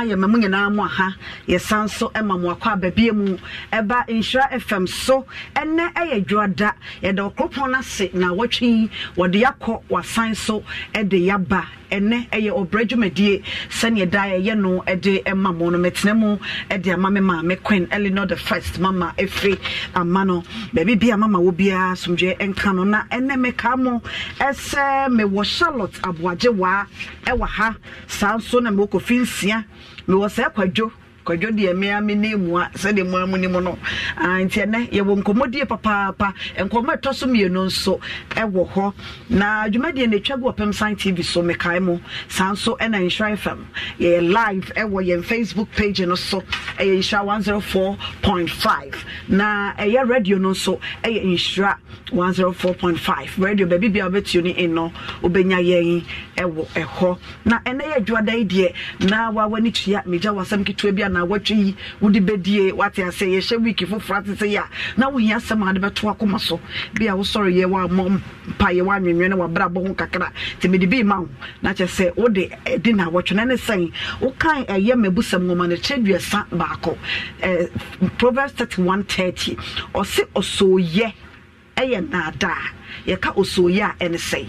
ayɛ ma mo nyinaa mo aha yɛsan so ma mo akɔ ababie mu ɛba nhyira fm so ɛnɛ ɛyɛ dwoada yɛda ɔkoropɔn no ase na wɔtwe yi wɔde yɛakɔ wasan so ɛde yɛaba ɛnɛ ɛyɛ ɔbrɛ dwumadie sɛneɛ da ɛyɛ no ɛde ɛma mo no mɛtena mu ɛde ama me maame queen eleanor the first mama ɛfiri ama no baabi a mama wɔ biara somdwe ɛnka no na ɛnɛ meka mo ɛsɛ mewɔ charlotte aboagye waa ɛwɔ ha saa nso na mewɔ kofi nsia mewɔ sɛ kwadwo kɔdwo deɛ mmea me ne mu a sɛdeɛ mu amu ne mu no nti ɛnɛ yɛwɔ nkɔmmɔdie papaapa nkɔmmɔ ɛtɔ so mmienu nso ɛwɔ hɔ na dwumadie na ɛtwa gu ɔpem san tv so mekae mu saa nso ɛna nhyira fm yɛyɛ live ɛwɔ yɛn facebook page no so ɛyɛ nhyira 104.5 na ɛyɛ radio no nso ɛyɛ nhyira 104.5 radio baabi bia wobɛtio ne in no wobɛnya yɛn ɛwɔ ɛhɔ na ɛnɛ yɛ adwuada yi deɛ na wawa ne tua megya wasɛm ketewa bi a na wɔtwe yi wode bɛdie wate asɛ yɛhyɛ week foforɔ ate sɛ yi a na wohia asɛm a de bɛto akoma so bi a wosɔre yɛ woamɔ mpa yɛ woanwenwɛ ne wabrabɔ ho kakra nti mede bi ma wo na kyɛ sɛ wode ɛdi eh, na wɔtwe no ne sɛn wokae ɛyɛ eh, mabusɛm nwoma no kyerɛ duasa baako eh, proverbs 3130 ɔse ɔsooyɛ ɛyɛ naadaa yɛka ɔsooyɛ a ɛne sɛe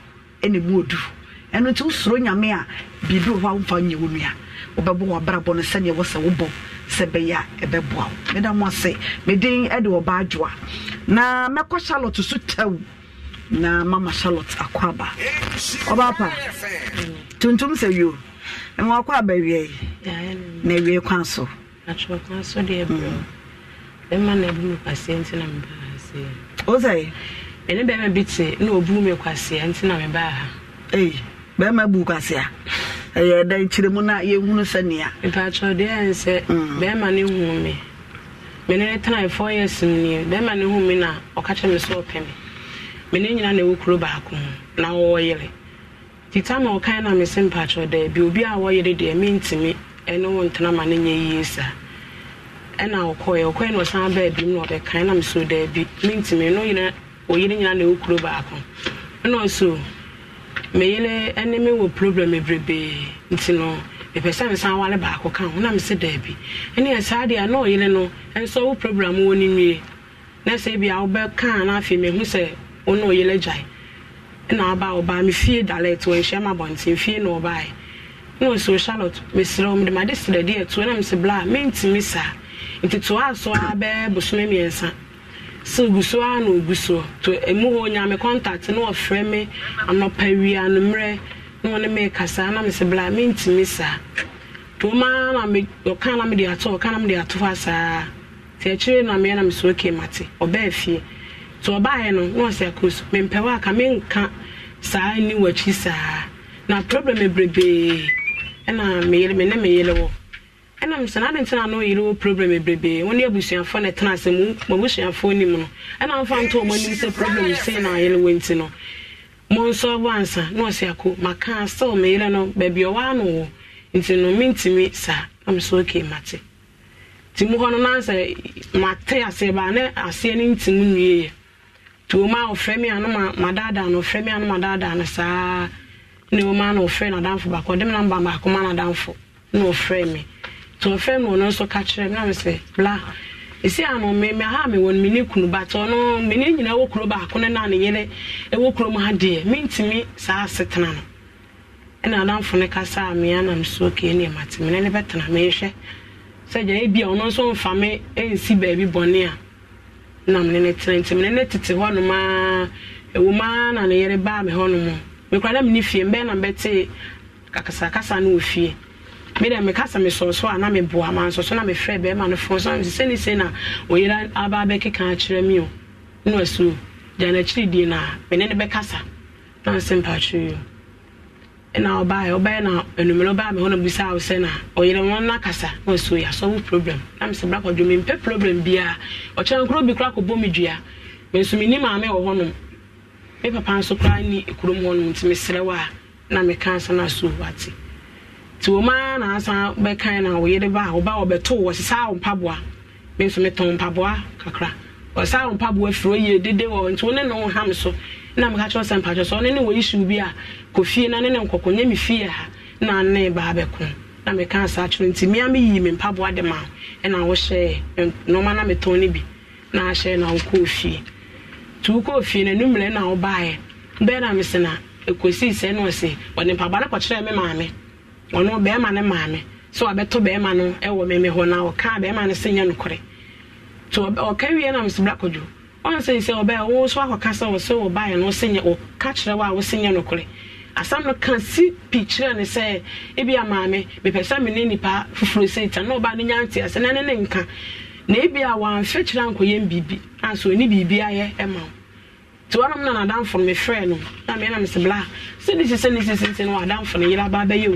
ɛna mu odu ɛno nti wosoro nyame a biribi nye hɔ a womfa nyɛ wo nua wobɛbɔ w'abrabɔ no sɛneɛ wɔ sɛ wobɔ sɛ bɛyɛ a ɛbɛboa wo meda mo ase meden ɛde ɔba adwoa na mɛkɔ charlotte so tɛw na mama charlotte akɔ aba ɔbaapa tuntum sɛ wio ɛma wakɔ aba wiei na awie kwan so wo mm. sɛ ɛne bɛrima bi te na obu mi kwasia nti na mebaa ha ei bɛrima bu kwasia ɛyɛ ɛdan kyerɛ mu na yɛhunu ɛn sɛ mm. bɛrima ne hu mene ne bɛrima ne hu na ɔka kyerɛ me sɛ ɔpɛ nyina na ɛwɔ na tita ma na se bi obi a wɔyere deɛ mentimi ɛne wo ntena ma nyɛ yie ɛna ɔkɔɛ ɔkɔɛ oyiri nyinaa na ewu kuro baako ɛna ɔso meyere ɛne me wɔ problem bebree nti no mepɛ sɛ nsan wale baako ka ho na mese daabi ɛne ɛsaa deɛ na ɔyere no ɛnso wo program wɔ ne nwie na sɛ bia wobɛkaa no afei mehu sɛ wo ne ɔyere gyae ɛna ɔba fie dalet wɔnhyia ma abɔnten fie na ɔbaeɛ na ɔsɛ charlotte mesrɛ wo mede made srɛdeɛ ɛtoɔ na bla a saa nti so gu a na ogu so to emu hɔ nyame contact na ɔfrɛ me anɔpa wia no mmerɛ na wɔne me kasa na me sɛ bla mentumi saa to ɔma na me ɔka na me de ato ɔka na me de ato hɔ saa te akyire na meɛ na me sɛ oke mate ɔbaa fie to ɔbaayɛ no na ɔsɛ akɔ so mempɛ wɔ aka menka saa ni w'akyi saa na problem brebee ɛna meyere me ne meyere wɔ ɛnam sɛ n'adɛnti na n'oyi no problem bebrebe wɔn ne abusuafo na ɛtena asɛm mu mo abusuafo nim no ɛna nto sɛ problem na ayɛlɛ wɔn ti no mo nso ɔbɔ ansa na ɔsi ako maka asɛw mo yɛlɛ no ɔwɔ ano wɔ nti no saa na sɛ oke mate ti mu hɔ no nansɛ mate aseɛ baa ne aseɛ nwie yɛ tuoma a ɔfrɛ ano ma ma daadaa no ɔfrɛ ano ma daadaa no saa ne wɔn na tɔnfɛn mu no nso kakyerɛ kyerɛ mi na mi sɛ bla esi ano mi mi aha mi wɔ mi ne kunu batɔ no mi ne nyinaa wɔ kuro baako ne na ne yere ɛwɔ kuro mu ha deɛ mi ntumi saa tena no ɛna adamfo ne kasa a mi anam so kee ne ma te mi ne ne bɛ tena mi hwɛ sɛ gya ebi a ɔno nso nfa mi nsi baabi bɔne a nam ne ne tena nti mi ne ne tete hɔ nom aa ewu maa na ne yere baa mi hɔ nom mi kura na mi ne fie mbɛɛ na mbɛ te kakasakasa ne wɔ fie. me dɛ me sɛ mesɔɔsɔ a na meboa ma nsɔsɔ na mefrɛ bɛrima no fo sɛ sɛ ne sei na ɔyera aba bɛkeka akyerɛ me o ne wasuo gya n'akyiri die no e, a mene ne bɛkasa na nsɛ mpatwerɛ o ɛna ɔbaɛ ɔbɛyɛ na anumere ɔbaa me hɔ no busaa wo sɛ na ɔyere wɔn no akasa na wasuo yɛ asɔ wo problem na mesɛ bra kwadwo mempɛ problem biaa ɔkyerɛ nkoro bi koraa kɔbɔ me dua menso menni maame wɔ hɔnom me papa nso koraa ni kurom hɔnom nti mesrɛ wo a na meka nsa no asuo wate nti na asan bɛkan na wɔyere ba a ɔba ɔbɛto wɔsesa mpaboa bi nso mpaboa kakra mpaboa yie dede wɔ nti wɔn na ham so na mo kakyɛ ɔsɛn mpakyɛ ɔne ne wɔ isuw bi a na ne ne nkɔkɔ nye mi fie ha na ne ba abɛko na meka asa akyerɛ nti mmea mi yi mi mpaboa de ma ɛna wɔhyɛ nneɛma na metɔn ne bi na ahyɛ na ɔkɔɔ ofie tu kɔɔ ofie na enum na ɔbaeɛ bɛɛ na mesena ekosii sɛ ɔno bɛrima ne maame so abɛtɔ bɛrima no ɛwɔ mɛmɛ hɔ na ɔka bɛrima no sɛ nyɛ nokorɛ to ɔka wie na msibra kɔdwo ɔnsɛ sɛ ɔbɛɛ wo so akɔka sɛ wɔ sɛ wɔbaeɛ no wosɛ nyɛ ɔka kyerɛ wo a wosɛ nyɛ nokorɛ asam no ka si pii kyerɛ ne sɛ ebi a maame mepɛ sɛ mene nipa foforɔ sɛta na ɔbaa no nya nte ase na ne ne nka na ebi a wɔamfɛ kyerɛ ankɔyɛ biribi anso ɔni biribi ayɛ ma wo nti wɔnom na nadamfo no mefrɛ no na meɛnam sɛ bla sɛ ne sisɛ ne sisi nti no wɔadamfo no yere aba bɛyɛ o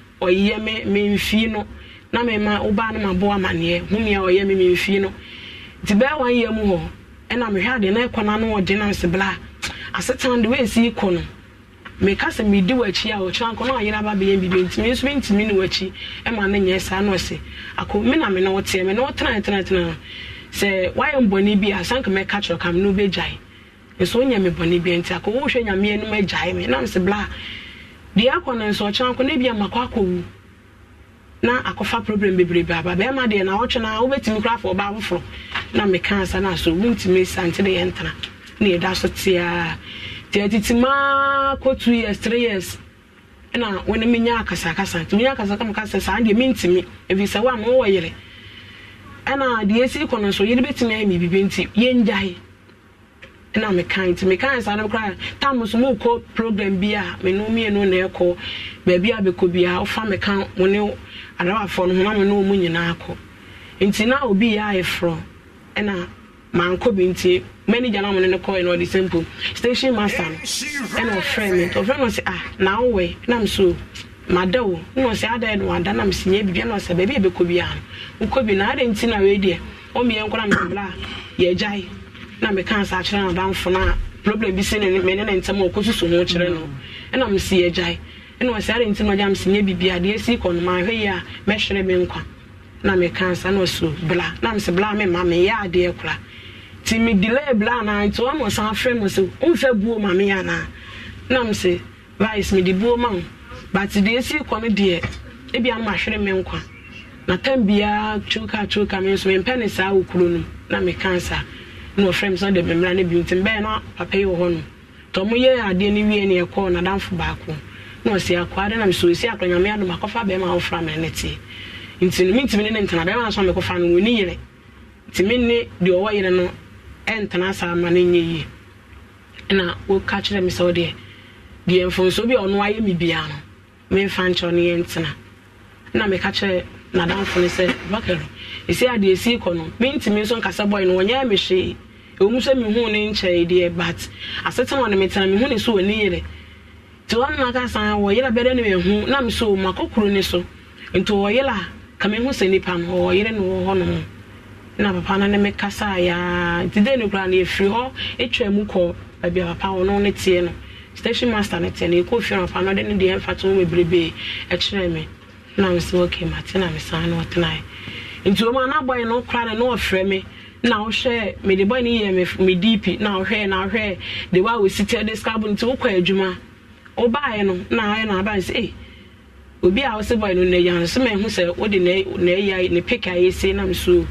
ɔyɛ me me mfie no na me ma ɔbaa no ma bɔ amaneɛ homea ɔyɛ me me mfie no nti bɛɛ wɔn yɛ mu hɔ ɛna mehwɛ adeɛ na ɛkɔ n'ano ɔgye na se bla asetan de wɔn kɔ no meka sɛ medi w'akyi a ɔkyerɛ nkɔ na ayere aba bɛyɛ bibi ntumi nso ntumi ne w'akyi ɛma ne nyɛ saa na ɔse akɔ me na me na ɔteɛ me na ɔtena tena tena sɛ wayɛ mbɔni bi a sanka mɛka kyerɛ kam na ɔbɛgyae nso onyɛ me bɔni bi nti akɔ wɔhwɛ nyame anim agyae me nam se bla deɛ akɔ no nso ɔkyena akɔ na ebi ama kɔ akɔwu na akɔfa problem bebrebe aba bɛrima deɛ na ɔtwe na wobɛtumi kora afɔ ɔbaa foforɔ na meka asa no aso wontumi sante ne yɛntena na yɛda so tea tea titimaa kɔ two years three years ɛna wɔne menya akasakasa nti menya akasakasa mu kasa saa deɛ mentumi ebi sɛ wo ama wɔwɔ yere ɛna deɛ esi kɔ no nso yɛde bɛtumi ayɛ mi bibi nti yɛngyae na mekan nti mekan nsa no koraa tam so program bi a mmienu na ɛkɔ baabi a bɛkɔ biaa wofa mekan mo ne adabafoɔ no ho na mene mu nyinaa kɔ nti na obi yɛ ayɛ ɛna bi nti na mo ne na ɔde station master no ɛna ɔfrɛ ɔfrɛ ah, na na m so mada wo na ada no na na baabi a bɛkɔ bi na nti na wei deɛ na na meka sa akyerɛ nadamfo no a problem bi sɛ mene ne ntɛm a ɔkɔsusu ho kyerɛ no mm. ɛna mesi agyae ɛna ɔsɛ ade nti no mesi nyɛ biribia deɛ si kɔ no mahwɛ yi a mɛhwere me nkwa na meka sa na ɔso bla na mese bla me ma meyɛ adeɛ kora nti medelay bla anaa nti ɔma ɔsan frɛ mu sɛ womfɛ buo ma me anaa na mese vice mede buo ma wo but deɛ si kɔ no deɛ ebia no mahwere me nkwa na tam biara twokatwoka me nso mempɛ ne saa wɔ kuro no na meka saa na wɔfrɛ me sɛ ɔde mmemmra no bio nti mbɛɛ na papa yi wɔ hɔ no tɔ mo yɛ adeɛ no wie ne ɛkɔɔ nadamfo baako na ɔsi akɔa de nam sɛ ɔsi akɔ nyame adom akɔfa bɛrima a wofra me ne teɛ nti no mentimi ne ne ntena bɛrima no so a mekɔfa no wɔni yere nti me ne deɛ ɔwɔ yere no ɛntena saa ma no nyɛ yie na wɔka kyerɛ me sɛ wodeɛ deɛ mfonso bi a ɔno ayɛ me biara no memfa nkyɛw no yɛntena na meka kyerɛ nadamfo no sɛ bakɛro ɛsi adeɛ si kɔ no mentumi nso nkasa bɔe no wɔnyɛ me hwee ɛwom sɛ mehu ne nkyɛe deɛ but asetena wɔ no metena mehu ne so ɔni yerɛ nti wɔn no aka wɔ yerɛ bɛdɛ ne mehu na me so makɔkoro ne so nti wɔ yerɛ a ka mehu sɛ nipa no wɔ yerɛ no wɔ hɔ no na papa no ne me kasa ya nti dɛ no koraa no yɛfiri hɔ ɛtwa mu kɔ baabi a papa wɔ no ne teɛ no station master ne teɛ no yɛkɔ fie no papa no de ne deɛ mfa to mu bebrebee ɛkyerɛ me na me sɛ okay mate na me san no ɔtenaeɛ nti wɔn a n'abɔn no kora no na ɔfrɛ mi na ɔhwɛ mede bɔ ne yɛ me dp na ɔhwɛ na ɔhwɛ de wa wosi tɛ de sika bo nti wokɔ adwuma ɔbaayɛ no na ayɛ na aba nsi ee eh, obi a ɔsi bɔn no na yan so ma ehu sɛ ɔde na e-, na ɛyɛ ne pik a yɛsi nam so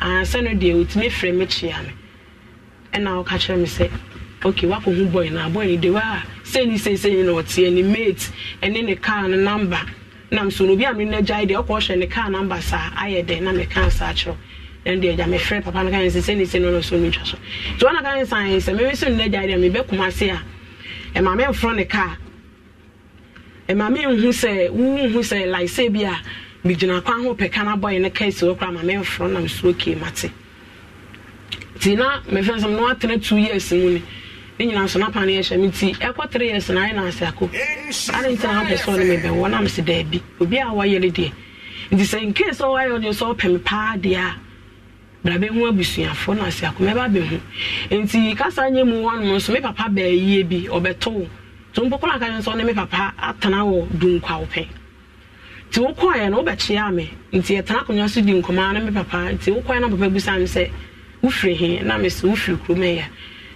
ansa no deɛ otumi frɛ mi kyia mi ɛna ɔka kyerɛ mi sɛ okay wakɔ ho bɔn na bɔn de wa sɛni sɛnsɛn na ɔteɛ ne mate ɛne ne kaa no namba nam so no obi a me no gyae deɛ ɔkɔ ɔhyɛ ne kaa namba saa ayɛ dɛn na mekaa saa kyerɛ ɛn deɛ gya mefrɛ papa no kae sɛ sɛ ne sɛ no no so no twa so So nti wɔna kae sae sɛ meme so nnɛ gyae deɛ mebɛkoma se a ɛma memfrɔ ne kaa ɛma menhu sɛ wonhu sɛ like sɛ bi a megyina kwan ho pɛka no abɔe no kae si wɔ kora ma memfrɔ nam so okay mate nti na mefɛ sɛ m no watena two years mu ni ne nyina nso n'apa ne yɛhyɛ mi nti ɛkɔ three years na ayɛ n'ase ako ade nti na apɛ sɔɔ ne mi bɛn wɔnam si dɛɛbi obi a wayɛ ne deɛ nti sɛ nke sɛ wayɛ ɔde sɛ ɔpɛ mi paa deɛ a brabe ho abusuafoɔ na ase ako mɛba bɛ ho nti kasa nye mu wɔnom nso mi papa bɛɛ yie bi ɔbɛtow to mpɔkɔla aka nso ɔne mi papa atena wɔ dunkwa ɔpɛ nti wokɔɛ no wobɛkyea me nti yɛtena akonnwa so di nkɔmaa ne me papa nti wokɔɛ na papa busa me sɛ wofiri he na me sɛ wofiri kurom ɛyɛ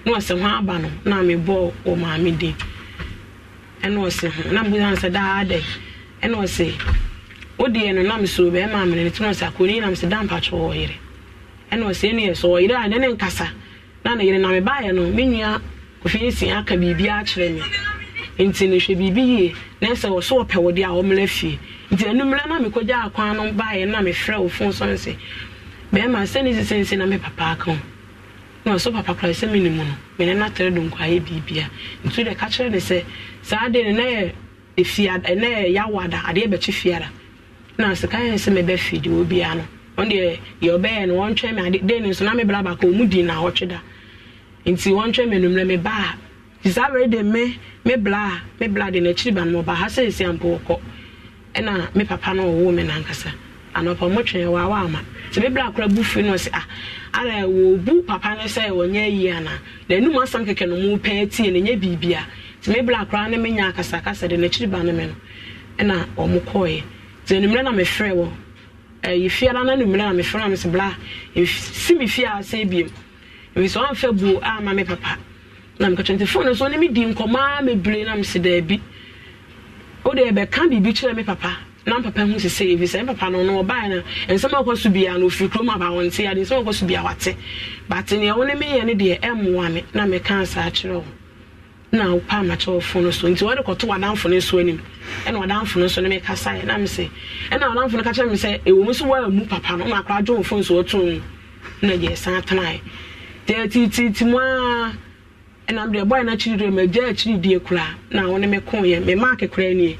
na ɔsɛ ho aba no na mebɔ wɔ maame din ɛna ɔsɛ ho hmm. na mbisa sɛ daa dɛ ɛna ɔsɛ wodeɛ no nam so bɛrima amene no tena ɔsɛ akɔni nam sɛ da mpatwo wɔ ɛna ɔsɛ ɛne yɛ sɛ ɔyere a ne ne nkasa na ne yere na mebaeɛ no me nua kofi ne sin aka biribi akyerɛ me nti no hwɛ biribi yie na sɛ wɔ so wɔpɛ wo de a wɔmmra fie nti anummerɛ na mekɔgya akwan no baeɛ na mefrɛ wo fon sɔn sɛ bɛrima sisi sisɛnsi na me papa aka na ɔsɔ papa kora sɛ me ne mu no mene no atere do nkɔ ayɛ biribia nti dɛ ka kyerɛ ne sɛ saa de ne na yɛ efiada yawada adeɛ bɛkye fiada na sika yɛn sɛ mɛbɛ fi de obiara no wɔn deɛ yɛ ɔbɛyɛ no wɔn twɛn mi ade de ne nso na mebra baako ɔmu di na ɔtwe da nti wɔn twɛn mi numre mi baa saa bɛrɛ de me me bla me bla de n'akyiri ba no ɔbaa ha sɛ esi ampo ɔkɔ ɛna me papa no ɔwɔ mi nankasa anɔpɔ mo twɛn wa wa ama sɛ bebere akora bu fi no sɛ ah ara wɔ bu papa ne sɛ wɔnyɛ yie ana na enum asam kɛkɛ no mu pɛɛ tie na nyɛ biribi a sɛ bebere akora ne me nya akasakasa de n'akyiri ba ne me no ɛna wɔn kɔɔɛ sɛ enumere na mefrɛ wɔ ɛyi fie ara na enumere na mefrɛ na mesɛ bla si mi fie a sɛ ebiem ebi sɛ wɔnfɛ bu ama me papa na mekɛtɛ nti fone so ne mi di nkɔmɔ a mebire na mesɛ daabi o de ɛbɛka biribi kyerɛ me papa na papa hu sese ebi sɛ papa no no ɔbaa na nsɛm akɔ so bia na ofiri kurom aba wɔn nti ade nsɛm akɔ so bia wate bate nea wɔn mi yɛ ne deɛ ɛmoa me na meka asa akyerɛ wo na wopa amakyɛ ɔfo no so nti wɔde kɔto wadanfo no so anim ɛna wadanfo no so no meka sa yɛ nam sɛ ɛna wadanfo no ka kyerɛ me sɛ ɛwɔ mu so wɔamu papa no na akora adwo wɔfo nso wɔto mu na yɛ san tenae deɛ tititi mu a ɛnam deɛ bɔyɛ no akyiri deɛ magya akyiri die koraa na wɔne me kɔn yɛ me maake koraa nie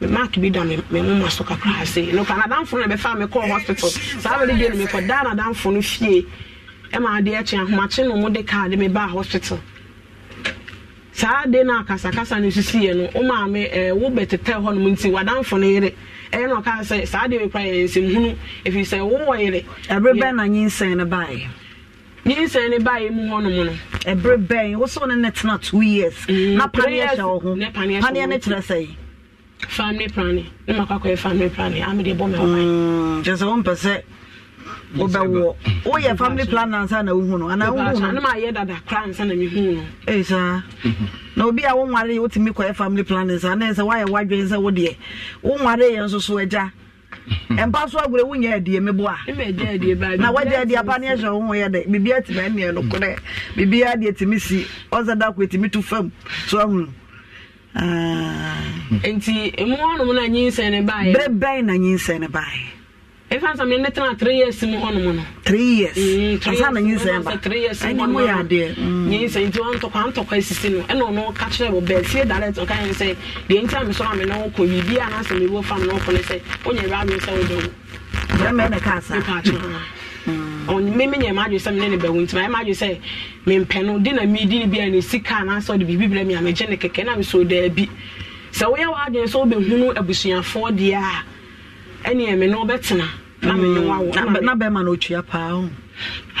me mark bi da me me moma so kakra ase no ka na danfo na me kɔɔ hospital saa be deɛ no mekɔ daa na danfo no fie ɛma adeɛ akyi ahomakye no mo de card me baa hospital saa de na akasakasa no sisiiɛ no wo maame ɛɛ eh, wo bɛtetɛ hɔ nom nti wadanfo no yere ɛyɛ na ɔkaa sɛ saa de mekora yɛ nsɛmhunu ɛfiri sɛ wowɔ yere every Ben na nyinsɛn no baeɛ say ne baa emu hɔnom no. ɛbere bɛn wosɔn ne net na two years. Mm, na paneɛ hyɛ wɔ ho paneɛ ne kyerɛ say family planning ne ma kɔ akɔyɛ family planning ami de bɔ mɛ ɔban. kyerɛ sɛ wɔmpɛ sɛ wobɛwɔ woyɛ family plan nansa na wohu no anaa wohu no ne maayɛ dada kora nsa na mehu no ee saa na obi a wonwareyɛ wotumi kɔyɛ family plan nsa na sɛ woayɛ woadwene sɛ wodeɛ wonwareyɛ nso so agya mpa so agorɔ wonyɛ adie mebo a na wagya adie apa ne ɛhyɛ wo ho yɛ dɛ biribia timi ɛneɛ nokorɛ biribia deɛ timi si ɔsɛ da kɔ ɛtimi to fam so ahunu Ah. nti mu hɔnom na nyinsɛn ne baeɛ berɛ bɛn na ne baeɛ years mu hɔnom no mm, na nyinsɛn ba ɛne mo yɛ adeɛ mm. nti asisi no ɔno ka kyerɛ wɔ sie direct ɔka sɛ deɛ nti a mesɔ ame no wokɔ biribi a nasɛ mebɔ fam no wokɔ ne sɛ wonyɛ wɛ ame sɛ wodɔ wo mm. mímí yẹn máa dùn sẹ mi ní ni bẹ wọn ntoma ẹ máa dùn sẹ mi mpẹ no di na mi di bi a ne sika anaasẹ ọdi biribi brẹ mi a ne kẹkẹ na mi so dẹẹbi sẹ wọ́n yẹ wọ́n adùn sẹ ọbẹ̀ abusuafoɔ deɛ a ɛni ɛmi na ɔbɛ tena mm. na mi ni wa wɔ na bɛrima na otua paa o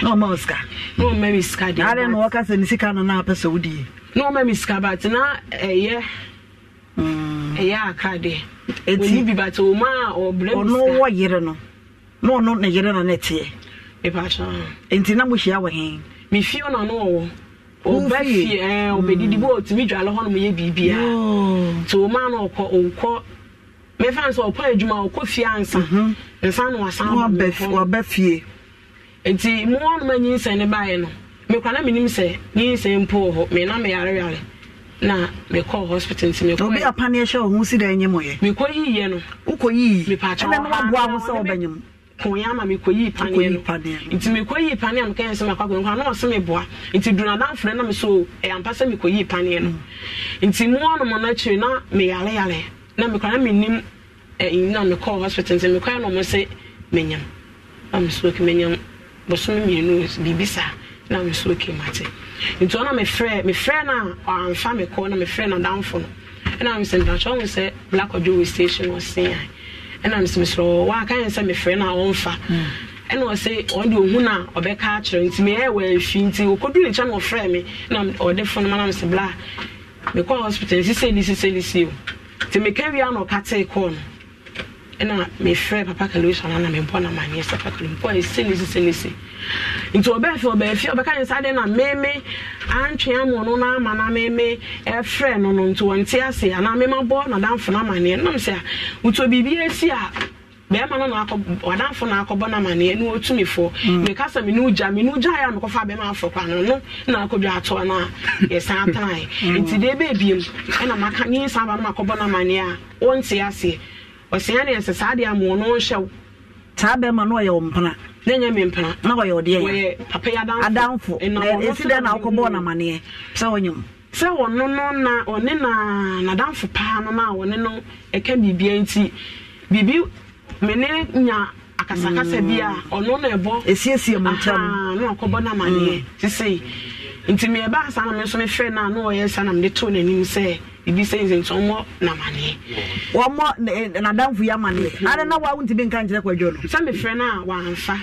na ɔma o sika na ɔma mi sika deɛ adi na ɔka sɛ ne sika no na apɛ sɛ ɔdi yɛ na ɔma mi sika baate na ɛyɛ mm. ɛyɛ aka deɛ wɔn bi baate wɔn a ɔbrɛ mi sika ɔno wɔ yere no na ɔno ne yere na ne teɛ. nti na mohyia wɔ hɛn mefie ɔna no ɔwɔ ɔba fie ɔbɛdidi eh, hmm. bi ɔtumi dwale hɔ nom yɛ biribia nti ɔma ɔkɔ ɔnkɔ sɛ adwuma ɔkɔ fie ansa nsa mhm. wasan fie nti anyinsɛn ne baeɛ no na menim sɛ nyinsɛn mpo wɔ hɔ mena meyareyare na mekɔ hospital nti mekɔ obi apane ɛhyɛ wo ho si da nyem yɛ mekɔ yiiɛ no wokɔ yii mepaakyɛ ɛnɛ waboa ho sɛ kɔnye ama mi kɔyi paneɛ no nti mi kɔyi paneɛ e mm. no kɛyɛ sɛ mi akɔ akɔnkɔ anaa ɔsɛ mi boa nti dunu adanfrɛ na mi so ɛyɛ ampa sɛ mi kɔyi paneɛ no nti mu ɔnom n'akyiri na mi yare yare na mi kɔ na mi nim ɛyi e, na mi kɔ hospital nti mi kɔ ɛna ɔmo sɛ mi nyam na mi so mi nyam bɔsɔmi mmienu biribi saa na mi so mi ate nti ɔna mi frɛ mi frɛ na ɔanfa mi kɔ na mi frɛ na danfo no mi sɛ mi atwa ɔmo black odwo wɔ station wɔ sin ɛna mesomesrɛ waaka yɛ sɛ mefrɛ no a ɔmfa ɛna ɔsɛ ɔde ohu no a ɔbɛka akyerɛ nti meyɛ wɔ afi nti ɔkɔduru nkyɛn na ɔfrɛ me na ɔde fo no ma na mesɛ bla mekɔ hospital sisɛli sisɛli sio nti meka wie a na ɔka tee kɔɔ no ɛna mefrɛ papa kalewison na mebɔ na maneɛ sɛ papa kalewison kɔ ɛsɛ ne si sɛ ne si nti ɔbɛɛ fɛ ɔbɛɛ fie ɔbɛka ne sa de na meme antwea mu no na ama na meme ɛfrɛ no no nti wɔnte ase anaa mema bɔ na damfo na amaneɛ nam sɛ wotɔ biribi asi a bɛrima no naakɔ ɔdamfo naakɔbɔ no amaneɛ ne ɔtumi foɔ mm. meka sɛ mene wogya mene wogya yɛ a mekɔfa bɛrima afɔ kwa no no na akɔdwa atoɔ no a yɛsan atae mm. nti deɛ bɛbiem ɛna maka ne san ba no makɔbɔ no amaneɛ a wɔnte aseɛ ɔsia ne ɛsɛ saa deɛ amoɔ no saa bɛrima no ɔyɛ na ɛnyɛ na ɔyɛ ɔdeɛ papa adamfo ɛsi dɛ na wokɔbɔɔ namaneɛ sɛ ɔnyɛ sɛ ɔno no na ɔne na nadamfo paa no na ɔne no ɛka biribia nti biribi mene nya akasakasa bi a mm. ɔno na ɛbɔ ɛsiesie mu ntam na na me ibi sɛ nsɛ nsɛ ɔmɔ n'amaneɛ. ɔmɔ n'adanfu yɛ amaneɛ mhm. ara na wa wuntumi nka nkyerɛ kwadwo no. sɛ mefrɛ no a wamfa.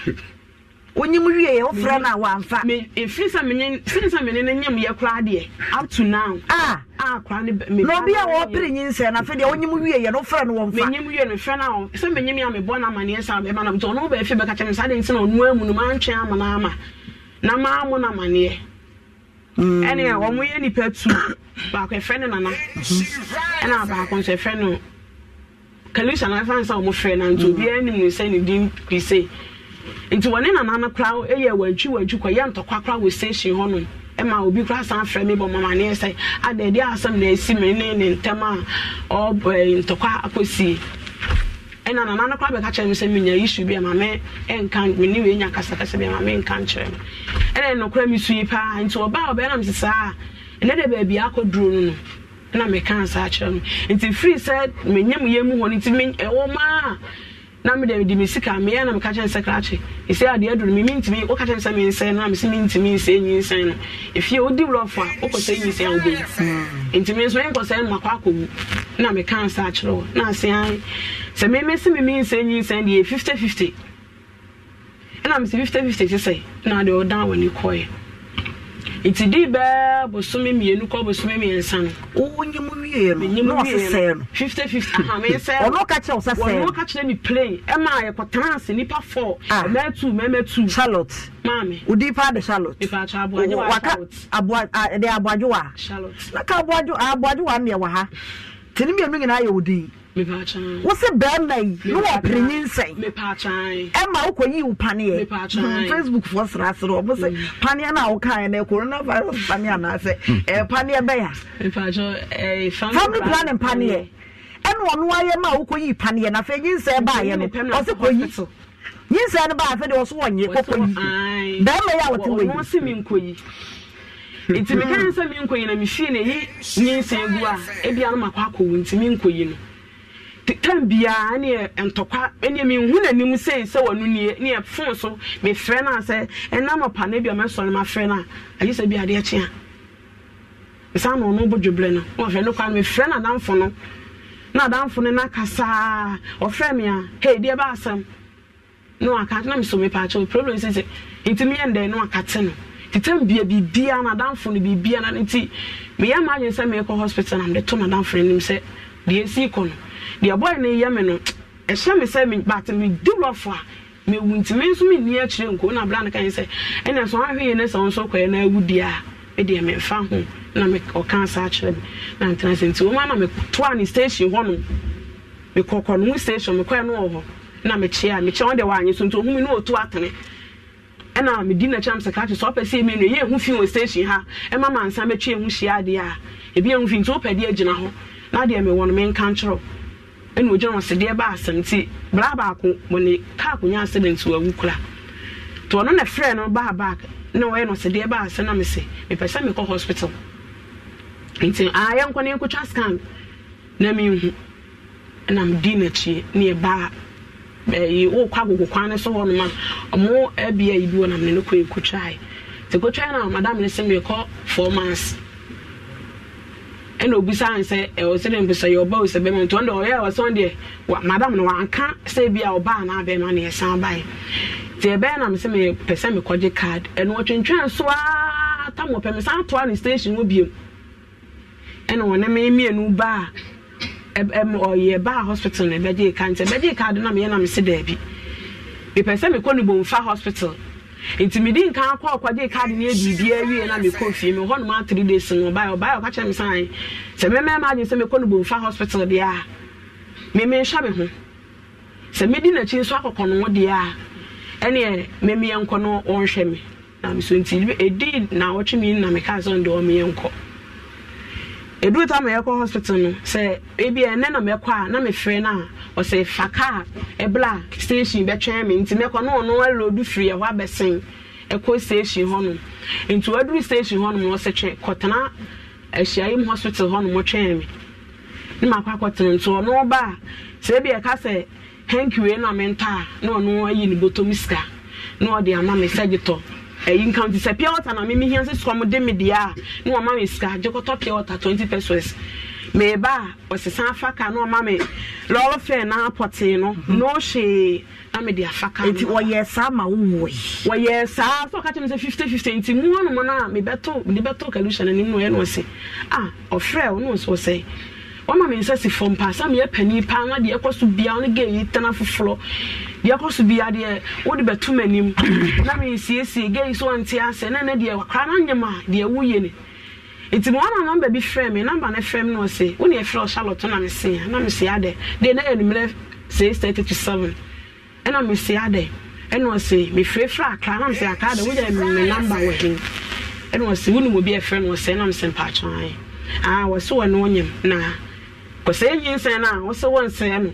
onyim wie yɛ wofrɛ no a wamfa. efiri e, sɛ menye sɛ sɛ menye ne nyam yɛ koraa deɛ up to now. Ah. a a koraa ne me. na obi a wɔpere nyinsɛn na afei deɛ onyim wie yɛ no fɛ no wɔmfa. menyim wie no frɛ no a sɛ menyim yɛ a mebɔ n'amaneɛ sɛ ɛma na ɔno bɛɛfi bɛka kyerɛ no saa de nsɛn Mm. ɛne a wɔn yɛ nipa tu baako ɛfrɛ no nana mm-hmm. ɛna baako nso ɛfrɛ no kalusha na ɛfa nsa a wɔn frɛ na nti obiara anim ne sɛ ne din pise nti wɔne nana no koraa ɛyɛ wɔntwi wɔntwi kɔ yɛ ntɔkwa koraa wɔ station hɔ nom ɛma obi koraa san frɛ mi bɔ mama ne sɛ adeɛ deɛ asɛm na esi mi ne ne ntɛm a ɔbɔ eh, ntɔkwa akɔsie. ɛna mama no kora bɛka kyerɛ me sɛ menya issue bi a mame nka mene wei nya kasakasa bi a mame nka nkyerɛ me ɛna ɛnokora me sui paa nti ɔbaa ɔbɛɛ nam sɛ saa ɛnɛ dɛ baabi akɔduro no no ɛna mekaa saa kyerɛ no nti firi sɛ menyam yɛ mu hɔ no nti ɛwɔ maa na mi de di mi sika mi yɛ na mi ka kyɛn sɛ krakye esi adeɛ duro mi mi ntumi o ka kyɛn sɛ mi nsɛn na mi si mi ntumi nsɛn nyi nsɛn no efie o di wulɔ fa o kɔ sɛ nyi nsɛn o bɛ yi hmm. ntumi nso nkɔ sɛ ma kɔ wu na mi ka nsa akyerɛ o na ase an sɛ mi mi si mi mi nsɛn nyi nsɛn deɛ fifty fifty ɛna mi si fifty fifty ti sɛ na adeɛ ɔdan wɔ ne kɔɛ nti di bɛɛ bosome mmienu kɔ bosome mmiɛnsa no. o nye mu wie no na ɔsi sɛɛ no. fifty fifty ahame sɛɛ no ɔno ka kyerɛ ɔsɛ sɛɛ no ɔno ka kyerɛ mi plain ɛma ayɛkɔ tansi nipa four mɛɛ tu mɛmɛ tu. charlotte maame odi pa de charlotte. nipa atwa aboadwo wa charlotte. waka aboadwo de aboadwo wa. charlotte. naka aboadwo aboadwo wa miɛ wɔ ha tini mmienu nyinaa yɛ odi wosɛ bɛrima yi ne wɔ pirinyi nsɛn ɛma wokɔ yi wo paneɛ hmm, facebook foɔ sra sere ɔmo sɛ hmm. paneɛ no a wokaeɛ no corona virus paneɛ anaasɛ hmm. eh, paneɛ bɛya eh, family planning paneɛ ɛne ɔno ayɛ ma wokɔ yi paneɛ na afei yinsɛ baayɛ no ɔsɛ kɔyi yinsɛ no baa afei deɛ ɔso wɔnyɛ kɔkɔ yi bɛrima yi a wɔte wɔ yi nti meka ne sɛ menkɔ yi na mefie na ɛyi nyinsɛ gu a ebia no makɔ akɔ wo nti menkɔ no tam biara ne ntɔkwa ne mehu n'anim sei sɛ wɔno nie ne ɛfon so mefrɛ no a sɛ ɛnam ɔpa no bi a mɛsɔre mafrɛ no a agye sɛ bi adeɛ kye a mesan na ɔno bɔdwobrɛ no na ɔfrɛ no kwa no mefrɛ no adamfo no na adamfo no naka saa ɔfrɛ me a hei deɛ ba asɛm na waka na mesɔ mepaakyɛ problem sɛ sɛ ntimi yɛ ndɛn na wakate no titam bia biribia na adamfo no biribia na nti meyɛ ma adwene sɛ meekɔ hospital na mede to no adamfo no anim sɛ deɛ ɛsii kɔ no deɛ bɔyɛ no yɛ me no ɛhyɛ me sɛ di a mewu nti nso menni akyerɛ nko na abra no ka sɛ ɛnɛ so ahwe ne sɛ wo nso kɔɛ no awu deɛ a medeɛ memfa ho hmm. na ɔka sa akyerɛ me na ntena sɛ nti wɔma na metoa ne station hɔ mekɔkɔ no ho station mekɔɛ no wɔ hɔ na mekyea mekyea so nti otu atene ɛna medi m sɛ sɛ ha a ebi ehu fi nti deɛ na adeɛ mewɔ no ɛna ogyina wɔn sɛdeɛ ba asɛm nti braa baako wɔne kaa akonya accident wɔ awu kura to ɔno na frɛ no baa back na wɔyɛ no sɛdeɛ ba asɛm na mesɛ mepɛ sɛ mekɔ hospital nti a yɛnkɔ ne yɛnkɔtwa scan na menhu ɛna medi n'akyi ne yɛbaa ɛyi wokɔ agogo kwan ne so hɔ nom a ɔmo abia yi bi wɔ nam ne no kɔ yɛkɔtwae nti kɔtwae no a madam ne sɛ mekɔ four months ɛna obisa an sɛ e, ɛwɔ sɛ dɛm sɛ yɛ ɔba o sɛ bɛma nti ɔyɛ ɛwɔ sɛ ɔn madam no wanka sɛ bi a ɔba anaa bɛma ne yɛsan bae nti ɛbɛyɛ na mesɛ mepɛ sɛ mekɔgye card ɛno ɔtwentwɛn so a tam ɔpɛ me san toa ne station mu biom ɛna wɔne me mmienu ba a e, ɔyɛ e, ba a hospital na ɛbɛgye card nti ɛbɛgye card na meyɛ na mesɛ daabi mepɛ sɛ mekɔ ne bomfa hospital nti mede nka kɔ ɔkɔgye kade ne biribi awie na mekɔ fie me hɔnom a three days no ɔbaɛ ɔbaɛ ɔka kyerɛ me sane sɛ memɛma agye sɛ mekɔ no bomfa hospital deɛ a memenhwɛ me ho sɛ medi n'akyi nso akɔkɔ no ho deɛ a ɛneɛ memeyɛ nkɔ no ɔnhwɛ me na meso nti ɛdi na ɔtwe me na mekaa sɛ ɔnde ɔmeyɛ nkɔ ɛduru ta ma yɛkɔ hospital no sɛ ebia ɛnɛ na mɛkɔ a na mefrɛ no a ɔsɛ fa kaa ɛbla station bɛtwɛn mi nti mɛkɔ no ɔno ɛlɔdu firi ɛhɔ abɛsɛn ɛkɔ station hɔnom nti waduru station hɔnom ɔsɛ twɛn kɔtena ahyiaim hospital hɔnom twɛn mi ne ma akɔ akɔtena nti ɔno ba a sɛ ebi ɛka sɛ hankiwee na mi ntɔ na ɔno ayi ne bɔtɔm sika na ɔde ama mi sɛ gyetɔ ɛyi nka nti sɛ pure water na mi mi hiɛ nso sɔm de mi deɛ a na ɔma mi sika gyekɔtɔ pure water twenty pesos. meba a ɔsesa afa ka na ɔma me lɔɔre fɛn na apɔtee no na ɔhyee na mede afa ka nti wɔyɛ saa ma wowɔyi wɔyɛ saa sɛ ɔka kyerɛ me sɛ fifty fifty nti mu anom no a mebɛto mede bɛto kaluhyɛ no anim na ɔyɛ no ɔse a ɔfrɛ wo ne wo so ɔsɛe wama me nsa si fam paa sɛ meyɛ pani paa na deɛ ɛkɔ so bia ne ga yi tena foforɔ deɛ ɛkɔ so bia deɛ wode bɛto m'anim na mesiesie ga yi so ɔnte ase na ne deɛ koraa na nyɛm a deɛ woyɛ ne nti mo ama namba bi frɛ me namba no frɛ me na ɔse wo ne ɛfrɛ ɔcharlotte na mesea na mese adɛ de na ɛnummerɛ 630 to 7 ɛna mese adɛ ɛna ɔse mefrɛfrɛ akra na mese akra dɛ wogya me namba wɔ hen ɛna ɔse wo ne mɔbi ɛfrɛ no ɔsɛ na mese mpatwae a wɔse wɔ ne ɔnyam na kɔsɛ ɛnyinsɛn no a wɔsɛ wɔnsɛɛ no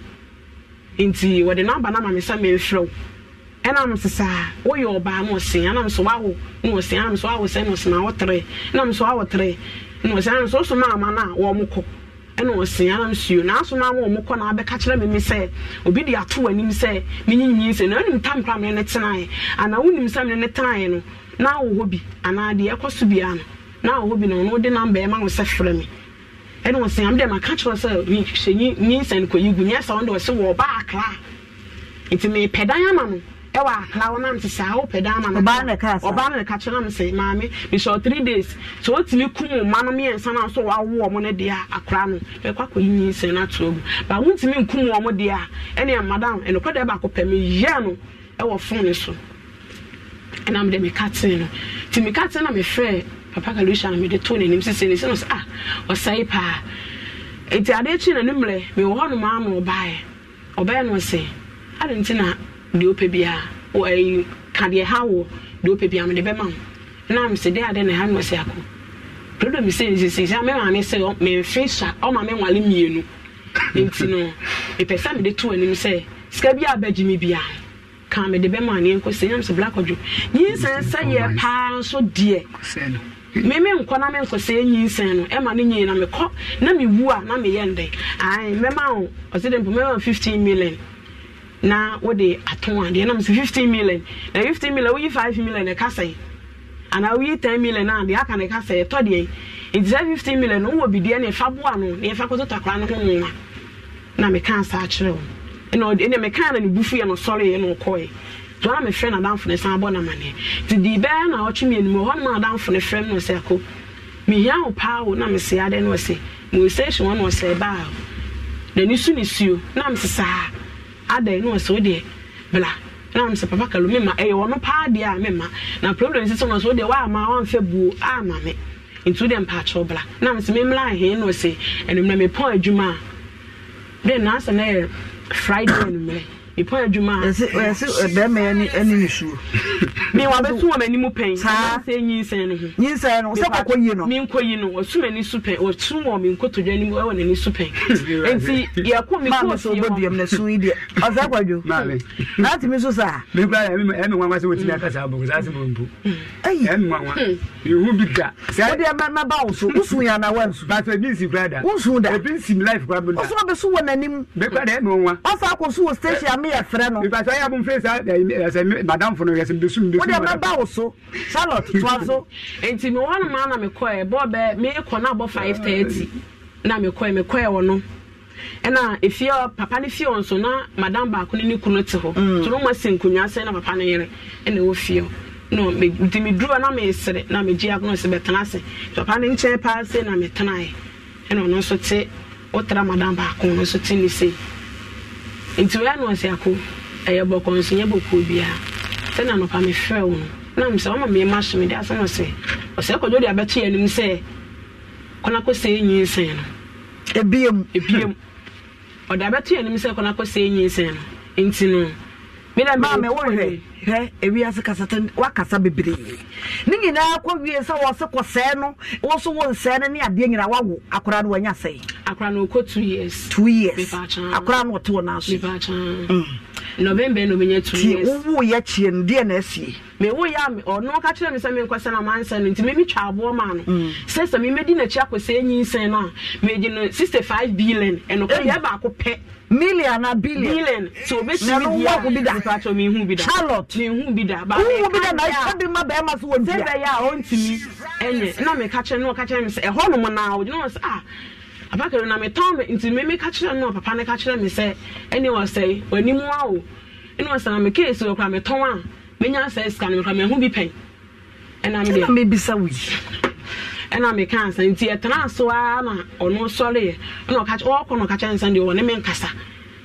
nti wɔde namba no ama me sɛ memfrɛ wo ɛnam so saa woyɛ ɔbaa ma ɔsen ɛnam so wawo na ɔsen ɛnam so wawo sɛ na ɔsen na wɔtere ɛnam so wawo tere na ɔsen ɛnam so ɔsoma ama na wɔn mo kɔ ɛna ɔsen ɛnam suo na asoma ama wɔn kɔ na abɛka kyerɛ mi mi sɛ obi de ato wɔn anim sɛ mi nyi nyi sɛ na onim tam pram ne ne tenaeɛ anaa onim sɛ ne ne tenaeɛ no na awo hɔ bi anaa deɛ ɛkɔ so biara no na awo hɔ bi na ɔno de namba ɛma wɔn sɛ frɛ mi ɛna ɔsen am dɛ ma ka kyerɛ sɛ hyɛ nyi nyi nsɛn kɔ yi gu nyɛ sɛ ɔno de ɔse wɔ ɔbaa akra nti mi pɛ dan ama no ɛwɔ ahlaw nam sɛ saa wopɛ ama ɔbaa no ɛka kyerɛ m sɛ maame mehyɛ three days sɛ wotumi kum ma e. E no mmiɛnsa no so wawoɔ mo no deɛ akora no ɛkɔ akɔyi nyinsɛn no atoa baa ba wontumi nkum wɔ deɛ a ɛne madam ɛnokɔ deɛ no ɛwɔ fone so de no na papa na n'anim ne deɛ wopɛ biara ɛyi ka deɛ ha wɔ deɛ wopɛ biara mede bɛma wo na mesɛ deɛ ade na ɛha no ɔsɛ akɔ dodo mi sɛ nsisi sɛ me maame sɛ memfe sa ɔma me nwale mmienu nti no mepɛ sɛ mede to anim sɛ sika bi a bɛgye me bia ka mede bɛma ne nkɔ sɛ nyam sɛ black ɔdwo nyinsɛn sɛ yɛ paa nso deɛ meme nkɔ na menkɔ sɛ nyinsɛn no ɛma ne nyii na mekɔ na mewu a na meyɛ ndɛn ae mɛma wo ɔsɛ dɛ mpo mɛma 15 million na wode atɔn adeɛ nam sɛ 15 million na 15 million woyi 5 million na ɛka sɛe anaa woyi 10 million na adeɛ aka na ɛka sɛe ɛtɔ deɛ nti sɛ 15 million no wowɔ bideɛ na ɛfa boa no na yɛfa kɔtɔ takora no ho nwa na mekaa saa kyerɛ wo ɛna ɔde ɛna mekaa na ne bufu yɛ no sɔre yɛ na ɔkɔɛ to na mefrɛ na adamfo ne san bɔ namaneɛ nti de bɛɛ na ɔtwe mmienu mu hɔ nom adamfo ne frɛ m no sɛ ko mehia wo paa wo na mese ade no ɔse mo station hɔ na ɔsɛ baa n'ani so ne suo na mese saa adan ne wɔsɛ wodeɛ bla na wɔn sɛ papa kalo mema ɛyɛ wɔn paa deɛ a mema na problem sisi wɔn sɛ wodeɛ wɔama wɔnfɛ buo ama me nti wodeɛ mpaakyɛw bla na wɔn sɛ memla ahen ne wɔsɛ ɛnum na mepɔn adwuma a then naasa na yɛ friday ɛnumɛ nipa adwuma. ɛsɛ ɛsɛ e, bɛrima yɛ ɛni nsuo. mi wa bɛ sun wɔn ani mu pɛn. saa ɛsɛ nyinsɛn ni. nyinsɛn no sɛ kɔkɔ yi no. mi nkɔ yi no wɔsun mɛ ni su pɛn wɔsun wɔn mi nkɔ tɔjɔ anim ɛwɔ n'ani su pɛn. nti yɛkɔ mi kɔ si wɔn. maa mi sɔ bɛ biam na sun yi deɛ ɔsɛ kɔjɔ. maame n'ati mi so sa. mi kura yɛ mi ɛmi nwa akasa abɔ saa se mo mpo. ɛyi ɛmi nwa nwa ihu bi da. o deɛ mɛ mɛ ba wosu wosun yan na wɛnsu. baasa ebi nsi kura da. wosun da. ebi nsi life kura bi da. wosun bɛ sun wɔ n'anim. bɛ kura da ɛnu nwa. ɔsan akɔ sun wɔ station ne yɛ frɛ no ìfasɛ ayé abomfin sa ɛsɛ madamfo no yɛsɛ bisum bisum wọ́n bɛ bá wò so charlotte tó a so nti mi wọn maa na mi kɔ yɛ bɔɔ bɛ mi kɔ na bɔ five thirty na mi kɔ yɛ mi kɔ yɛ wɔ no ɛna efie papa ne fie wɔn so na madam baako ne ne kunu te hɔ to ma si nkonnwa sɛ na papa ne yere ɛna ɛwɔ fie no me nti duro na mi sere na mi gye akono sɛ bɛtena ase papa ne nkyɛn paa na mi tena yɛ ɛna ɔno nso te wotara madam baako no nso te ne se nti wia na ɔsi ako ɛyɛ bɔkɔ nso nyɛ bɔkɔ biara sɛnɛ anɔpa mi fɛ wɔn na mi sɛ ɔma mi ma sumi de asɛn ɔsɛ ɔsɛ kɔjɔ de abɛto yɛn nim sɛ kɔnakɔ sɛ enyi nsɛn no. ebiem ebiem ɔde abɛto yɛn nim sɛ kɔnakɔ sɛ enyi nsɛn no nti no maame wohwɛ hɛ ewiase kasata wakasa bebree ne nyinaa kɔ wie sɛ wɔ se kɔsɛɛ no wo so wo nsɛɛ no ne adeɛ nyina wawo akora no wanya sɛe akora no wokɔ two years two years akora no wɔte wɔ naa so nɔbɛmbɛ na ɔbɛnya two years wowoyɛ kyiɛ no deɛ na asie mewoyɛ ɔno ka kyerɛ me sɛ menkɔsɛ no amansɛ no nti memetwa aboɔ ma no mm. sɛ sɛ memɛdi n'akyi akɔsɛɛ nyinsɛn no a megye no 65 billion ɛnokɔ yɛ baako pɛ million na billion. na so mesu bi a bi da charlotte bi da ba na bi ma bɛrima so wɔ ntia ya ɛnyɛ na meka kyerɛ kyerɛ mi sɛ ɛhɔ nom na ɔgyina wɔ sɛ ah abakari na metɔn mi nti ka kyerɛ papa ka kyerɛ mi sɛ sɛ na me keesi ɛna meka ansa nti ɛtena so ara na ɔno sɔreɛ ɛna ɔka ɔkɔ na ɔkakyɛ nsa deɛ ɔne me nkasa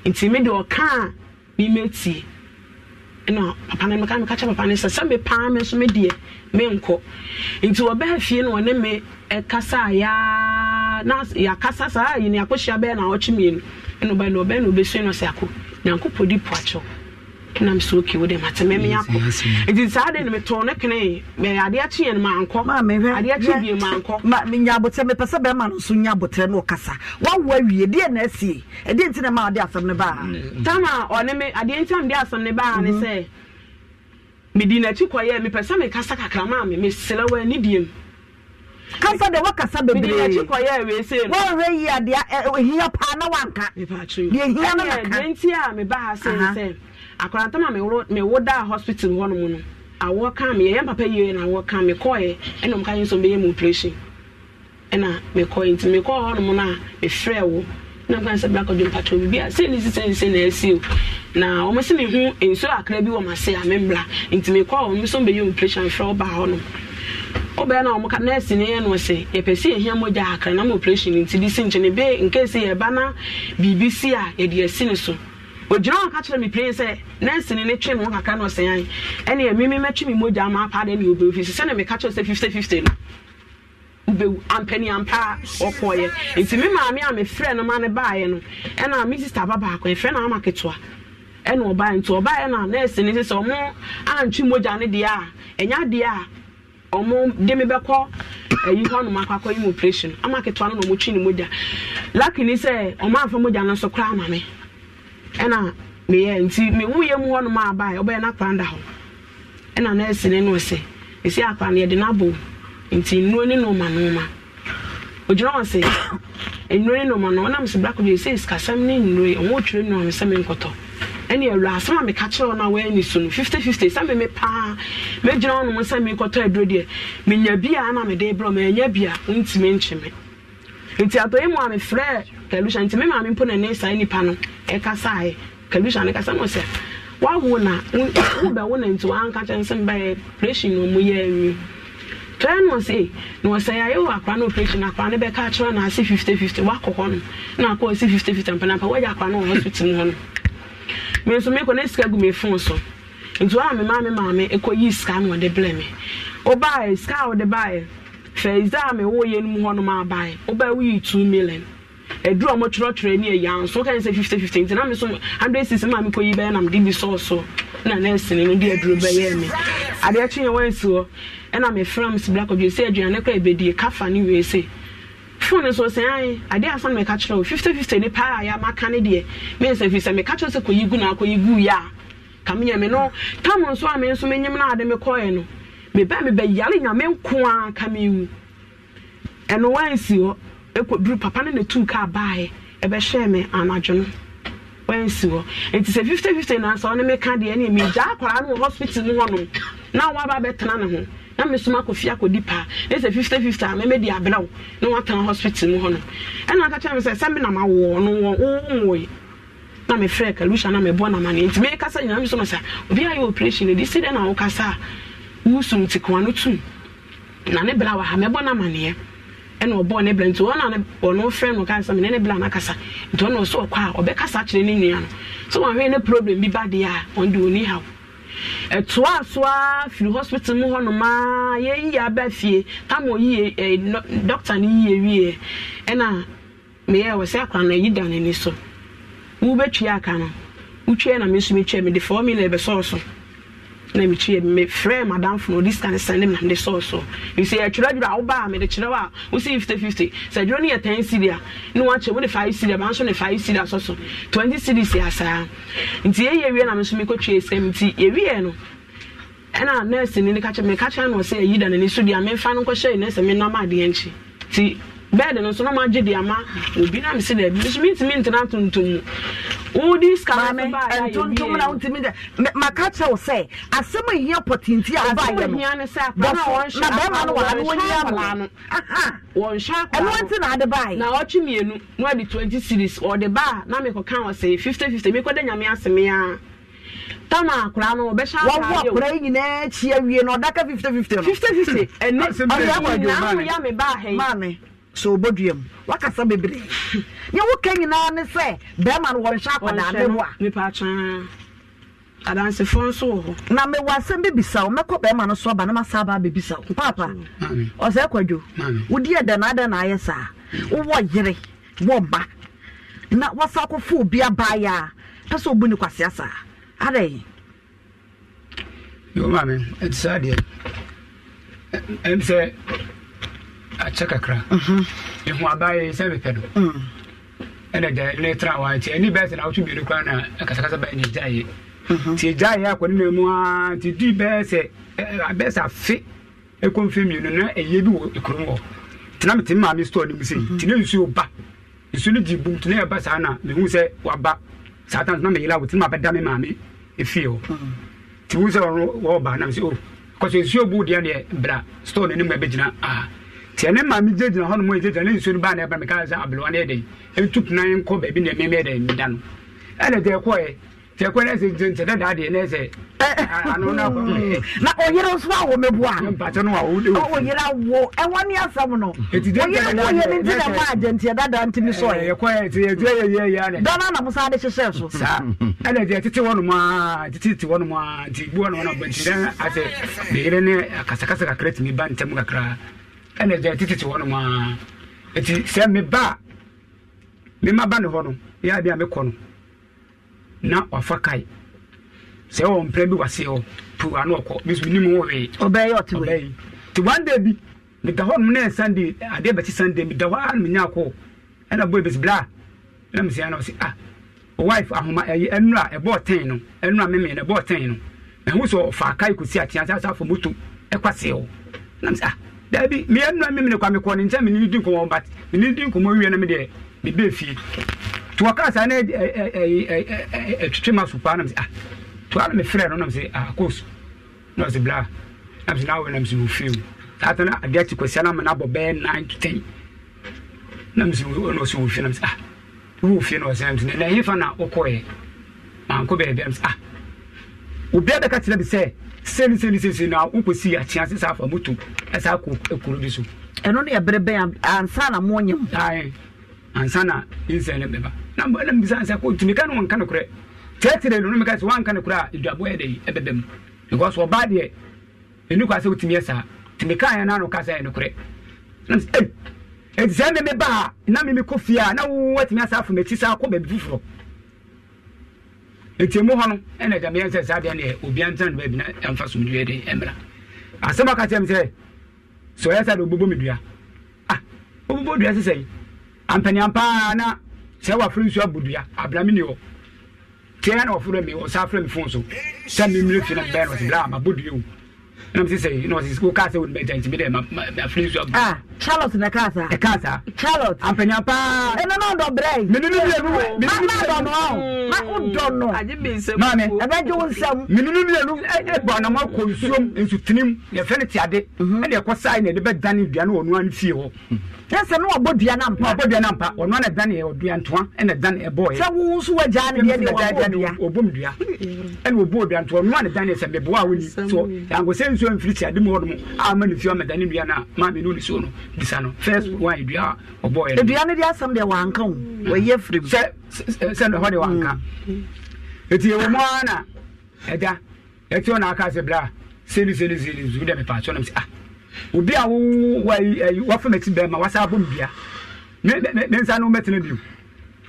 nti me deɛ ɔka a me mɛtie ɛna papa no meka meka kyɛ papa no sɛ sɛ mepaa me nso me deɛ menkɔ nti wɔbɛɛ fie no ɔne me ɛkasa a yaa na yɛakasa saa yɛne akɔhyia bɛɛ na ɔkye mmienu ɛna ɔbɛɛ no ɔbɛɛ na ɔbɛsua no sɛ akɔ nyankopɔn di po akyɛw na mesɛ okay wode mate me meakɔ nti saa de no metɔɔ no kene adeɛ akye yɛ no maankɔ adeɛ akye bie maankɔ nya abotrɛ mepɛ sɛ bɛrima no nso nya abotrɛ no ɔkasa woawo awie deɛ na asie ɛdeɛ nti na ma wode asɛm no baa tam a ɔne me adeɛ nti a mede asɛm no baa ne mhm. sɛ medi n'akyi kɔyɛ mepɛ sɛ mekasa kakra ma me meserɛ wɔ ani diem kasa de wakasa bebree yi adeɛ ɛhia paa na wanka deɛ hia no naka deɛ nti a mebaa sɛ sɛ akwarantam a mewo da hospital hɔ nom no awɔ kan mi yɛyɛ papa yie na awɔ kan mi kɔɛ ɛna ka bɛyɛ mu operation ɛna nti hɔ na mekɔɛ sɛ black odin bi sɛ sɛ na ɛsi o na ɔmo si ne ho nsuo akra bi wɔ ma se a nti bɛyɛ mu operation na ka nɛɛsi ne yɛ no sɛ yɛpɛ si ehia mo gya akra na mo operation nti di si nkyɛn bee nkeesi na biribi ogyina ɔka kyerɛ me pii sɛ nɛnsini ne twe me wokakra anyị, ɔsɛn an ɛne ɛmeme mɛtwe mogya ma apa dɛ ne wobɛwu fi so sɛne meka kyerɛ sɛ 5050 no wobɛwu ampani ɔkɔɔyɛ nti me maame a no ma ne baako na ama ketewa ɛna nti a nɛɛse ne sɛ ɔmo antwe mogya a ɛnya a ɔmo de bɛkɔ hɔ nom ɛna meyɛ nti mu hɔnom hɔ ɛna ne no sɛ yɛde nti nnuro ne ogyina hɔ nnuro ne bi esi sikasɛm ne nnuro yi ɔmo nnuro sɛ me nkɔtɔ ɛna ɛwura asɛm a meka kyerɛ ɔno a wɔyɛ so no fifty fifty sɛ meme paa megyina hɔnom sɛ me aduro deɛ menya bia na mede brɛ ɔmo ɛnya nti atọ imu a mefrɛ kalusha nti me maame mpo na ne saa nipa no ɛkasaeɛ kalusha no kasa no sɛ wawo na na nti nkacha kyɛ nsɛm bɛyɛ operation yɛ no na ɔsɛ yɛ ayɛwɔ akora no operation no akora na ase 5050 hɔ na akɔ ɔse 50 mpanapa wagya no mu hɔ no nso na sika gu fon so nti maame maame yi sika na ɔde blɛ sika a ɔde sɛ exam wɔyɛ no mu hɔnom aban wobɛwo yi two million ɛduru a wɔtwerɛtwerɛ ni ɛyɛ anso wɔka sɛ fifty fifty nti na mi so hundred maa mi kɔ yi nam de bi sɔɔso ɛna nɛɛsi ni no de aduro bɛyɛ mi adeɛ kye si hɔ ɛna fira mi si aduane kɔ ebedie kafa fone so sɛ ayi adeɛ asan mi ka kyerɛ o fifty fifty ni paa a ne deɛ nsɛ kyerɛ sɛ kɔ yi gu na kɔ yi gu a yɛ tam nso a mi nso nyim na ade meba mebɛyare nyame nko a ka mewu ɛno wansi hɔ ɛkɔduru papa no na tuu kaa baeɛ ɛbɛhyɛɛ me anadwo no wansi hɔ nti sɛ 5050 nansa ɔne meka deɛ ne megyaa akwaraa no wɔ hospital no hɔnom na woaba bɛtena ne ho na me soma akɔ fie akɔdi paa ne sɛ 5050 a mɛmɛdi abrɛ wo na woatena hospital mu hɔnom ɛna aka kyerɛ me sɛ sɛ me nam awoɔ no wɔ wowowɔe na mefrɛ kalusha na mebɔ namane nti mekasa nyina me so no sɛ obiaa yɛ operation ɛdi si dɛ na wokasa a wusum ti kwan tum na ne bra wa ha mɛbɔ no amanneɛ ɛna ɔbɔ ne bla nti ɔno ɔno frɛ no ka nsɛm ne ne bra no akasa nti ɔno ɔsɛ ɔkɔ a ɔbɛkasa akyerɛ ne nua no so wɔahwɛ ne problem bi ba deɛ a ɔnde ɔni ha ɛtoa so firi hospital mu hɔnom a yɛyi aba fie tam ɔyie ɛ doctor no yie wie ɛna meyɛ wɔ sɛ na no da n'ani so wobɛtwi aka no wotwɛ na me nso metwɛ mede fɔɔ mi na ɛbɛsɔɔ so na metwi yɛ me frɛ madamfo no This kind of sɛne m na mede sɔɔ so ɛsɛ yɛtwerɛ adwerɛ a wobaa mede kyerɛ w a wosi 5050 sɛ adwerɛ no yɛ 10 siria ne wakyɛ wo ne 5 siria ma nso ne 5 siria sɔ so 20 series yɛ asaa nti yɛyɛ wie na me nso mekɔtwie sɛm nti yɛwieɛ no ɛna nurse ni ne ka kyerɛ meka kyerɛ no ɔsɛ ayi da n'ani so deɛ a memfa no nkɔhyɛ nurse me nɔma adeɛ nkyi nti bɛɛdi no nso na ɔmo agye di ama obi na mi si dɛ bi nso mi ntumi ntena tuntum wodi sika mi ntuntum na ntumi dɛ maka kyerɛw sɛ asɛm a yia pɔtinti a ɔba ayɛ no bɔsɔ na bɛrima no wɔ ha no wɔnyi ama no wɔn hyɛ akwaraa no ɛno nti na ade ba ayɛ na ɔtwe mienu na ɔde twenty series ɔde ba na mi kɔ kan wɔ fifty fifty mi kɔ de nyame asɛm tama akora no ɔbɛhyɛ akora yɛ o wɔwɔ akora yi nyinaa akyi awie na ɔdaka fifty fifty no fifty fifty ɛnɛ ɔyɛ akɔdwo maame maame so obodua mu wakasa bebree nea woka nyinaa ne sɛ bɛrima no wɔnhyɛ akwadaa ne ho a adansefoɔ nso wɔ hɔ na mewɔ asɛm bi bisa wo mɛkɔ bɛrima no so aba na masa aba abɛbisa wo papa ɔsɛ kwadwo wodi ɛdɛ na adɛ na ayɛ saa wowɔ yere wɔ ba na wasa akɔfo obi abaayɛ a pɛ sɛ ɔbu ne kwasea saa adɛ yo maame ɛte saa deɛ sɛ akyɛ kakra mhm. ehu abaayɛ sɛ bɛpɛ do mm. ɛna gya ne tra wa akyi ɛni bɛɛ sɛnɛ awotwe mmienu kora na akasakasa bɛɛ ne gya mhm. yɛ nti gya yɛ akɔ ne mu aa nti di bɛɛ sɛ abɛɛ sɛ afe ekɔ mfe mmienu na ɛyɛ bi wɔ ekurom hɔ tena mi te maame store ne mu se mhm. nti ne nsuo ba nsuo ne di bum te ne yɛ ba saa na mehu sɛ waba saa tan so na meyela wo te ma bɛda me maame efie hɔ nti hu sɛ wɔn wɔba na mi sɛ o oh, kɔsɛ nsuo bu deɛ deɛ bra store ne mu ɛbɛgyina aa tiɛ ne maa mi gyinagyina hɔ nom a gyinagyina ne nsuo no baa na ɛba mi kaa sɛ abelewa ne yɛ dɛ ebi tu pina baabi na ɛmɛ mɛ dɛ ɛmi da no ɛna deɛ ɛkɔ yɛ tiɛ kɔ ne sɛ nkyɛn dɛ daa deɛ ne sɛ ano na kɔ. Hmm. na oyere nso awo mi bu a. mpatɛ no awo de o. oyere awo ɛwɔ e ni asam no. oyere ko yɛ ni ti na kɔ agyɛntiɛ e dada nti mi sɔ e. eh, na musa de hyehyɛ so. saa ɛna deɛ tete hɔ nomaa tete te hɔ nomaa nti bu hɔ nomaa na bɔ nti dɛ asɛ ɛna ɛgya tititi hɔ nom aa nti sɛ meba mema ba ne hɔ no ya adeɛ a mekɔ no na wafa kae sɛ ɛwɔ mpira bi wase hɔ pu ano ɔkɔ bi so nim wɔ wee ɔbɛyɛ ɔte wei nti one day bi meda hɔ nom na sunday adeɛ bɛte sunday meda hɔ a na menya akɔ ɛna boy bɛsi bra na mesia na ɔse ah wife ahoma ɛyɛ ɛnura ɛbɔɔ ten no ɛnura mimi no ɛbɔɔ ten no ɛho sɛ ɔfa kae kɔsi ateasɛ asɛ afɔ moto ɛkwaseɛ hɔ na mesɛ ah dabi mìíràn nínú mímu nìkan mi kọ́ ni nsẹ́mi ní di nkɔmɔ bat ní di nkɔmɔ wíwẹ́ nam deɛ mi bẹ́ẹ̀ fi tí wọ́n káàsá ní ẹ̀twitwi ma so paa nam sɛ ah tí wọ́n mi fẹ́rẹ̀ no nam sɛ ah kóòs nam sɛ bla nam sɛ n'awɔ nam sɛ wò fi o tààtà náà adé ti kwesí anam n'abɔ bɛɛ nine to ten nam sɛ wò nam sɛ wò fi nam sɛ ah wò fi na ɔsɛ nam sɛ nà ɛyẹ fa na ɔkɔ yɛ mànkó bɛɛ bɛɛ nam sɛ ah obiara bɛka kyerɛ bi sɛ sɛni sɛni sɛsi na wokɔsi akyea se saa fa motom ɛsaa kɔ akuro bi so ɛno ne yɛbere bɛn ansa na moɔnyam ae ansa na nsɛn ne bɛba na mbɛna mbisa nsɛ kɔ tumi ka ne wɔnka no korɛ tɛɛtɛrɛ no nomeka sɛ woanka no korɛ a aduabɔ yɛ dɛyi ɛbɛbɛ mu because ɔbaa deɛ ɛni kɔ asɛ wotumi yɛ saa tumi ka yɛ no ano yɛ no korɛ ɛti sɛ meme baa na meme kɔ fie a na wowatumi asa afo m'akyi saa kɔ baabi foforɔ nti mu hɔ no ɛna dɛm yɛn sɛ saa deɛ no yɛ obia ntena no baabi na ɛmfa somdua de mmra asɛm aka kyɛm sɛ sɛ ɔyɛ sɛ de obobɔ me dua ah obobɔ dua sɛ sɛn ampanyam paa na sɛ wafere nsu abɔ dua abra me ni hɔ tiɛ na wɔfrɛ me wɔ saa frɛ me fon so sɛ memmire fie no bɛɛ no ɔte bra mabɔ dua o nam sɛ sɛi na ɔsɛ wokaa sɛ wonmɛtantimi dɛ afiri nsu aba charlotte na ɛkaa saa ɛkaa charlotte ampanya paa ɛno na ɔdɔ berɛ mene no ma dɔ no ma wodɔ no maame ɛbɛgye wo nsɛm mene no mienu ba nam akɔ nsuom nsutenem yɛfɛ no teade ɛne ɛkɔ sae na ɛde bɛdane duane wɔ noa no fie hɔ tẹsẹ ní ọbọ dua náà mpa ọbọ dua náà mpa ọ̀nà ẹ̀dá dani ọdua ntoma ẹ̀nà dani ẹ̀bọ yẹ. sẹ́wọ́n nso wẹ̀ gyaa ni diẹ ni wọ́n bọ̀ dua. ọbọ mu dua ẹ̀nà ọbọ dua ntoma ọ̀nà ẹ̀dá dani ẹ̀sẹ̀ mbẹ̀bọ̀ àwọn ni sọ yàgòsẹ́ nsuo nfiri ti adimu ọdún mu ama ni fi ọmọ ẹ̀dá ni dua náà maami ni onisuo no bisa no first one edua ọbọ yẹ. edua ni di asam de wanka o wọ́yẹ firi mu. sẹ sẹ ndọ̀họ́ de wanka eti ewu mu ana ẹja eti ọ na aka ase bla seli seli seli zu de mi pa aso na mi se ah obi a eh, wafa n'akyi bɛrima wasa abɔ mu bia ne nsa no mɛtena bio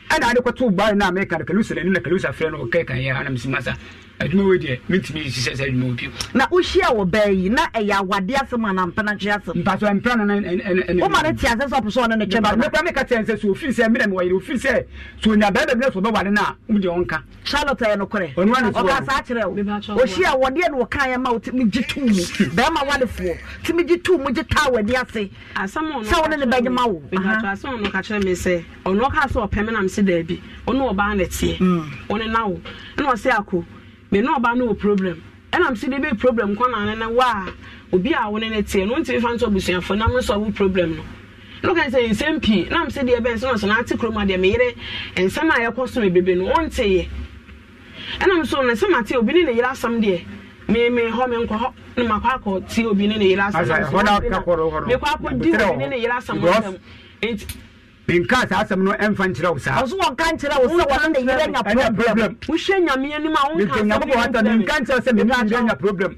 ɛna ade kɔto baare no a mɛka no kalusa n'ani na kalusa frɛ no kɛka yɛ anam si masa adwuma wei deɛ mentumi sisɛ sɛ adwuma wɔ na wohyia wɔ bɛɛ yi na ɛyɛ awadeɛ asɛm anampɛnatwe asɛm mpasɔ mpra no woma no te asɛ sɛ ɔpo sɛ ɔne no twɛmekora meka kyɛn sɛ sɛ ofiri sɛ merɛ mewɔyere ofiri sɛ sɛ onya bɛɛbɛ mmerɛ sɛ ɔbɛware no a womdeɛ ɔnka charlotte ɛyɛ nokorɛ ɔka saa kyerɛ wo ɔhyia wɔdeɛ ne wɔkaeɛ ma wotemegye too mu bɛɛma wadefoɔ temegye too mu gye taa w'ani ase sɛ wone ne bɛgye wo ɔno ɔka sɛ ɔpɛ nam sɛ daabi ɔne ɔbaa ne teɛ mm. ɔne na wo ɛna ɔsɛ ako me no ɔba no wɔ problem ɛnam sɛ de bɛ problem kɔ na ne ne wa a obi a wo ne ne teɛ no ntumi fa nso abusuafo nam no sɛ ɔwo problem no no kan sɛ nsɛm pii nam sɛ deɛ bɛn sɛ no sɛ naate kurom adeɛ meyere nsɛm a yɛkɔ so me bebe no ɔnteyɛ ɛnam so no sɛm ate obi ne ne yere asɛm deɛ meme hɔ me nkɔ hɔ ne makɔ akɔ tie obi ne ne yere asɛm mekɔ akɔ di obi ne ne yere asɛm nsɛm menka saa asɛm no ɛmfa nkyerɛ wo saa ɔso wɔka nkyerɛ sɛ wɔno problem wohwɛ nyameɛ nim a wonka sɛ nya problem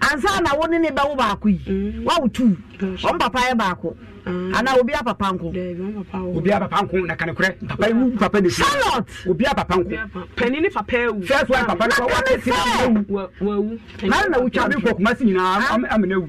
ansa na wo ne ne yi mm. wawo tu ɔm papa yɛ baako ah. ana obi papa nko obi papa nko na kane papa yi ah. papa ne charlotte obi papa nko panin papa ewu first wife papa ne kɔ na wawu na na kɔ kuma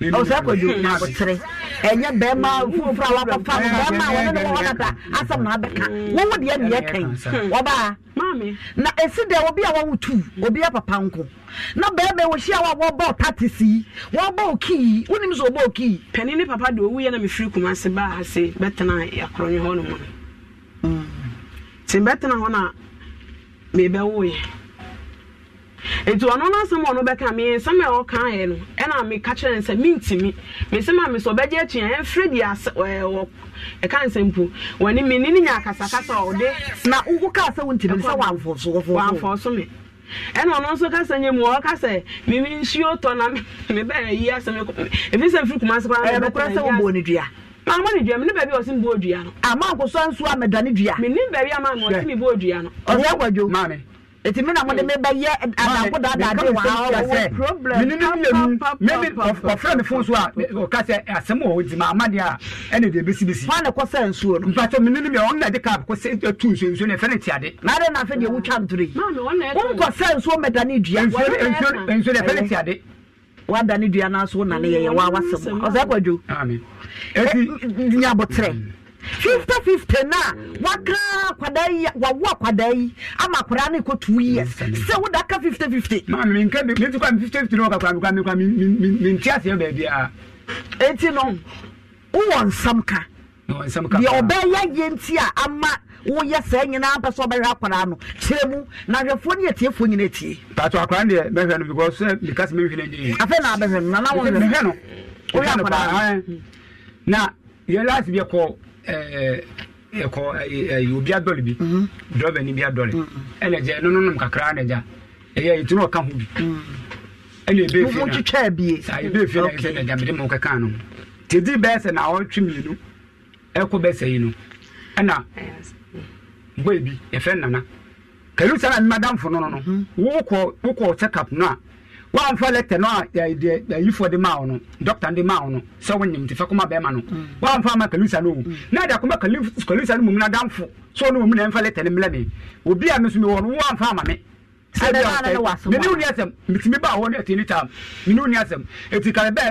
ɔsɛ akɔdwo na akɔkyerɛ ɛnyɛ bɛrima fufurufuru a wakɔfa no bɛrima a wɔne ne wɔ hɔnata asɛm na abɛka wɔwɔ deɛ neɛ kɛn wɔbaa na ɛsi dɛ obi a wɔwo tu obi a papa nko na bɛrima wɔhyia a wɔbɔ tate si wɔbɔ okii wonim sɛ ɔbɔ okii pani ne papa de ɔwuyɛ na mefiri kuma ase baa ase bɛtena akorɔnye hɔ no mu nti mm. bɛtena hɔ na mebɛwoyɛ nti ɔno no asɛm ɔno bɛka me nsɛm a ɔkaeɛ no ɛna meka kyerɛ no sɛ mentimi mesɛm a me sɛ ɔbɛgye akyi a ɛmfrɛ di ɛka nsɛm po wɔne menni no nya akasakasa ɔde na wokaa sɛ wontimi sɛ wamfɔsowamfɔ so me ɛna ɔno nso kasa nyɛ mu ɔka sɛ mimi nsuo tɔ na mebɛyɛ yi asɛm ɛfiri sɛ dua mi a ɔsi dua no. nso ameda ne dua. mi ni ɔsi mi bɔ dua no. ɔsi ètí mi náà mo ní mi bẹ yẹ àdàpọ̀ dáadáa wà á wọ problem mi nínú yẹ mu mẹbi ọfẹ mi fún so a ọka sẹ asẹmu ọwọ di ma amadi a ẹna de ebisi bisi. wọn kọ sẹ nsuo no. mpatọ mi nínú yẹ wọn na de kaap kọ sẹ tu nsuo nsuo na ẹfẹ ne ti ade. n'ale na afẹ de ewu twa ntoro yi wọn kọ sẹ nsuo mẹta ni dua. nsuo na ẹfẹ ne ti ade. wa da ni dua n'aso na ne yẹ yẹ wa wa sẹ mu ọsẹ kọjú. eti nyabotire fifty fifty na waka kwadai yi kwadai akwadaa yi ama akwadaa no kɔ two years sɛ ka fifty fifty. maame mi nka mi nti kɔ fifty fifty na ɔka kora mi kwa mi kora mi mi mi nti aseɛ baabi a. eti no wowɔ nsɛm ka deɛ ɔbɛyɛ yɛ nti a ama woyɛ sɛ nyinaa mpɛ sɛ ɔbɛhwɛ akwadaa no kyerɛ mu na hwɛfoɔ ne yɛtiefoɔ nyina tie. pato akwadaa deɛ mɛhwɛ no because sɛ eh, because mɛhwɛ no nyɛ. afei na abɛhwɛ no nana wɔn hwɛ no woyɛ akwadaa no ah, eh. na yɛ laasi bi kɔ ɛkɔ eh, eh, ɛɛ eh, obi adɔli bi mhm. dɔbɛ ni bi adɔli mhm. ɛna gya ɛno nom kakra na gya ɛyɛ etu na ɔka ho bi mhm. ɛna ebe efie na mo twitwa ebie saa ebe efie na ɛsɛ na gya mede mo keka ano tedi bɛsɛ na ɔtwe mienu ɛkɔ bɛsɛ yi no ɛna bɔ ebi yɛfɛ nana kɛlu sɛ na mi madamfo no no no wokɔ wokɔ check up no wamfa lɛtɛ no a deɛ eh, ayifoɔ eh, de eh, maa wo no dɔkta de maa wo no sɛ wonyim nti fɛ kɔma bɛrima no ma kalisa no wu mm. na de akɔma kalisa no mu no adamfo sɛ ɔno wɔ mu na ɛmfa lɛtɛ no mmlɛ me obi a me so mewɔ no wamfa ama kare bɛɛ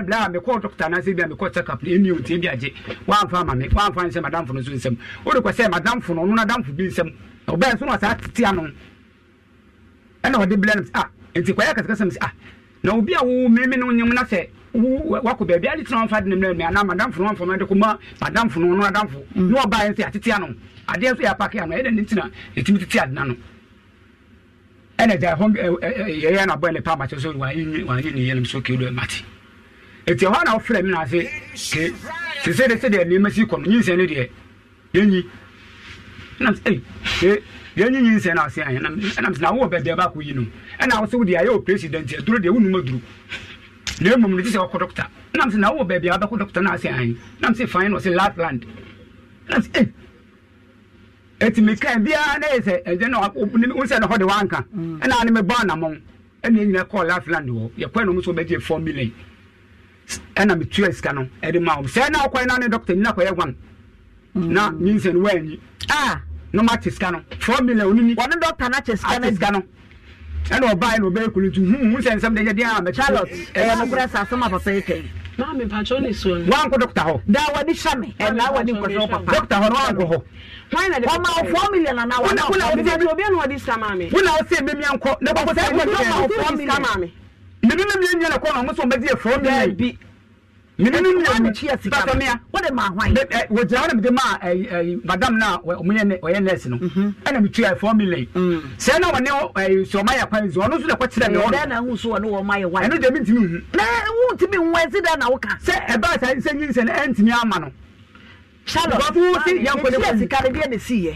bla a mekɔ dɔkta anaasɛ bi a mekɔ checkup no ɛni ɔtie bi agye wamfa ama me wamfa nsɛ madamfo no so nsɛm bi nsɛm ɔbɛɛ so no ɔsaa tete ano ɛna ɔde ah, nti kwaya kasikasa msi ah na obi a wo meme no nyim na sɛ wakɔ baabi ade tena ɔmfa de ne mmerɛ anaa madamfo no ɔmfa de kɔma madamfo no no adamfo mm. ne ɔbaeɛ nso yɛatete ano adeɛ nso yɛapake ano ɛdɛ ne ntina ɛtumi tete adena no ɛna gya ɛhɔ yɛyɛ na bɔ ne pa amakyɛ so wanyɛ ne yɛnom so kɛdo mate ɛti ɛhɔ na wofrɛ me no ase ke te sɛde sɛdeɛ nneɛma si kɔ no nyinsɛ no deɛ yɛnyi nam sɛ ei yɛnyi nyinsɛ no ase ayɛ nam sɛ na wowɔ baabi abakɔ yi no ɛna wosɛ wode ayɛ wɔ president aduro deɛ wonum aduru na mmom no gye sɛ wɔkɔ dɔkta nam sɛ na wowɔ baabi a wobɛkɔ dɔkta no asɛ ae nam sɛ fine na ɔsɛ latland nam sɛ ei eh. ɛti mekae biara na yɛ sɛ ɛgyɛ na wo sɛ no hɔ de woanka mm. ɛna ne mebɔ anammɔn ɛne ɛnyina kɔɔ latland hɔ yɛkɔɛ no m so wobɛgye four million ɛna metua sika no ɛde ma wom sɛ na wokɔe na ne dɔkta nyina kɔyɛ one na mm. nyinsɛ no woanyi ah. nomaate sika no four million onini wɔne dɔkta no akyɛ sika no ɛna ɔbaa ɛna ɔbɛyɛ kunu tu hu hu sɛ nsɛm de yɛ den a mɛ charlotte ɛyɛ nokura sa asɛm a papa yɛ kɛ maame mpatro ne so no wankɔ dɔkta hɔ daa wɔde hyɛ me ɛnaa wɔde nkɔhwɛ papa dɔkta hɔ no wankɔ hɔ ɔma wo four million anaa wɔna wɔde sika maame wona wo sɛ bɛmi ankɔ na bɔkɔ sɛ ɛkɔ dɔkta hɔ four million maame mebi ne miɛ nyɛ ne kɔ na ɔmo sɛ ɔmɛdi yɛ four million minnu ni ɛmu kyi ɛsi kama batamia o de maa hwan. wo gyina hɔ na mi de maa ɛɛ madam na ɔyɛ ɔyɛ nɛɛsi no mhm. ɛna mi tuya four million. Mm. sɛ na wɔne ɛɛ sɔma yɛ kwan zu ɔno nso de kɔ kyerɛ mi ɔno. ɛdɛ na ahosuo wɔne wɔma yɛ wa. ɛno de mi ntumi hu. na ewu ntumi hu ɛsi dɛ na woka. sɛ ɛbaa sɛ sɛ nyinsɛn ɛntumi ama no. charlotte maa mi kyi ɛsi kama bi ɛna si yɛ.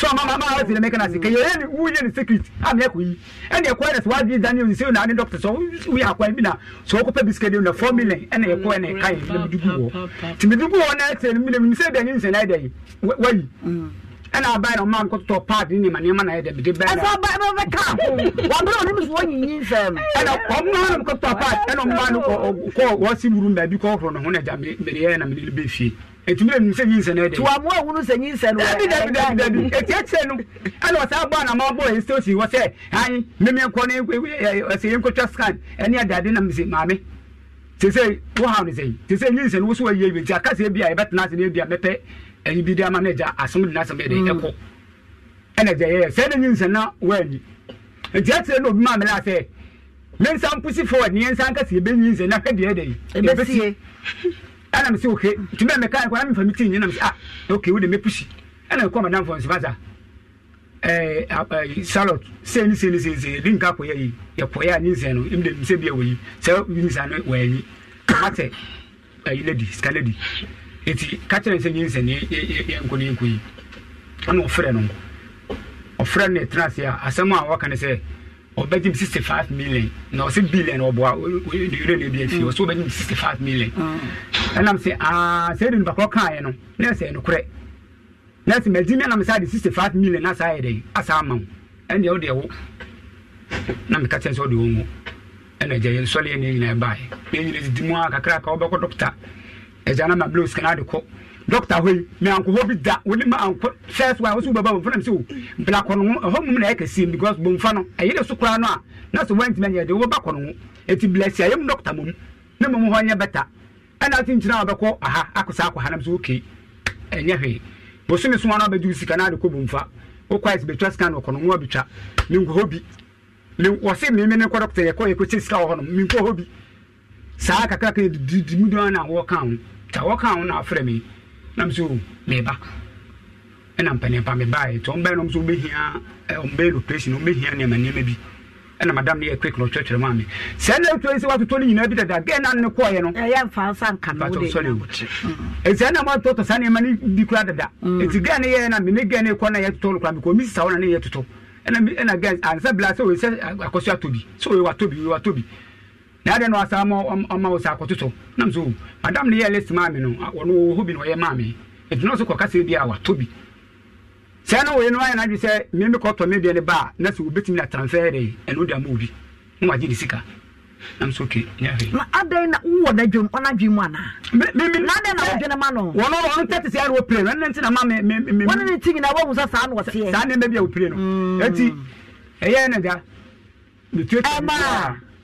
so mama mama ara tiri mekana sika yɛyɛ ne ɛtumi ɛnu sɛ nyinsɛn na ɛdɛ. tuwamu ɛwunu sɛ nyinsɛn na ɛdɛ. dabi dabi dabi eti ɛkyɛ no ɛna ɔsan bɔ anam abɔ ɛyɛ sitoosi wɔ sɛ ayi mímí nkɔ ne ɛsɛ yɛn kɔtɔ scan ɛne ɛdade nam sɛ maame sese wɔhaw ne sɛyi sese nyinsɛn wosow ɛyɛ ebi nti akasa ebi a yɛbɛtena ase n'ebi a mɛpɛ ɛyi bi di ama n'ɛgya asom di n'asɛm ɛdɛ ɛkɔ ɛna ɛgya yɛyɛ sɛ ɛna nyinsɛn na wɔanyi nti ɛkyɛ no obi maa la sɛ ne nsa mpusi forward ne nsa nkasa ebe nyinsɛn na hwɛ ɛdɛ yi ebesie ɛna mese wohwɛ nti bɛ meka nkɔ na mefa me tii nyɛ na mese ah ok wode mɛpusi ɛna mekɔ madam fɔ nsifa sa salot sɛ eh, ne sɛ ne sɛsɛ de nka kɔyɛ yi yɛkɔyɛ a ne nsɛ no mde msɛ bia wɔyi sɛ nsa no wɔanyi matɛ ayi ladi sika ladi ɛti ka kyerɛ sɛ nyɛ nsɛ ne yɛnkɔ ne yɛnkɔ yi ɛna ɔfrɛ no ɔfrɛ no ɛtena ase a asɛm a wɔka ne sɛ ọbẹjì sixty five million na ọsẹ billion ọbọa euro na ebi efi ọsẹ ọbẹjì sixty five million ẹnam sẹ aa sẹ ẹdi nípa kọ kaa yẹ no nẹẹsẹ ẹnukurẹ nẹẹsẹ mẹdi mi ẹnam sẹ adi sixty five million asa ayẹ dẹ asa ama o ẹni ẹ ọdi ẹwọ na mi kàtẹ́ sẹ ọdi ọwọ ẹna ẹjẹ yẹ nsọlẹ yẹ ne nyina ẹba yẹ ne nyina didi mu a kakra ka ọbẹkọ dọkita ẹjẹ anam abúlé osikana adi kọ. Doctor, hɔ yi mɛ ankɔ hɔ bi da wɔn mu ankɔ sɛs wa wɔsi baba bɔnfɔ nam se bila kɔnɔ ho ɛhɔ mu na yɛ kɛseɛ because bɔnfɔ no ɛyɛ de so koraa no a na so wɔn ntoma yɛ de wɔba kɔnɔ ho eti bila si ayɛm dɔkta mɔmu ne mɔmu hɔ nyɛ bɛta ɛna ati nkyɛn a wɔbɛkɔ aha akɔsa akɔ ha nam se oke ɛnyɛ hwee bosomi so wɔn a bɛdi sika na adekɔ bɔnfɔ okɔ ayɛ sibɛtwa sika na ɔkɔnɔ ho abitwa ne nkɔ hɔ bi ne wɔsi mimi ne kɔ dɔkta yɛ kɔ yɛ kɔ sika wɔ hɔ nom mi nkɔ hɔ saa kakra kakra didi mu dɔn na wɔka ho ta wɔka ho na afrɛ mi nam so meba ɛna mpanimpa mebaeɛ nti ɔmbɛn no nso wobɛhia ɔmbɛn location wobɛhia nneɛma nneɛma bi ɛna e madam no yɛ quick no ɔtwerɛtwerɛ maa me sɛ na ɛtwa e sɛ watotɔ no nyinaa bi dada gɛ na ne kɔɔyɛ no ɛyɛ e mfa nsa nka no wode ɛti ɛna moatɔtɔ saa nneɛma no bi kora dada ɛti mm. gɛ ne yɛɛ na mene gɛ ne kɔ na yɛtotɔ no kora mekɔ mi sisa wo na ne yɛtotɔ ɛna gɛ ansa bla sɛ wei sɛ akɔso atɔ sɛ wei watɔ bi wei watɔ bi na adɛn na wasa ma ɔma wo sɛ akɔtotɔ nam so madam ne yɛ list maa no ɔno wɔ hɔ bi na ɔyɛ maa me ɛti na ɔso kɔka bi a watɔ bi sɛ na wɔyɛ no ayɛ n'adwe sɛ me me kɔtɔ me deɛ ne ba a na sɛ wobɛtumi na transfer de ɛno de ama obi na wagye de sika nam so ke na adɛn na wowɔ n'adwom ɔn'adwe mu anaa na adɛn na wodwene ma no wɔno ɔno tɛte sɛ ɛre wɔpire no ɛno nti na ma me wɔne ne ti nyinaa woahu sɛ saa na wɔteɛ saa nneɛma bi a wɔpire no ɛnti mm. ɛyɛ ne da ɛmaa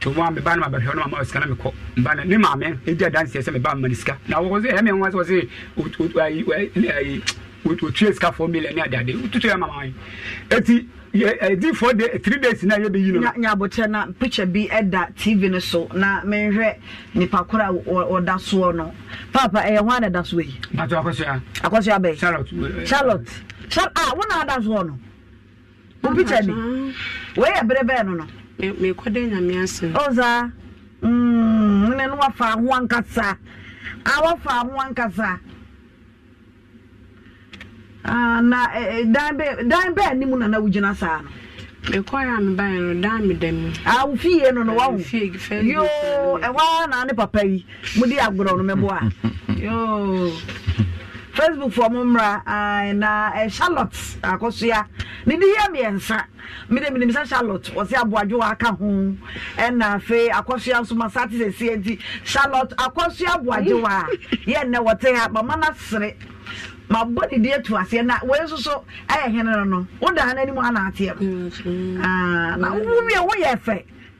to mu ameba no abɛhwɛ no ama sika na mekɔ mba no ne maame ɛdi adanseɛ sɛ meba mane sika na ɛme wa sɛ ɔse wɔtua sika fɔ million ne adeade wotutu yɛ mama ɛti day three days na yɛbɛyi no nyabotɛ na picture bi ɛda tv no so na menhwɛ nipa koro a ɔda soɔ no papa ɛyɛ eh, ho ana ɛda soɔ yi bato akɔsoa akɔsoa charlotte eh, charlotte charlotte a ah, wo na ada soɔ no wo picture bi wɔyɛ berɛ bɛɛ no no mekwade nyame ase ɔza mm, mene no wafa ho ankasa ah, a ho ankasa ah, na eh, eh, dan bɛɛ anim nana wogyina saa no mekɔɛ a mebaɛ no dan meda mu a ah, no no wawo yo ɛhɔ na ne papa yi mode agorɔ no mɛboa facebook fo mo mmra ah, na eh, charlotte Akosua. ne de yɛ mmiɛnsa mede menim misa charlotte wɔse aboadwowa aka ho ɛna afei akɔsoa nso masate sɛsie nti charlotte akɔsoa aboadwowa a yɛnnɛ wɔte ha mama na sere mabɔ ne de atu aseɛ na wɔyɛ nso so ɛyɛ hene no no wodaa no anim anaateɛ m na wowie woyɛ fɛ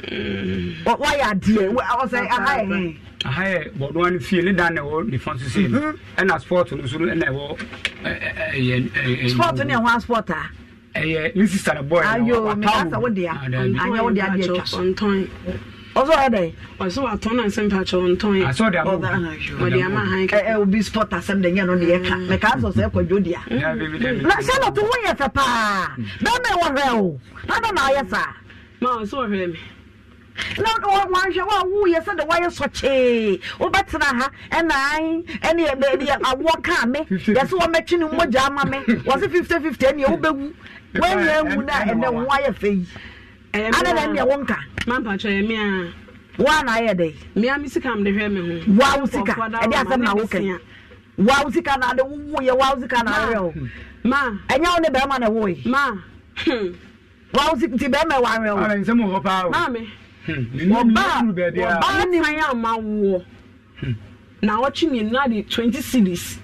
wayɛ adeɛ ɔsɛ aha yɛ aha yɛ bɔdɔn no fie mm-hmm. eh, eh, eh, ne dan na ɛwɔ nifa sisi, ɛna sport no ɛna ɛwɔ ɛyɛ sport no yɛ sport a ɛyɛ ne sister no boy ayo mekasa wo dea anyɛ wo dea deɛ twa ɔsɛ ɔyɛ dɛ ɔsɛ watɔn na nsɛm pa kyɛw ntɔn yɛ asɛ ɔde ama han kɛ ɛ obi sport asɛm de nyɛ no ne sɔ sɛ ɛkɔ na charlotte wo yɛ fɛ paa wɔ o na wanhwɛ wo a woyɛ sɛde woayɛ sɔkyee wobɛtena ha ɛnan ɛne awoɔ kaa me yɛsɛ wɔmɛtwe ne mmɔgya ama me wɔ se 5050 ɛneɛ wobɛwu woanya awu no a ɛnɛ wo ayɛ fɛ yi ana na ɛneɛ wo nka woa na ayɛ dɛ mea me sika mde hwɛ me ho woa wo sika ɛde asɛm na wokɛ woa wo sika na ade wowoyɛ woa wo sika na awerɛ o ma ɛnyɛ wo ne bɛrima na ɛwoe ma woa wo sika nti bɛrima ɛwɔ awerɛ o maame ọba ọba ma na 20 series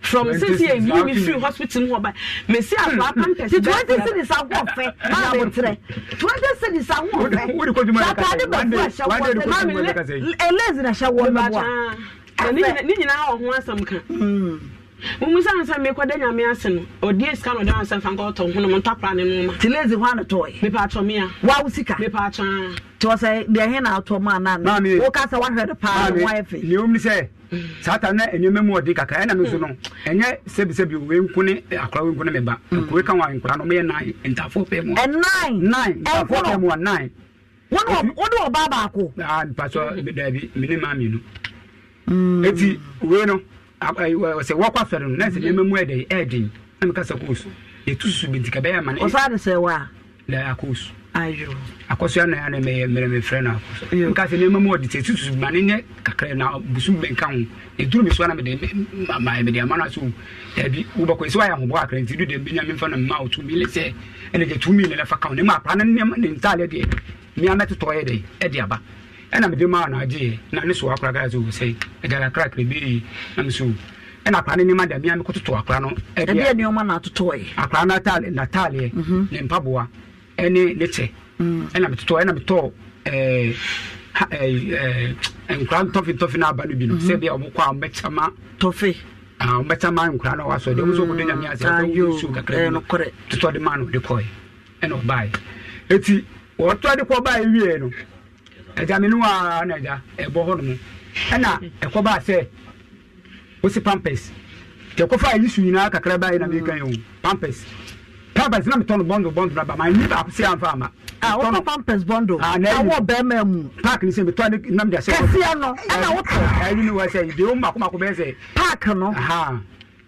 from six years yi mi free hospital mu ọba mesi ato apampers bẹẹ twenty series ahoɔ fɛ maa mo tirɛ twenty series ahoɔ fɛ sataade bɛ fún ɛhyɛ wɔn tɛ maami elezi na ɛhyɛ wɔn bɛ bɔ a nyinaa mumu sɛ ansa mekɔda nyame ase no ɔdeɛ sika no ɔde ansa fa nka ɔtɔ honom ntapra ne noma nti lezi hɔ ano tɔe mepaatɔ me a wawo sika mepaatɔ nti wɔ sɛ deɛ he na atɔ ma ana no woka sɛ woahwɛ de paa woayɛ fe neɛ wom ni sɛ saa ta na nneɛma mu ɔde kakra ɛna me so no ɛnyɛ sɛbisɛbi wenku ne akora wenku ne meba hmm. akowe ka wa nkora no meyɛ nan ntafoɔ pɛ mu ɛnan nan ntafoɔ pɛ mu a nan wone ɔbaa baako nipa ah, sɔ hmm. daabi mene maa mmienu ɛti wei no sɛ wɔkɔ afɛre no na sɛ nneɛma mhm. mu ɛdɛ ɛɛdwen na meka sɛ kɔɔ so yɛtu susu bi nti ka bɛyɛ ma no ɔfa no sɛ wɔ a na akɔɔ so akɔso ana ana mɛyɛ mmerɛmɛfrɛ no akɔso meka sɛ nneɛma mu ɔde sɛ na busu bɛnka ho ɛduru me so ana mede mede ama no asɛ daabi wobɛkɔ sɛ woayɛ ahoboa akra nti dudeɛ bɛnya memfa no mma wo tumi sɛ ɛne ma apra no nneɛma ne ntaadeɛ deɛ mea mɛtotɔɔ yɛ ɛna mede maa no na ne so akora kaa sɛ wɔ oh, sɛi agyala krakra bi na me so ɛna akora no nim ada mia mekototo akora no akora no nataaleɛ mhm. ne mpaboa ɛne ne kyɛ mm. ɛna metotɔ ɛna metɔɔ eh, eh, eh, nkora ntɔfentɔfe no aba no bi no mhm. sɛ bia ɔmokɔ a ɔmɛkyɛma tɔfe ah, ɔmɛkyɛma nkora no wasɔ deɛ wosɛ wobɛdɔ nyame asɛ su kakra no totɔ de ma no de kɔɛ ɛna ɔbaɛ ɛti wɔtɔ de kɔ baɛ wieɛ no ɛda me no a na ɛda ɛbɔ hɔ nom ɛna ɛkɔbaa sɛ wosi pampers yɛkɔfa ayi su nyinaa kakra ba yɛ na meka yɛ o pampers pampers na metɔ no bɔndo bɔndo na ba ma ni baako si anfa ama. a wotɔ pampers bɔndo awɔ bɛrima mu. paaki ni sɛ metɔ ne nam de ahyɛ. kɛseɛ no ɛna wotɔ. ayi ni wa sɛ de o mako mako bɛ sɛ. paaki no.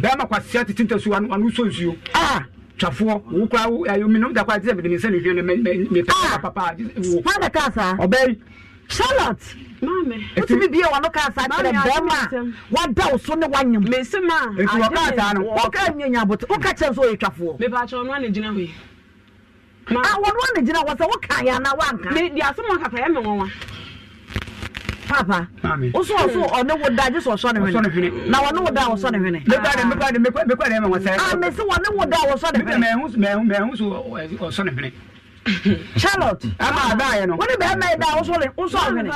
bɛrima kwasia tete ntasu ano so nsuo ah! twafoɔ wo kora menom da kora te sɛ mede mensa nehwɛ no mepɛ papa da ah! ka saa ɔbɛyi charlotte wotumi bie wano ka saa kyerɛ bɛrima a wada wo so ne wanyam nti wɔka saa no woka nyanya abote woka kyerɛ sɛ ɔyɛ twafoɔ wɔnoa ne ah, gyina hɔ sɛ wokaeɛ anaa woanka papa woso ɔso hmm. ɔne wo da gye sɛ ɔsɔ ne hwene na wɔne wo da a wɔsɔ ne hwene mese ah, wɔne wo da a wɔsɔ ne hwene charlotte ama ada yɛ no wone bɛɛma da a wosɔ hwene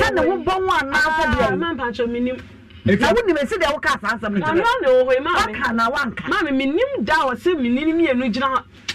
sɛne wobɔ wo anaasɛ ah, deɛ na wonim ɛsi deɛ woka saa nsɛm no gyinawaka na wanka mame menim da a ɔsɛ menini mienu gyina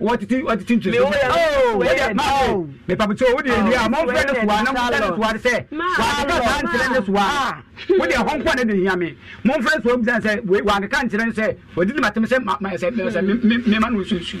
wɔtete wɔtete ntu efu ɛyɛ maawo mipapitɛ o de ebi a mɔnfɛ ne suwa na mɔnfɛ ne suwa sɛ wakeka saa nkyerɛ ne suwa o de ɛhɔn kɔ ne de hiame mɔnfɛ suwa mu sɛ wakeka nkyerɛ ne sɛ wɔdidi ma tɛmɛ sɛ ma sɛ mɛma no sunsun.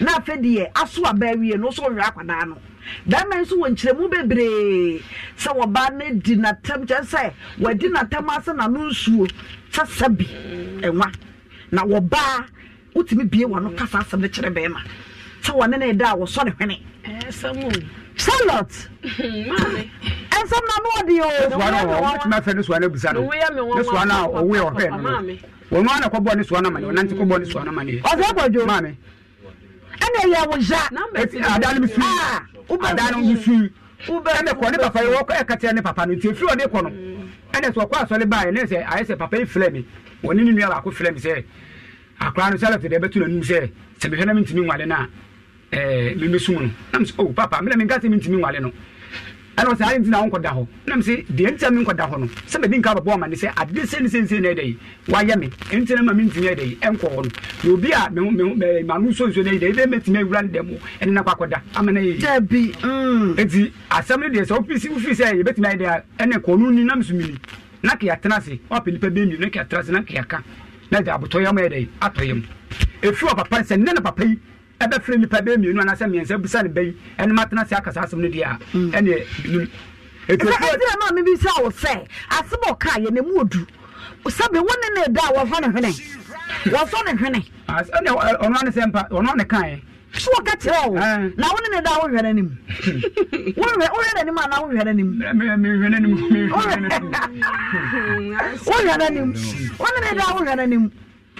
na afei deɛ aso abaa wie no nso ɔwɛ akwadaa no bɛrima nso wɔ nkyerɛmu bebree sɛ wɔbaa no di n'atam kyɛ sɛ wɔadi n'atam ase n'ano nsuo ɛnwa na wɔbaa wotumi bie wɔn kasa asɛm no kyerɛ bɛrima sɛ ne da a wɔsɔ ne hwene. charlotte na no wɔde o. ne ne na ne ne ne ne. ɔsɛ ɛna ɛyɛ wo ya adan no firi ah, adan no nso firi ɛna kɔ ne papa yɛ wɔkɔ ɛkatea ne papa no nti efiri ɔde kɔ no ɛna mm. sɛ ɔkɔ asɔre baa ɛna sɛ ayɛ sɛ papa yi filɛ mi wɔne ne nua baako filɛ mi sɛ akora no sɛlɛ tɛdɛ bɛtu n'anum sɛ sɛ mehwɛ na mi ntumi nwale na ɛɛ mi mi sum no na mi oh, sɛ o papa mi na mi nka sɛ mi ntumi nwale no ɛna sɛ ayɛ ntina wonkɔda hɔ nam sɛ deɛ ntia me nkɔda hɔ no sɛ mɛdi nka bɛbɔ ama ne sɛ ade sɛ ne sɛnsɛ no ɛdɛ yi wayɛ me ɛntina ma mentumi ɛdɛ yi ɛnkɔ hɔ no na obi a mano sonsuo no ɛdɛ yi mɛtumi awura no dɛ ɛne na kɔakɔda ama no yɛyi dabi ɛnti asɛm no deɛ sɛ wopisi wofiri sɛ yɛbɛtumi ayɛ dɛ a ɛne kɔno ni nam sumini na ke yɛatena ase ɔpɛ nnipa bɛmmienu na ke yɛatena ase na ke yɛka na de abotɔyam ɛdɛ yi atɔyam ɛfiri wɔ papa sɛ nnɛ na papa yi ɛbɛfiri nipa bɛyɛ mmienu anasɛ mmiɛnsa bisa ne bɛyi ɛnum atena se akasa asɛm no deɛ a mm. ɛnɛ nim. ɛsɛ maa mi bi sɛ awo sɛ asebɔ kaa yɛ nemu odu sabi wɔn ne ne da a wɔfɔ ne hwene wɔfɔ ne hwene. ɛnɛ ɔno ane sɛ mpa ɔno ane kaa yɛ. so wɔka kyerɛ ah. na wo ne ne da a wohwɛ no anim wohwɛ no anim anaa wohwɛ no anim wohwɛ no anim wo ne ne da a wohwɛ no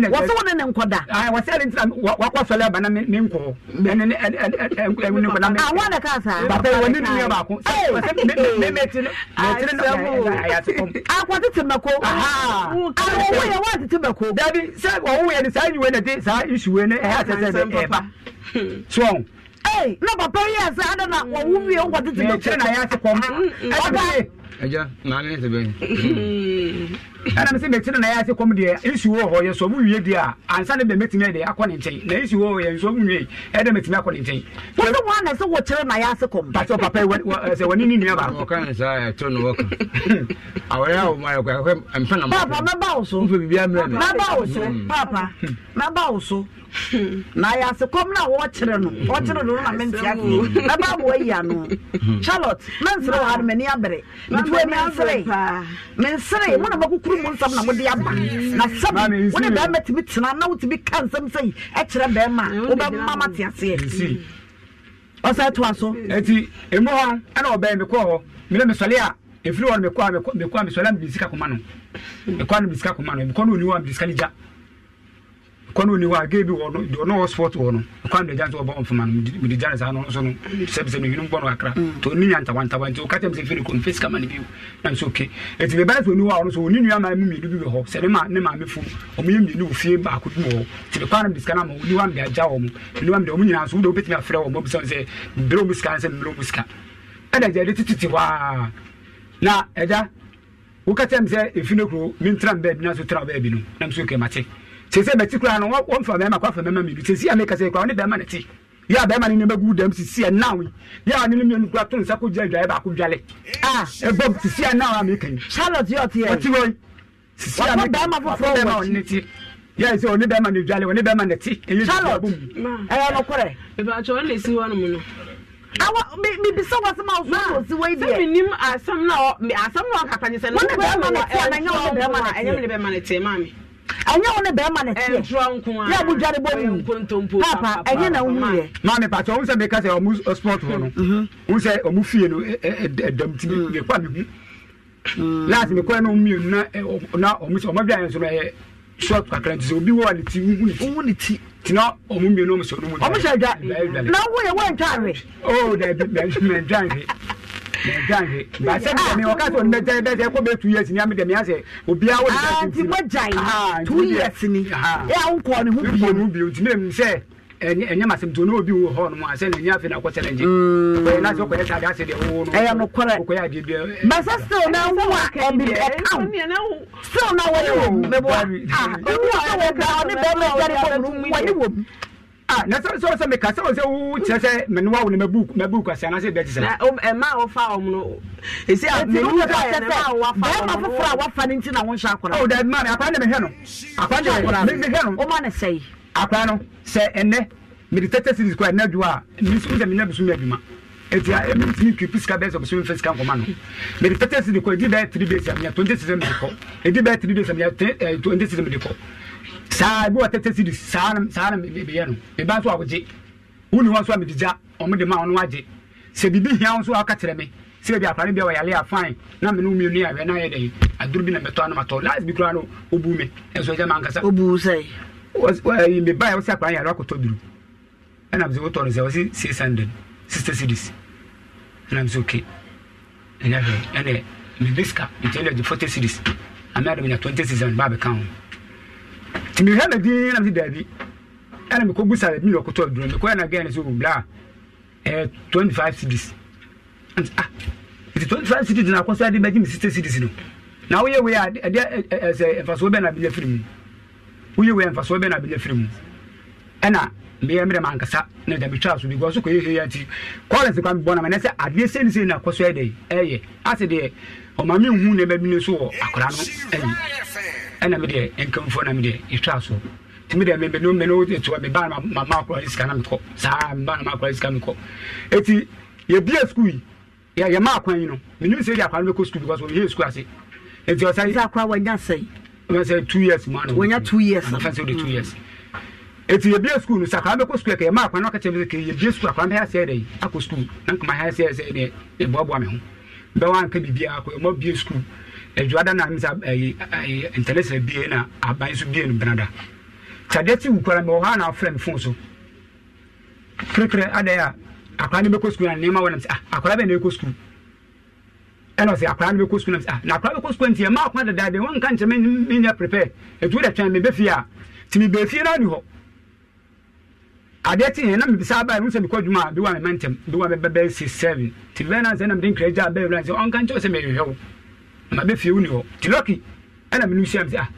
wɔsɛ wo ne ne nkɔda wɔsɛ ne ntina wakɔ sɔle aba na me nkɔ wɔne ka saawɔne nua baako akɔtete mako awowoyɛ woatete mako dabi sɛ wɔwoyɛ no saa nyiwe na de saa nsuwe no ɛyɛ asɛ sɛ de ɛba soɔ na papa yi asa ada na wɔwo wie wonkɔtete mako kyerɛ na yɛ ase kɔm agya naane sɛ bɛn ɛna me sɛ mɛkyerɛ na ɛyɛ ase kɔm deɛ nsu wɔ hɔ yɛ sɔ mu wie deɛ a ansa ne bɛ mɛtumi ɛde akɔ ne nkyɛn na nsu wɔ hɔ yɛ nsɔ mu wie ɛde e mɛtumi akɔ ne nkyɛn wosɛ wɔn na sɛ wɔkyerɛ na ɛyɛ ase kɔm pasɛ papa sɛ wɔne ne nua baako ɔka ne saa ɛtɔ no wɔka awɔrɛ a wɔma yɛkɔ ɛhwɛ na papa mɛba wo so mfa biribi ammerɛ me mɛba wo mm. papa mɛba wo so na ayɛ ase kɔm na wɔkyerɛ no wɔkyerɛ no no na mentia mɛba wo ayi ano mm. charlotte mɛnsere wɔ ha no m'ani abere wei mensere mensere mo na mɔkokuru mu nsɛm na mode aba mm. na sɛm wone bɛrima tumi tena na wotumi ka nsɛm sɛi ɛkyerɛ bɛrima mm. wobɛma mate ɔsɛ toa so nti ɛmu hɔ ɛna ɔbɛn mekɔɔ hɔ mene mesɔle a ɛfiri hɔ no mekɔa mekɔa mesɔle a mede sika koma no mekɔa no mede sika koma no mekɔ no ɔni hɔ a mede sika no gya kɔnɔ ni hɔ a gee bi wɔ no deɛ ɔno ɔsport wɔ no kwan de gyanse wɔbɔ mfoma no mede gyane saa no nso no sɛbisɛ no nwinum bɔ no kakra nti ɔni nyantawantawa nti ɔka kyɛm sɛ firi kɔ mfesi kama no bio nam sɛ oke ɛnti bɛbɛɛ sɛ ɔni hɔ a ɔno so e ɔni nua maa mu mmienu bi wɔ hɔ sɛ ne ma ne maame fo ɔmoyɛ mmienu wɔ fie baako bi wɔ hɔ nti kwan de sika no ama ɔni wa mede agya wɔ mo ɔni wa mede ɔmo nyinaa so wode wobɛtumi afrɛ wɔ mɔbisa sɛ mberɛ ɔmo sika sɛ mmerɛ ɔmo sika ɛna gya de tititi hɔ a na ɛgya wokatɛm sɛ ɛfi e no kuro mentra mbɛɛ bi na so tra wobɛɛ bi no nam sɛ oke mate sese bɛti kura no wɔn fa bɛrima kɔ afa bɛrima mi bi sese a meka sɛ kura ne bɛrima ne ti a bɛrima ne ne bɛ gu dɛm sisi a naw yɛ a ne ne mienu kura to nsa ko gyina dwaye baako dwale a ɛbɔ sisi a naw a meka yi. charlotte yɛ ɔti yɛ ɔti wɔyi sisi a meka bɛrima foforɔ wɔ bɛrima ɔne ti yɛ sɛ ɔne bɛrima ne dwale ɔne bɛrima ne ti. charlotte ɛyɛ ɔnɔkorɛ. ìbàtɔ ɔn lè si hɔ nomu no bibisa wasɛm a wofo si wei deɛ menim asɛm na asɛm na wakakanyesɛ no ne bɛrima ne teɛ na ɛnyɛ wo ne bɛrima na ɛnyɛ me ne bɛrima ne teɛ maa me ɛnyɛ wo ne bɛrima eh, ne teɛ yɛ abudware bɔ mu papa ɛnyɛ na wohu yɛ maame patɔ wo sɛ meka sɛ ɔmo sport hɔ no wo sɛ ɔmo fie no ɛdam eh, eh, ti mepa me hu mhm. last mekɔɛ no mmienu na na ɔmo sɛ ɔmo aduane nso no ɛyɛ short kakra nti sɛ obi wɔ ne ti wohu ne ti tina ɔmo mmienu ɔmo sɛ ɔmo hyɛ dwa na woyɛ wɔntwa awe o dabi mɛntwa awe gyanhe basɛ ah, mi dɛmi ɔka sɛ ɔnna gyan dɛ sɛ two years ni ami dɛmi asɛ obiara wɔ ne gyan tuntun na aa nti two years ni ɛ ankɔ ne ho bio nkɔ ne mu sɛ ɛnyɛ masɛm to ne obi wɔ hɔ nom asɛ na ɛnyɛ mm. afei eh, eh. na akɔ sɛ ne ngye ɔyɛ na sɛ ɔkɔyɛ sade asɛ deɛ wowɔ no ah na sɛ sɛ sɛ meka sɛ sɛ wo kyerɛ sɛ mene wa wo no mabu mabu kwasi anaasɛ bɛte sɛ um, ɛma wofa wɔ m no ɛsi bɛrima foforɔ a wafa no nti na wonhyɛ akora da ma me akora ne mehwɛ no akora ne mehwɛ no woma ne sɛe akora no sɛ ɛnɛ mede tɛtɛ series kora ɛnɛ adwuma a mesum sɛ menya bɛsum adwuma ɛti a ɛmɛtumi twi pisika bɛɛ sɛ bɛsum fɛ sika nkɔma no mede tɛtɛ series kora ɛdi bɛɛ three days a menya twenty six mede kɔ ɛdi bɛɛ three days a menya eh, twenty six mede kɔ saa ebi wɔ tɛtɛ siri saa na saa na mebɛyɛ no eba nso awogye wuni hɔ nso a mede gya ɔmo de ma ɔno agye sɛ biribi hia nso aka kyerɛ me sɛ ebi apane bi a wɔyare a fine na mene wo mmienu awɛ na yɛ dɛn aduro bi na mɛtɔ ano matɔ last bi koraa no obu me ɛnso agya ma ankasa obu sɛ ɛyi meba yɛ wɔsi akora yare akɔtɔ duro ɛna mɛ sɛ wotɔ no sɛ wɔsi six hundred sixty series ɛna mɛ sɛ okay ɛnyɛ hwɛ ɛnɛ mɛ biska mehwɛ me din na mete daabi ɛna mekɔbu sa bi yɛkɔtɔ aduro mekɔyɛ no again sɛ ɔbla a ɛyɛ 25 cities ah nti 25 cities na akɔ sɛ ade bɛgye me 60 cities no na woyɛ wei a ɛde sɛ mfasoɔ bɛn na bɛgya firi mu woyɛ wei a mfasoɔ bɛn na bɛgya firi mu ɛna meyɛ mmerɛ mankasa na da metwaa so because kɔyɛ hwɛ yɛ nti collins kwa mebɔ na mɛnɛ sɛ adeɛ sɛne sɛ na akɔ so ɛdɛ ɛyɛ ase deɛ ɔma menhu nneɛma bi ne so wɔ akora no ayi ɛna mi deɛ nkanfo na mi deɛ etwa so tìmí deɛ mɛmɛ no no ti tiwa mɛ na ma ma kura sika na mi kɔ saa mɛ na ma kura sika mi kɔ eti yɛ bie sukuu yi yɛ yɛ maa kwan yi no mɛ ni sɛ yɛ akwan mi kɔ sukuu because omi yɛ sukuu ase eti ɔsan yi. akora wɔnya sɛyi. wɔn sɛ two years mu ano. wɔnya two years. anafɛn sɛ o two years. eti yɛ bie sukuu no sɛ akwan mi kɔ sukuu yɛ kɛ yɛ maa kwan na ɔka kyerɛ mi sɛ yɛ bie sukuu akwan mi yɛ asɛ yɛ dɛ yi akɔ sukuu na nkama yɛ asɛ yɛ dɛ yɛ boaboa adwada na misa ɛyi eh, ɛyi eh, eh, international bie na aban so bie no benada kyadeɛ ti wukura mɛ ɔha na afrɛ mi fon so kirikiri adɛ a akwadaa no bɛkɔ sukuu na nneɛma wɔ ah, na mi sɛ ah akwadaa bɛ na ɛkɔ sukuu ɛna ɔsɛ akwadaa no bɛkɔ sukuu na mi sɛ na akwadaa bɛkɔ sukuu nti ɛma akwadaa dada de wɔn nka nkyɛn mi mi nya prepare etu de twɛn mi bɛ fie a ti mi bɛ fie na ni hɔ adeɛ ti yɛn na mi bisa abaa yɛn sɛ kɔ dwuma a bi wa mi mɛ ntɛm bi wa mi bɛ bɛ si seven ti bɛn na sɛ na mi de nkira gya abɛɛ wura ma bɛ fie wo ni hɔ ti lɔki ɛna mi ni si ɛmi sɛ a ah,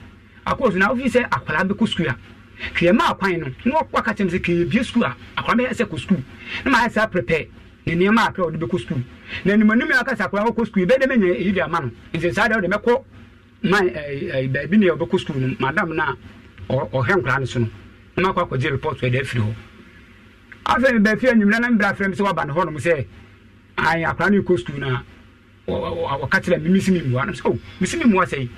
akɔrɔ so na ofi sɛ akwadaa bɛ kɔ sukuu ya hwɛ maa kwan no na wɔkɔ aka kyɛn sɛ kɛyɛ bie sukuu a bɛ sɛ kɔ sukuu na ma ayɛ sɛ ne nneɛma akra ɔde bɛ kɔ sukuu na anim anim yɛ aka sɛ akwadaa kɔ sukuu bɛɛ dɛ mɛ nyɛ eyi de ama no nti saa deɛ ɔde mɛ kɔ man ɛɛ ɛɛ baabi ne ɔbɛ kɔ sukuu no madam na ɔhɛ nkwadaa no so no na ma kɔ akɔgye report wɔ ɛdɛ afiri hɔ afɛn bɛɛ fi enyim na na afɛn mi sɛ waba ɔka kyerɛ me mesi me mua no sɛ o mesi me mua sɛi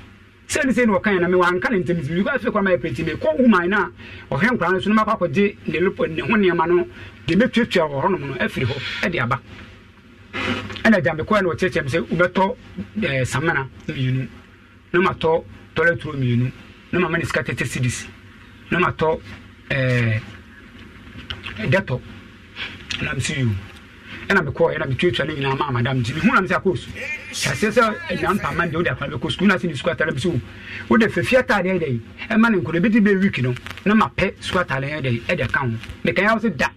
sɛ ne sɛ ne ɔkaɛ na mewanka ne ntɛm simi because kora mayɛ pɛti mekɔ woman no a ɔhwɛ nkora no so no makɔ akɔgye ne lopo ne ho nneɛma no de mɛtuatua ɔhɔnom no afiri hɔ ɛde aba ɛna gya mekɔɛ na ɔkyerɛkyerɛ me sɛ wobɛtɔ samena mmienu na matɔ tɔlɛturo mmienu na mama ne sika tɛtɛ cds na matɔ dɛtɔ nam so yio ɛna mekɔ ɛna metuatua no nyinaa maa madam nti mehu nam sɛ akɔ su kyɛseɛ sɛ nya mpama deɛ wode akwana bɛkɔ sukuu no ase sukuu atare bi wode fafi ataadeɛ ɛdɛ ɛma ne nkɔda bɛdi bɛ wiki no na mapɛ sukuu ataadeɛ ɛdɛ yi ka ho mekanya wo sɛ da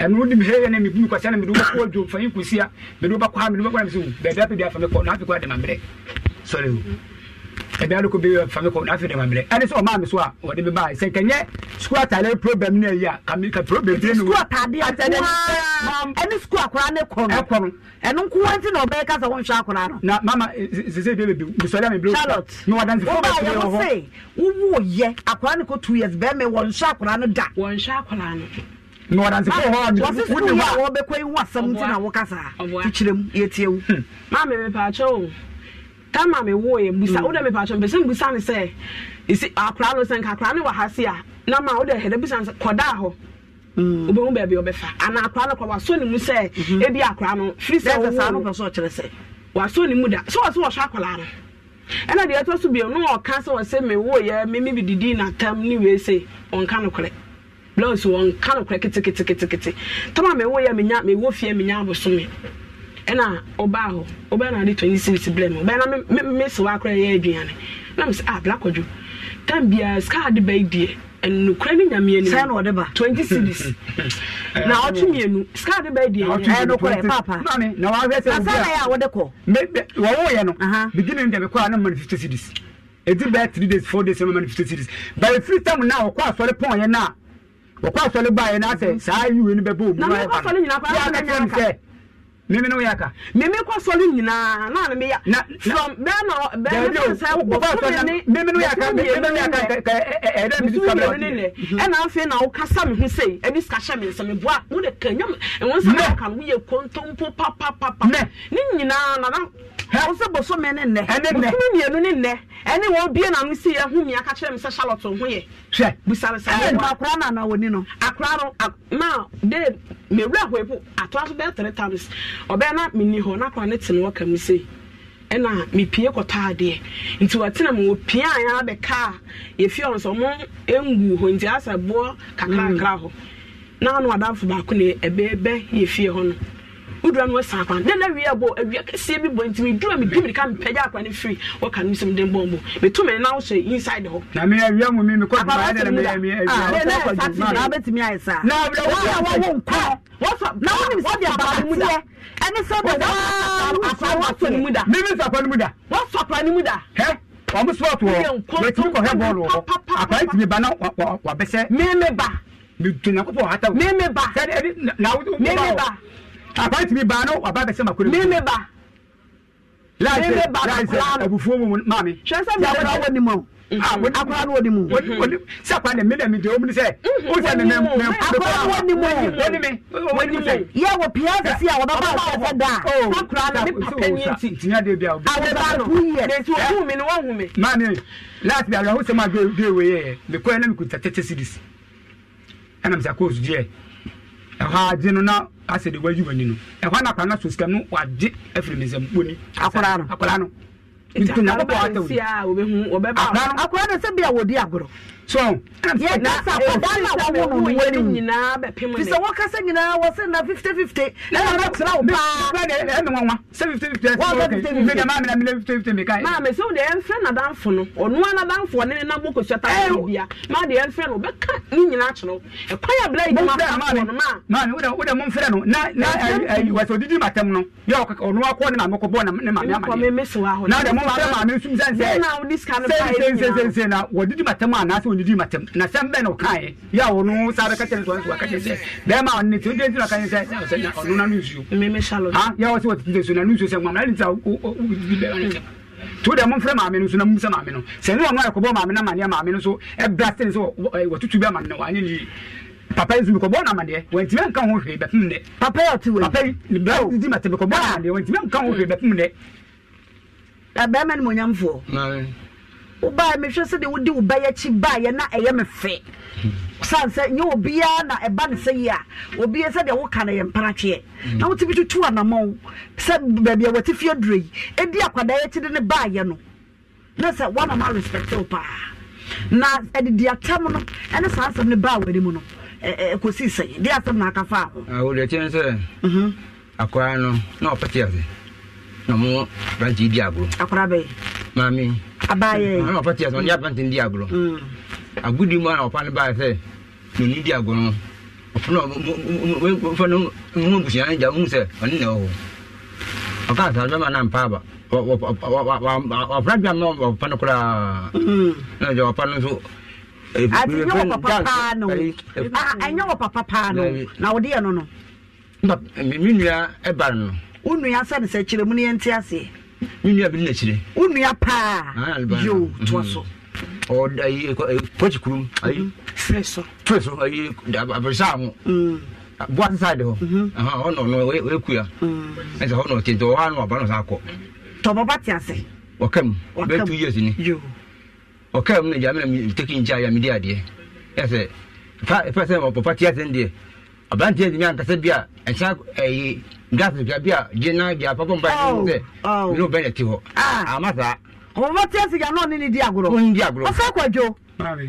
ɛno wode mehɛyɛ na mebu kwasɛ na mede wobɛkɔ dwo mfanyi kɔsia mede wobɛkɔ ha mede wobɛkɔ na mesɛ o baabi apɛ bi afa mekɔ na afekɔ ade mammerɛ sɔre o ebi aloko bi fa mi kɔ n'afɛ dɛmɛ mɛrɛ ɛni sɛ ɔmaa mi so a ɔde bi ba yi sɛ nkɛnyɛ sukuu ataade problem ne yi a kami ka problem bi ne wo. sukuu ataade atɛnɛ ɛni sukuu akora ne kɔ no ɛkɔ no ɛnu nkuwa nti na ɔbɛyɛ kasa wɔn hwɛ akora no. na mama sise bi ebi mi bi charlotte mi wa dansi fo ba fi wɔ hɔ. wo wo yɛ akora ne ko two years bɛɛ mɛ wɔn hwɛ akora no da. wɔn hwɛ akora no na wadansefoɔ hɔ ne wo ne wa. wɔsi sukuu yɛ a wɔbɛkɔ yi tama mi wo yɛ busa o de mi patro mpɛsɛn busa ni sɛ esi akora no sɛ nka akora no wɔ ha si a na ma o de hɛrɛ busa sɛ kɔda hɔ obɛhu baabi ɔbɛfa ana akora no kɔ waso ne mu sɛ ebi akora no firi sɛ ɔwɔ saa no kɔ so ɔkyerɛ mu da so wɔso wɔhwɛ akora no ɛna deɛ ɛtɔ so bio no ɔka sɛ wɔsɛ mi wo yɛ mimi bi didi na tam ne wei se ɔnka no korɛ blouse wɔnka no korɛ keteketekete tama mi wo yɛ mi nya mi wo fie mi nya abosom ɛna ɔbaa hɔ ɔbaa na ade twenty six blɛ mu na me me si wakora yɛ aduane na sɛ ah blakɔdwo tan biara sika ade bɛyi deɛ ɛnukura ne nyamea ni sɛn ɔde ba twenty six na ɔtwe mienu sika ade bɛyi deɛ ɛyɛ yɛ paapa na wahwɛ sɛ asan na yɛ a wɔde kɔ me me yɛ no beginning deɛ mekora ne fifty edi three days four days ɛmɛ ne fifty bɛyɛ free time na ɔkɔ asɔre pɔn na ɔkɔ asɔre ba na sɛ mímí ni wọ́n yà ká. mímí kọ́ sọ́ọ́lù nyinaa náà ni mi yà. na from bẹ́ẹ̀ ma bẹ́ẹ̀ ma sẹ́ wọ́n bọ́ fún mi ní. mímí ni wọ́n yà ká mímí ni wọ́n yà ká ẹ ẹ ẹ dẹ́ mi ti sábẹ́ wọ́n ti. ẹ náà fẹ́ na o kasa mi ho sẹ́yìn ẹbí sika hyẹ́ mi nsọ mi bọ́ a mo de kẹ́ ẹ̀ nyẹ́ mi ẹ̀ wọ́n sábà kà mi yẹ kóntónpó ní nyinaa nana wọn sẹ ne nnẹ ẹne nnẹ ne nnẹ ẹne wọn bie na si yẹ hu mìíràn kakyere mi sẹ charlotte ho yẹ hwẹ busabusa ẹ na na woni no akora no na de mewura hɔ epo ato aso bɛyɛ three times na mi ni hɔ na ne ne wodura no wasan akwan dɛn na awia bɔ awia kɛseɛ bi bɔ nti medura medwi mede ka mepɛgya akwan no firi wɔka no nsɛm den bɔmbɔ meto me na wohyɛ inside hɔ na me awia mu mi mekɔbɛtumi ayɛ saa na wɔwo nkɔ na wonim sɛ deɛ baabemudeɛ ɛne sɛ bɛwasɔ ne mu da meme sapa no mu da wasɔ akwan no mu da ɔmo sport wɔ mɛtumi kɔhwɛ bɔɔlo wɔ akwan tumi ba na wabɛsɛ meme ba medunakopɔ hata meme ba meme ba akwai tumi ba no waba bɛsɛ ma kure. mímí ba mímí ba akura no abufuo mu maami. sɛ sɛ mi akura wɔ ni mu akura no wɔ ni mu. sɛ akura na mímí mi de omi sɛ o sɛ ne nɛm nɛm kura akura wɔ ni mu wɔ ni mu wɔ ni mu yɛ wɔ pia sisi a wɔbɛ ba wɔbɛ sɛ da oh. akura na mi papa oh, ni ti tiɲɛ de bi a o bi awɔ ba two years nti o hun mi ni wɔn hun mi. maami laati bi a lɔ o sɛ ma do ewe yɛ mɛ kɔɲɛ ne mi kun ta tɛtɛ sidisi ɛna mi sa ko o su diɛ ɛhɔ agye no na asɛ de wayi w'ani no ɛhɔ na akwadaa so sika no wagye afiri ne nsam woni akwadaa no akwadaa no nti nyakubɔ atɛ woni akwadaa no akwadaa no sɛ bi a wodi agorɔ so yɛkasa kɔdala wɔwo no wɔ ne mu fi sɛ wɔkasa nyinaa wɔ sɛ na 5050 ɛna na tena wo paaɛmewawa sɛ 5050maame sɛ wode ɛmfrɛ nadamfo no ɔnoa nadamfoɔ ne ne nam bɔkɔsua tabia ma de ɛmfrɛ no wobɛka ne nyinaa kyerɛ ɛkwan a bla adwumawode momfrɛ no wsɛ ɔdidi matɛm no yɛ ɔnoa kɔ ne maame kɔbɔ ne maame amadeɛ na wode momfrɛ maame nsum sɛnsɛ sɛnsɛnsɛ na wɔdidi matɛm anaasɛ kɔdidi ma tɛm na sɛm bɛn na o e e, kan ye yà wò no sáré kɛtɛ ni sɔrɔ sɔrɔ kɛtɛ sɛ bɛɛ ma ɔni tí o den ti na kan sɛ sɛ na nu su. ha yà wò sɛ wò ti tɛ so na nu su sɛ ŋmamu hali o o o bi bɛɛ ma ne tɛm dɛ mun filɛ maame no na mun sɛ maame no sɛ wa ŋun yɛrɛ kɔ maame na maneɛ maame no so ɛbila sɛ ne sɛ wɔ tutu bɛ maame na wa anyi ni yi papa yi zumikɔ bɔ namadeɛ wɔntumi nka ho hwee bɛpem dɛ. papa yi ɔti wɔ papa yi bɛɛ didi ma tɛmɛ kɔ bɔ namadeɛ wɔntumi nka ho hwee bɛpem dɛ. bɛrɛmɛ ni mo nyam fo. wobaɛ mehwɛ sɛde wode wo bɛyɛ kyi baeɛ na ɛyɛ me fɛ sane sɛ nyɛ obiaa na ɛba ne sɛ yi a obia sɛdeɛ woka no yɛ mparakyeɛ na wotumi tutu anammɔn sɛ baabi a wɔte fie duro yi ɛdi akwadaa yɛkyide ne baayɛ no na sɛ woanama respect wo paa na ɛdediatam no ɛne saa asɛm no baa mu no kɔsii sɛ deɛ asɛm na aka faa ho ah, wodeɛ kyɛ sɛ mhm. akwaa no na ɔpɛte ase na mo bagye di agoro akwara bɛyɛ maame abayɛ maame ɔpa tiɛ sɛ ɔne apɛnten di agorɔ mm. agudi mu a ɔpa no baa sɛ na di agorɔ no ɔfa no fa no mu abusua no gya wohu sɛ ɔne na ɔwɔ ɔka asase bɛma no mpa aba ɔpra dwa ma ɔpa no koraa mm. na ɔgya ɔpa no nso eh, eh, ah, ah, ɛnyɛ wɔ papa paa no ɛnyɛ wɔ papa paa no na wɔde yɛ no no me nua ɛba no wo nua sɛ no sɛ no yɛnte aseɛ ne nua bi ne n'akyire. wo nua paa yoo mhm. toa so. ɔ ayi pɔti kurum ayi. Mhm. fɛ so. fɛ so ayi abirisa ahu. buwa sisan de hɔ ɔn nɔ nɔ o ye kuya ɛsɛ ɔn nɔ tentɛ ɔha ɔba nɔ sa tɔbɔba ti a sɛ. ɔkɛm bɛɛ tu yesu ni ne jaa mi teki n kya ya mi di adeɛ ɛsɛ fa ɛfɛ sɛ ɔpɔpa ti sɛ n deɛ ɔbɛn ti a mi ankasa bi a ɛnsa ɛyi gas bi a jina bi a papa mpa ɛsɛ sɛ ne o bɛ na ti hɔ ama saa. ɔmɔ tiɛ siga náà ni ni di agorɔ. o ni di agorɔ. ɔfɛ kɔjo.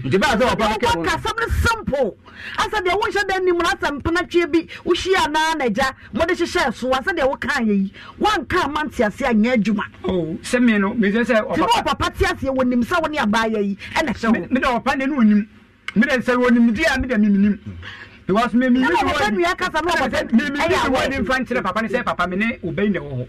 nti báyà sɛ ɔpa kɛ wɔn. ɔkà sɛbi simple asɛ deɛ wɔn hyɛ dɛ nimu asɛ mpanatwie bi wosi anaa n'agya wɔde hyehyɛ so asɛ deɛ wɔka yɛ yi wɔn ka ama nti aseɛ anya adwuma. sɛmi no mi sɛ sɛ ɔpapa. ti n'o papa ti aseɛ wɔ nim sɛ wɔn ni abaayɛ yi ɛna hyɛ mi da ɔpa ni o mi da sɛ wɔ nim di because me mi mi wɔ ni mi mi wɔ ni nfa nkyerɛ papa ni sɛ papa mi ni o bɛyi na wɔ hɔ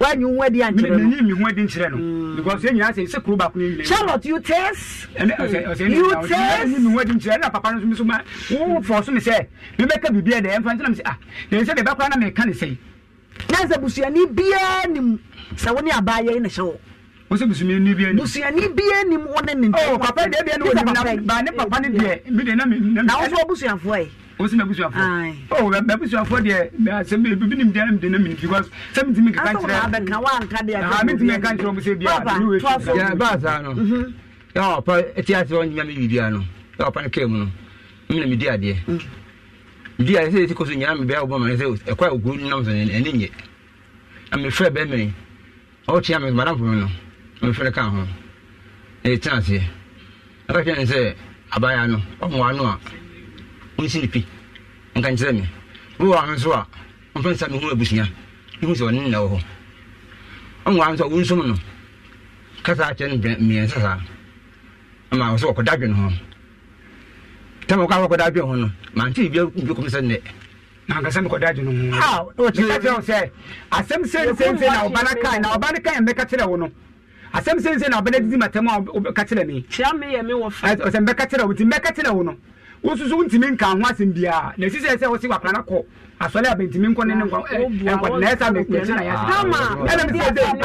wani hu adi ankyerɛ no mini mi hu adi nkyerɛ no because yɛn nyinaa sɛ sɛ kuro baako yɛn nyinaa charlotte you test you test mini mi hu adi nkyerɛ ɛna papa no nso ma wo fɔ so mi sɛ mi bɛka biribi ɛdɛ ɛnfa nkyerɛ mi sɛ ah yɛn sɛ deɛ bɛkora na mi ka ne sɛ yi. na sɛ busuani biara nim sɛ wo ne abaayɛ yi na hyɛ wɔ wọ́n sẹ́ bùsùnmí ni bí ẹni. bùsùnmí bí ẹni wọ́n ní nìyẹn. ọ papa de bi ẹni wọ́n ní ba ne papa ni diẹ mi de na mi. na wọ́n fọ busuafo yẹ. o sin na busuafo. ọ bẹ bẹ busuafo diẹ bẹ a sẹmi ebi ni mi di ẹni mi de na mi because sẹmi ti mi kankan kyerẹ. asọmọ abẹ kan wa nka de ẹgbẹ mi ti mi kankan kyerẹ ọmọ sẹ bi a. papa a sá nọ yà ọ pa etí nyina mi bi a nọ yà ọ pa ne kẹ́ mu nọ mi na mi di adiẹ mi mi bẹ ọbọ mi sẹ ẹkọ mi madam fún mi nọ mfrɛ ka ho na ɛtena aseɛ ɛbɛhwɛ ne sɛ abaya no ɔmoa no a wonsiri pi nka nkyerɛ me wowɔ ho nso a mfa nsa mehu abusua mehu sɛ ɔne nna wɔ hɔ ɔmoa nso a wonsom no kasa akyɛ no mmiɛnsa saa ama wɔ sɛ wɔkɔda dwene ho tam ɔkɔ akɔda dwene ho no mante bibia bi kɔm sɛ nnɛ nankasa mekɔda dwene ho a wɔkyeka kyerɛ wo sɛ asɛm sɛ ne sɛmsɛ na ɔba no kae na ɔba no kae mmɛka kyerɛ wo no asɛm sɛ sɛ na ɔbɛda didi matam a ɔka kyerɛ me ɔsɛ mbɛka kyerɛ wo nti mbɛka kyerɛ wo no wo nso so wontumi nka ho asɛm biaa na ɛsi sɛ sɛ wo se wakra no kɔ asɔre a bɛntumi nkɔ ne ne nkɔde na ɛsa mekyi na yɛsɛ mewɔ sɛ mentumi nkyɛ sɛ mete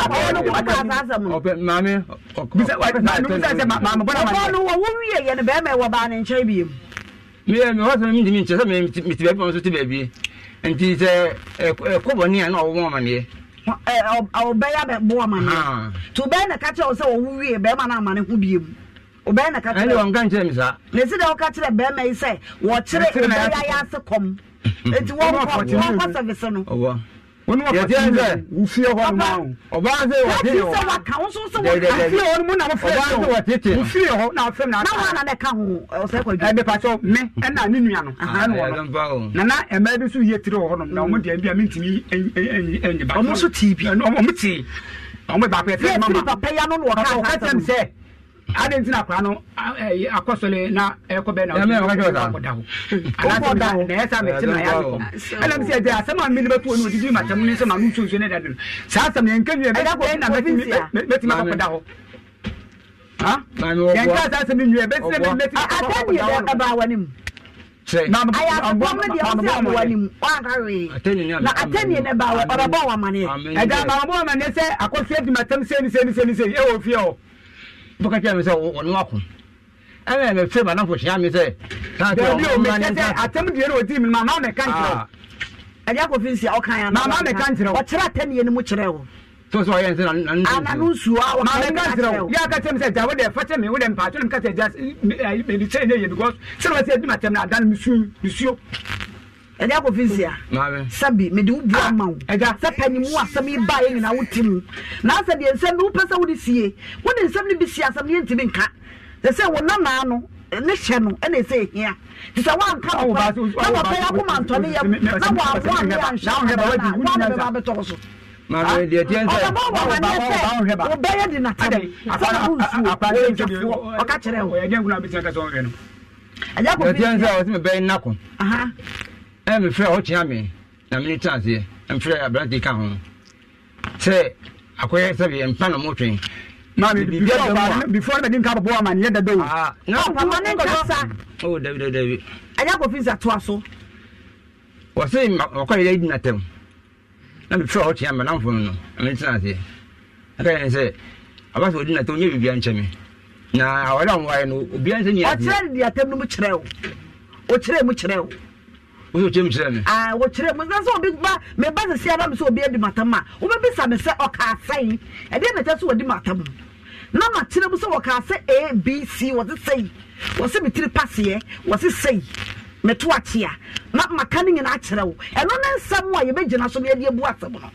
baabi ma so te baabi nti sɛ ɛkɔbɔne a na ɔwɔ ma amaneɛ ɔbɛyɛ bɛboa ma na nti wobɛyɛ na ka kyerɛ wo sɛ wɔwo wie bɛrima na ama ne ho bie mu wobɛyɛ na ka kyerɛ ne si dɛ woka kyerɛ bɛrima yi sɛ wɔkyere ɔbɛyɛ ayɛ ase kɔm nti wɔnkɔ service no oh, wọn wọ pàtí sẹ wufie hɔ noma o ɔbaa sɛ wɔ tete hɔ wọ́n ti sɛ wà kàn wọ́n sọ wọ́n kàn fie hɔ mu na wọ́n fẹ́ sọ ɔbaa sɛ wɔ tete hɔ wufie hɔ na fẹ́ na. n'awo ana bɛ ka ho ɔsɛ kɔ ju. ɛbi pàtó mi ɛna nana ɛmɛ bi so yie na ɔmo deɛ bi a mi ntumi ɛnyi ɛnyi baako ɔmo so tii bi ɔmo tii mama yɛ adi ntina akora no akɔsɔle na ɛkɔ bɛn na ɔkɔda hɔ alaasɛ na ɛsɛ amɛ ti na yɛ alikɔ ɛna mi sɛ ɛdɛ asɛm a mi ni bɛ tu onu odidi ma tɛmu ni nsɛm a mi tu nsu ne da do saa asɛm yɛn nkɛmi yɛ bɛ na bɛ ti ma kɔkɔda hɔ yɛn kaa saa asɛm nyu yɛ bɛ ti na bɛ ti ma kɔkɔda hɔ atani yɛ ɛba awɔ ne mu ayatollah mi di ɔsi awɔ ne mu ɔnkari na atani yɛ ne ba awɔ ɔbɛ bɔ wɔn ma ne yɛ ɛdá ma wɔn bɔ wɔn ma ne sɛ akɔsu edima tɛm sɛni sɛni sɛni sɛni ɛwɔ fie wɔ bọ́kà kí ẹ mi sẹ wọn nù àkùn ẹnna ẹnna fẹ màdàm fò ṣìyà mi sẹ. bẹẹbi o mi kẹsẹ atẹmudiyẹ ni o di mi màmá mi kàntìrẹ ẹdi akọfin si ọkàn yẹn. màmá mi kàntìrẹ ọkyerẹ atẹmiyẹ ni mu kyerẹ o. tó sọ ọyẹ nsẹ na nnu. ananu nsuo awọ màmá mi kàntìrẹ o. yà á kẹsẹ mi sẹ jà wọ́n dẹ fẹ́tẹ̀ mi wọ́n dẹ mpàtó ni mi kàtẹ́ jà mi ní sẹ́yìn ní yẹ because sẹ́ni wọ́n ti ẹ ɛde akɔfi nsia sabi mede wo bua ma wo sɛ panimu asɛm yi baeɛ nyina wote mu na sɛ deɛ nsɛm bi wopɛ sɛ wode sie wode nsɛm no bi sie asɛm no yɛntimi nka sɛ sɛ wo nanaa no ne hyɛ no ɛna ɛsɛ ɛhia nti sɛ woanka na wɔbɛyɛ akoma ntɔne yɛ na wɔamoa ne anhyɛ woane bɛba bɛtɔ so maame deɛ tiɛ nsɛ wobɛyɛ de natam sɛ wo nsuo ɔka kyerɛ wo ɛmefrɛ a ɔkyea me na mene ta aseɛ mfrɛ aberante ka ho sɛ akɔyɛ sɛbi mpa na motwen before bɛdi nka bɔbɔ ama neyɛ dada opapa ne nkasa dabi dabi dabi ɛnyɛ akɔfi sɛ a so wɔse ɔkɔyɛ yɛ di natam na mefrɛ a ɔkyea me namfo no no mene tena aseɛ ɛkɛyɛ sɛ aba sɛ ɔdi natam ɔnyɛ biribia nkyɛ me na awɔre a mwaɛ no obia nsɛ nyɛ aseɛ ɔkyerɛ de atam no mu kyerɛ wo ɔkyerɛ mu kyerɛ wo wọ́n kyerɛ mi ah, kyerɛ mi. aa wọ́n kyerɛ mi nsa sɛ obi ba mɛ ba sisi ara mi sɛ obi adi mata mu a wọ́n bɛ bisa mi sɛ ɔka asɛn ɛdeɛ na ɛkyɛ sɛ wɔdi mata mu na ma kyerɛ sɛ wɔka asɛ a b c wɔsi sɛyi wɔsi mi tiri paseɛ wɔsi sɛyi mɛ to akyi a na maka ne nyinaa kyerɛ wo ɛno ne nsɛm a yɛbɛgyina so yɛde ebu asɛm no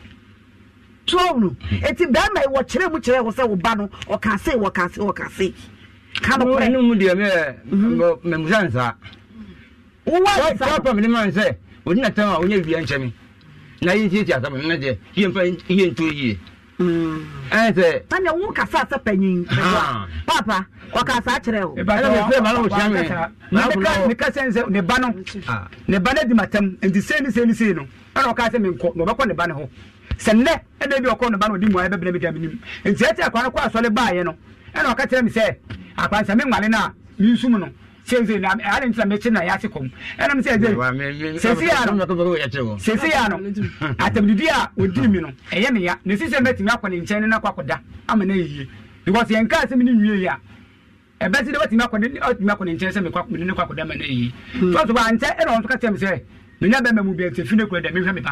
tuo no eti bɛrima yi wɔkyerɛ mu kyerɛ wɔ sɛ wo ba no ɔka asɛn wɔka asɛn wɔka asɛn. kano kora ɛnum deɛ mɛ mɛ mhm. musa nsa wapam ne ma sɛ ɔne natam a ɔnyɛ wia nkyɛme na yɛntietie asɛm no na deɛ yɛmfa yɛnto yie ɛsɛ na wo kasa asɛ panyin papa ɔka saa kyerɛ wo meka sɛ sɛ ne ba no ne ba no adi matam nti se ni se ni se no ɛna ɔka sɛ menkɔ na ɔbɛkɔ ne ba ne ho sɛ nnɛ ɛda ɔkɔ ne ba no ɔde mmuaeɛ bɛbrɛ meda menim nti ɛte akwa no kɔ asɔre baeɛ no ɛna ɔka kyerɛ me sɛ akwa sɛ menwale no a mensum no sese na ale ntina mɛ yasi yase kɔm ɛnam sɛ ɛdɛ sese ya no sese ya no atamdidi a odi mi no ɛyɛ ne ya na sise mɛtumi akɔ ne nkyɛn ne na akɔ akɔda ama na yie because yɛn kaa sɛm ne nwie yi a ɛbɛ ti dɛ watumi akɔ ne watumi akɔ ne nkyɛn sɛ mɛ ne ne kɔ akɔda ama na yie tɔtɔ ba nkyɛn ɛna wɔn nso ka kyerɛ mi sɛ mɛ nya bɛrɛ mɛ mu bi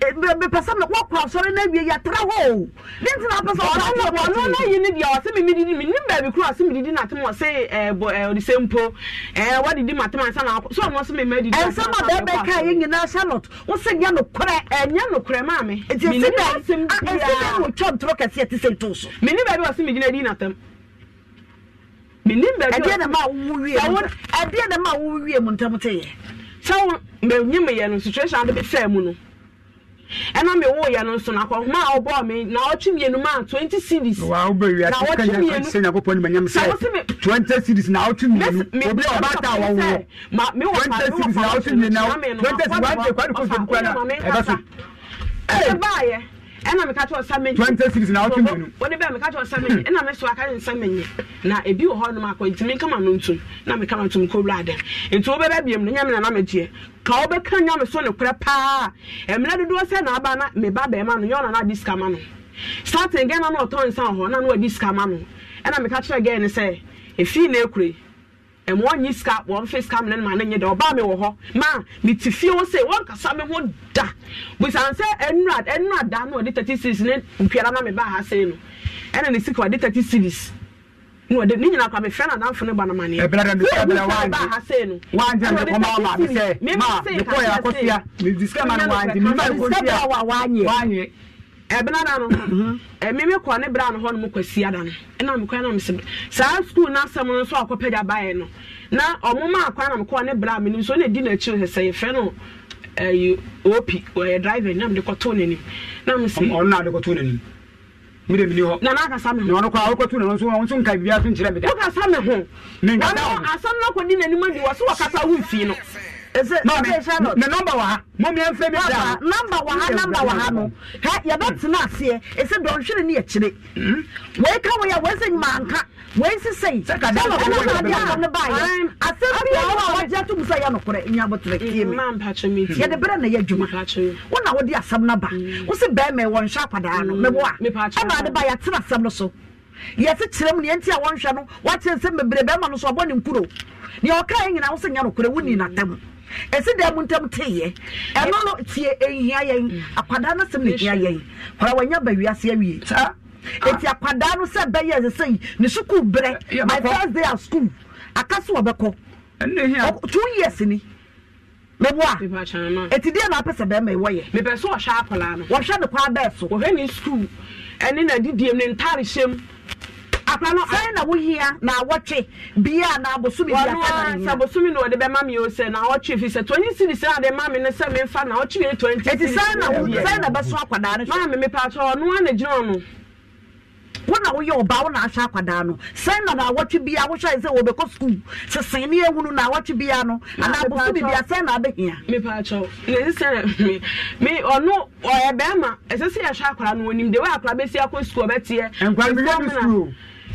mepɛ sɛ wɔkɔ asɔre no awie yɛtra hɔ o ne ntina pɛ ɔno no yi ne deɛ ɔse me medidi menim baabi kora ɔse medidi natem ɔse ɔdesɛ mpo wɔdedi matem ansa na so ɔno ɔse memadidi ɛnsɛm a bɛbɛka yɛ nyinaa charlotte wo se nyɛ nokorɛ ɛnyɛ nokorɛ maa me ɛnti ɛsɛ dɛ wɔtwa ntorɔ kɛseɛ te sɛ ntoo so menim baabi ɔse megyina di natam ɛdeɛ na ma wowie mu ntam teyɛ sɛ wo no situation de bɛsɛɛ mu no ɛna mi wo yɛ no nso na kɔnkɔn a ɔbɔ mi na ɔtwi mienu ma twenty series na ɔtwi mienu sɛ ɔtwi twenty series na ɔtwi mienu obi ɔba ta awɔ wɔ twenty series na ɔtwi mienu na twenty series wa de kwari kosobu kura na ɛbɛ so. ɛbɛ ɛna meka kyɛ ɔsa mɛnyi twenty six na ɔtwe mmienu wɔde bɛɛ meka kyɛ ɔsa mɛnyi ɛna mɛ so aka ne mɛnyi na ebi wɔ hɔ nom akɔ ntumi nkama no ntum na meka ma ntum kowura adɛm nti wɔbɛbɛ biem no nyame na nam agyeɛ ka wɔbɛka nyame so ne korɛ paa mmerɛ dodoɔ sɛ na aba na me ba bɛɛma no nyɛ ɔna na adi sika ma no starting gɛna na ɔtɔn nsa wɔ hɔ na na wadi sika ma no ɛna meka kyerɛ gɛɛ ne sɛ efii na ekure ɛmu ɔnyi scam wɔn fi scam ne ma ne nye dɛ ɔbaa mi wɔ hɔ maa mi ti fie wo se wɔn kasa mi ho da busansɛ ɛnura ɛnura da no ɔde thirty six ne nkuara na mi ba ha se no ɛna ne sika ɔde thirty six ne ɔde ne nyinaa kɔ mi fɛn na adanfo ne ba na ma ne yɛ eh, ɛbɛrɛ de ɛbɛrɛ ɛbɛrɛ wa nje wa nje ne kɔma wa ma mi sɛ maa mi kɔ yɛ akɔsia mi disika ma ne wa mi ma mi kɔ sia ɛbena no mhm. kɔ ne no hɔ nom no ɛna mekɔ na mese saa skul no asɛm no nso akɔpagya baeɛ no na ɔmoma akwa na mekɔ ne berɛ menim so ne di n'akyiri sɛ sɛ yɛfrɛ no opi ɔyɛ driver na mede kɔtoo n'anim na mese kɔtoo n'anim mede na me ho ɔno kɔ no akɔdi n'anim adi wɔ so wɔkasa wo mfii na nọmba wa ha mọmi ẹnfẹ mi wa ha wa ha no ha yabẹ tena hmm. aseɛ esi dɔnhwere ne akyire wei ka wei a wei sɛ nyuma nka wei sisɛ yi sɛlɔ ɛna ma adi akɔ ne ba yɛ asɛm bi ba wɔsi bɛrima wɔn nhyɛ akwadaa no mɛ bɔ a ɛna adi ba yɛ atena asɛm no so yɛsi kyerɛ mu nìyɛn ti a wɔn hwɛ no wɔakyerɛ nsɛm bebree bɛrima ɛsi dɛm ntɛm teeɛ ɛno no tie ehia yɛn akwadaa no sɛm ne hia yɛn kora wɔnyɛ ba wiase awie saa eti akwadaa no sɛ bɛyɛ ɛsɛ sɛ ne sukuu brɛ my first day at school aka so wɔbɛkɔ two years ni mɛboa eti deɛ na apɛ sɛ bɛrima ɛwɔ yɛ mepɛ sɛ ɔhwɛ akwadaa no wɔhwɛ ne kwa bɛɛ so wɔhwɛ ne sukuu ɛne na didiem ne ntaare hyɛm sɛn na woyia na awɔtwe bia na abosomi bia sɛ na abosomi na ɔde bɛma mi o sɛ na awɔtwe fi sɛ twenty series na de ma mi ne mi nfa na awɔtwe yɛ twenty series. eti sɛn na sɛn na bɛso akwadaa no. maame mi paatɔ ɔno ana gyina ɔno. wọn woyɛ ɔbaa wọn na ahyɛ akwadaa no sɛn na na bia wohyɛ sɛ wɔbɛkɔ sukuu sɛsɛn ne ehunu na bia no ana abosomi bia na abɛhia. mi ɛsɛ sɛ yɛhwɛ akwadaa no wɔnim de wɔyɛ akwadaa bɛsi akɔ sukuu ɔbɛteɛ.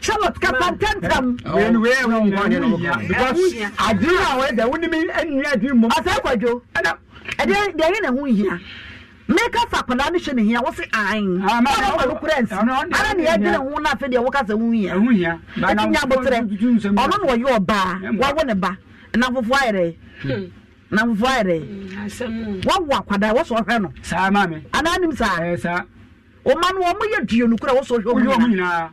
charlotte kapantantam. wẹ́n wẹ́n ẹ̀rọ ń wọ́n yẹn lọ́wọ́. because àdìrí àwọn ẹ̀dá wọ́n ní mi ẹ̀nìyàn àdìrí mọ́. ọ̀sẹ̀ ẹ̀kọ́jọ́ ẹ̀dẹ́ ẹ̀dẹ́ yẹn náà ń yíya meka fa akwadaa no hyɛ ne hia wɔse an ɔno ma no kura nsi ara ne yɛdwene ho no afei deɛ wokasa ho hia ɛti nya aboterɛ ɔno na ɔyɛ ɔbaa wawo ne ba nafofoɔ ayerɛ nafofoɔ ayerɛ wawo akwadaa wɔsɛ ɔhwɛ no anaa nim saa ɔma no eh, ɔmo yɛ duo no kura wɔsɛ ɔhwɛ ɔmo nyinaa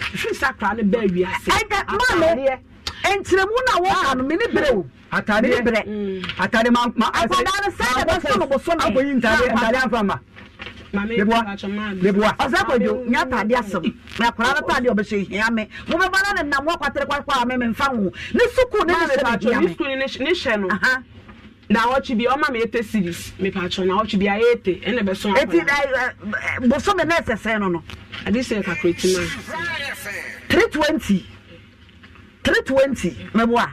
hwi sakra ne bɛɛ wi ase ataadeɛ ntiremu na wɔn ano mini bere o ataadeɛ bere mm. ataadeɛ ma ma ase akwadaa no sɛ ɛbɛ sɔn mo sɔn mi akɔyi ntaade ntaade afa ma lebuwa lebuwa ɔsɛ kɔjo n y'a taade asɛm mɛ akwadaa no taade ɔbɛsɛ ihia mi mo bɛ ba na ne nam wɔ akwatere kwakwa mi mi nfa wo ne sukuu ne ne sɛ ne hiame ne sukuu ne hyɛ no na awɔtwe bia ɔma mi ete series mipatro na awɔtwe bia ete ɛna bɛ so akɔla eti ɛɛ eh, eh, bosome na ɛsɛsɛ no no. adi sɛ kakureti ma. three twenty three twenty mɛboa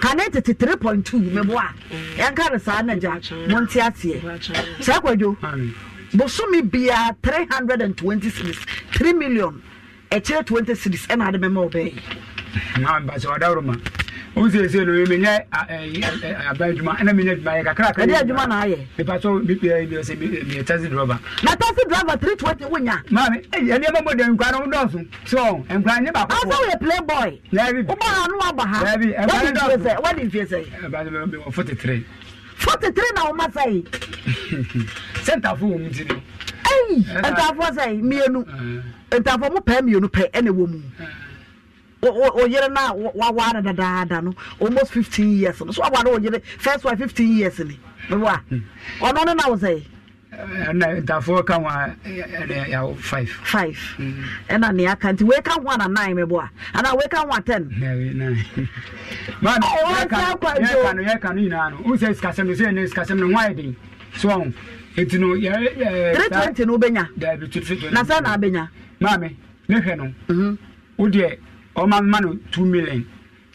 kane tete three point two mɛboa mm. yɛnka no saa na mo nte aseɛ saa kwadwo bosome bia three hundred and twenty series three million ɛkyerɛ twenty series ɛna ade mɛma ɔbɛɛ yi mbasa wadawuro ma o se se no e, mi e, nyɛ e, aban juma ɛna mi nyɛ juma yɛ kakra kakra. ɛdi juma na ayɛ. mipa so mi pi mi se mi mi taxi driver. na taxi driver three twenty wo nya. maami ɛyɛ ɛni ɛmɛ mo de nkura no dɔɔso so nkura ne baako. aw sɛ o ye playboy. yɛbi o eh? eh? b'a la n'o ba ha. yɛbi ɛkura ne dɔɔso wadi n fiye sɛ. ɛbani bɛ bɛ forty three. forty three na o ma sa yi. sɛnta fún omi ti ni. ɛyi ntafɔ sɛ mienu eh. ntafɔ oyere na waware dadaada no almost 15 years no so aware oyere first wife 15 years ni wa ɔno ne na wo sɛ. ntafoɔ ka ho a yɛwɔ five. five ɛna ne aka nti weka ho ana nine mɛ a ana weka ho a ten. maa mi yɛka no yɛka no yɛka no nyinaa no n sikasɛm no sɛ yɛn sikasɛm no ho ayɛ den so ɔn eti no yɛ yɛ. no bɛnya. na sɛ na abɛnya. maa mi no. o ọma mma no two million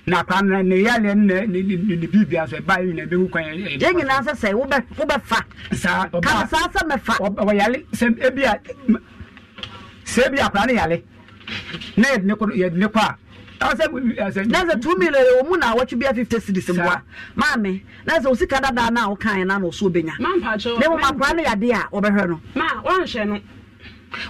na kwan na ne yale ne ne ne bibi aso ba yi na be ku kwan ye nyina sɛ sɛ wo bɛ wo bɛ fa saa ka saa sɛ mɛ fa ɔba yale sɛ ebi a sɛ bi akra ne yale na yɛ ne kɔ yɛ ne kɔ a nase two million wɔ mu na awɔtwe bia fifty cities mboa maame nase osika dada na awokan na na ɔso obenya ne mu makora ne yade a wɔbɛhwɛ no ma wɔnhwɛ no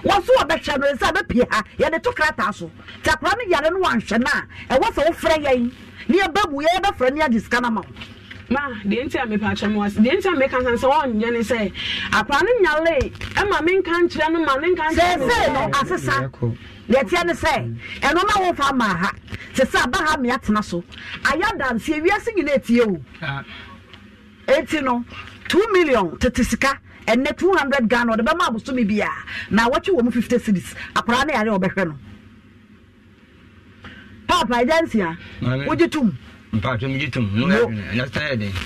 wɔn so wɔbɛkyerɛ no nsa bɛpie ha yɛde to krataa so nti akora no yare no wanhwɛ no a ɛwɔ sɛ wofrɛ yɛn ne yɛba bu yɛ yɛbɛfrɛ ne agye sika no ma wo ma deɛ nti a mepɛ akyɛ mu ase deɛ nti a meka nsa sɛ wɔnyɛ ne sɛ akora no nyale ɛma menka nkyerɛ no ma ne nka nkyerɛsɛsɛ no asesa deɛteɛ ne sɛ ɛno na wofa maa ha te sɛ aba ha meatena so ayɛ adanseɛ wiase nyina ɛtie o ɛnti no 2 million tete sika ɛnɛ hundred ghana ɔde bɛma abosome bia na wɔtwe wɔ mu 50 series akoraa ne yare ɔbɛhwɛ no papa agya nsia wogye tom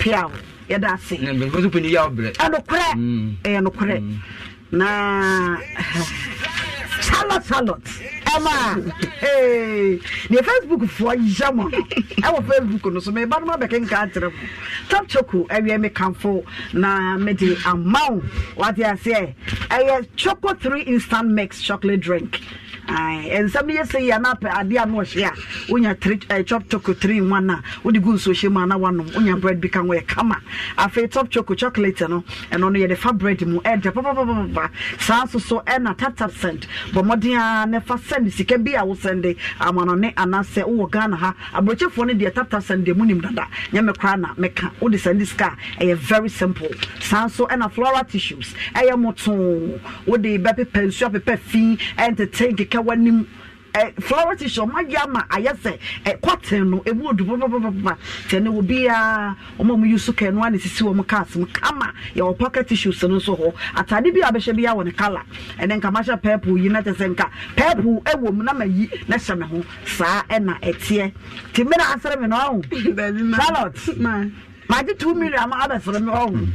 piaw yɛda ase ɛnokorɛ mm. ɛyɛ nokorɛ mm. na Charlotte, Emma, hey, ne facebook foɔ yɛ mo no ɛwɔ facebook no so meba no ma ken akyerɛ mo top choco ɛwiɛ me kamfo na me mede ama wo wate aseɛ ɛyɛ choco 3 instant mix chocolate drink nsɛm no yɛ sɛ yia na apɛ adeɛ a na ɔhye a wonya eh, chop choco 3 1 a wode gu nso hyɛ mu ana wanom wonya bread bi ka ho ɛkama eh, afei top choco chocolate no ɛno no yɛde fa bread mu ɛdɛ papapapa saa nso so ɛna tatap send bɔ mmɔden a ne fa send sika bi a wosɛnde amanɔne anaasɛ wowɔ ghana ha aborɔkyɛfoɔ no deɛ tatap send deɛ mu nim dada nyɛ me koraa na meka wode sɛnde sika a ɛyɛ very simple saa nso ɛna floral tissues ɛyɛ motoo wode bɛpepɛ nsu apepɛ fi ɛntete nkeka kɛkɛ w'anim ɛ flower tissue ɔmo ayɛ ama ayɛ sɛ ɛ cotton no emu odu papapapa tɛ ne obiara ɔmo a ɔmo use no a sisi wɔn cars mu kama yɛ pocket tissues no nso hɔ ataade bi a abɛhyɛ bi awɔ ne colour ɛnɛ nka mahyɛ purple yi na te sɛ nka purple ɛwɔ mu na ma yi na hyɛ ho saa ɛna ɛteɛ tìmínà asɛrɛ mi na ɔhún charlotte. magye two million million. ama abɛsere me wrong.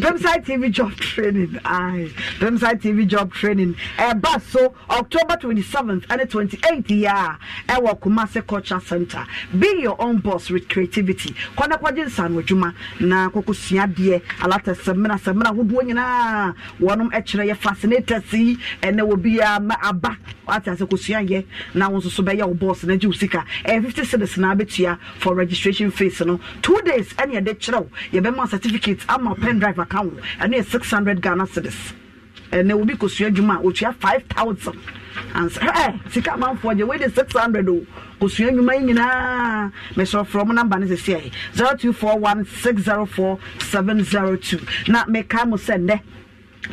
pemsai tv job training aye pemsai tv job training ɛba eh, so october 27th ɛne 28th yɛ a ɛwɔ kumase culture center be your own boss with creativity kɔnɛ kɔgye nsano adwuma na kɔkɔ suadeɛ alata sɛmina sɛmina ahodoɔ nyinaa wɔnom ɛkyerɛ yɛ fascinators eh, yi ɛnɛ wɔ biara ma aba wate ase kɔsua yɛ na wo nso so bɛyɛ wo boss eh, na gye wo sika ɛyɛ 50 cedis na abɛtua for registration fees no two days ɛne yɛde kyerɛw yɛbɛma certificate ama pen drive aka wo ɛno yɛ six hundred ghana cedis ɛnɛ obi kosua adwuma a otua five thousand ansa ɛ sika amanfoɔ gye wei de six hundred o kosua adwuma yi nyinaa mesɔrɔ frɔ mo namba ne sisi ɛ zero two four one six zero four seven zero two na meka mo sɛ nnɛ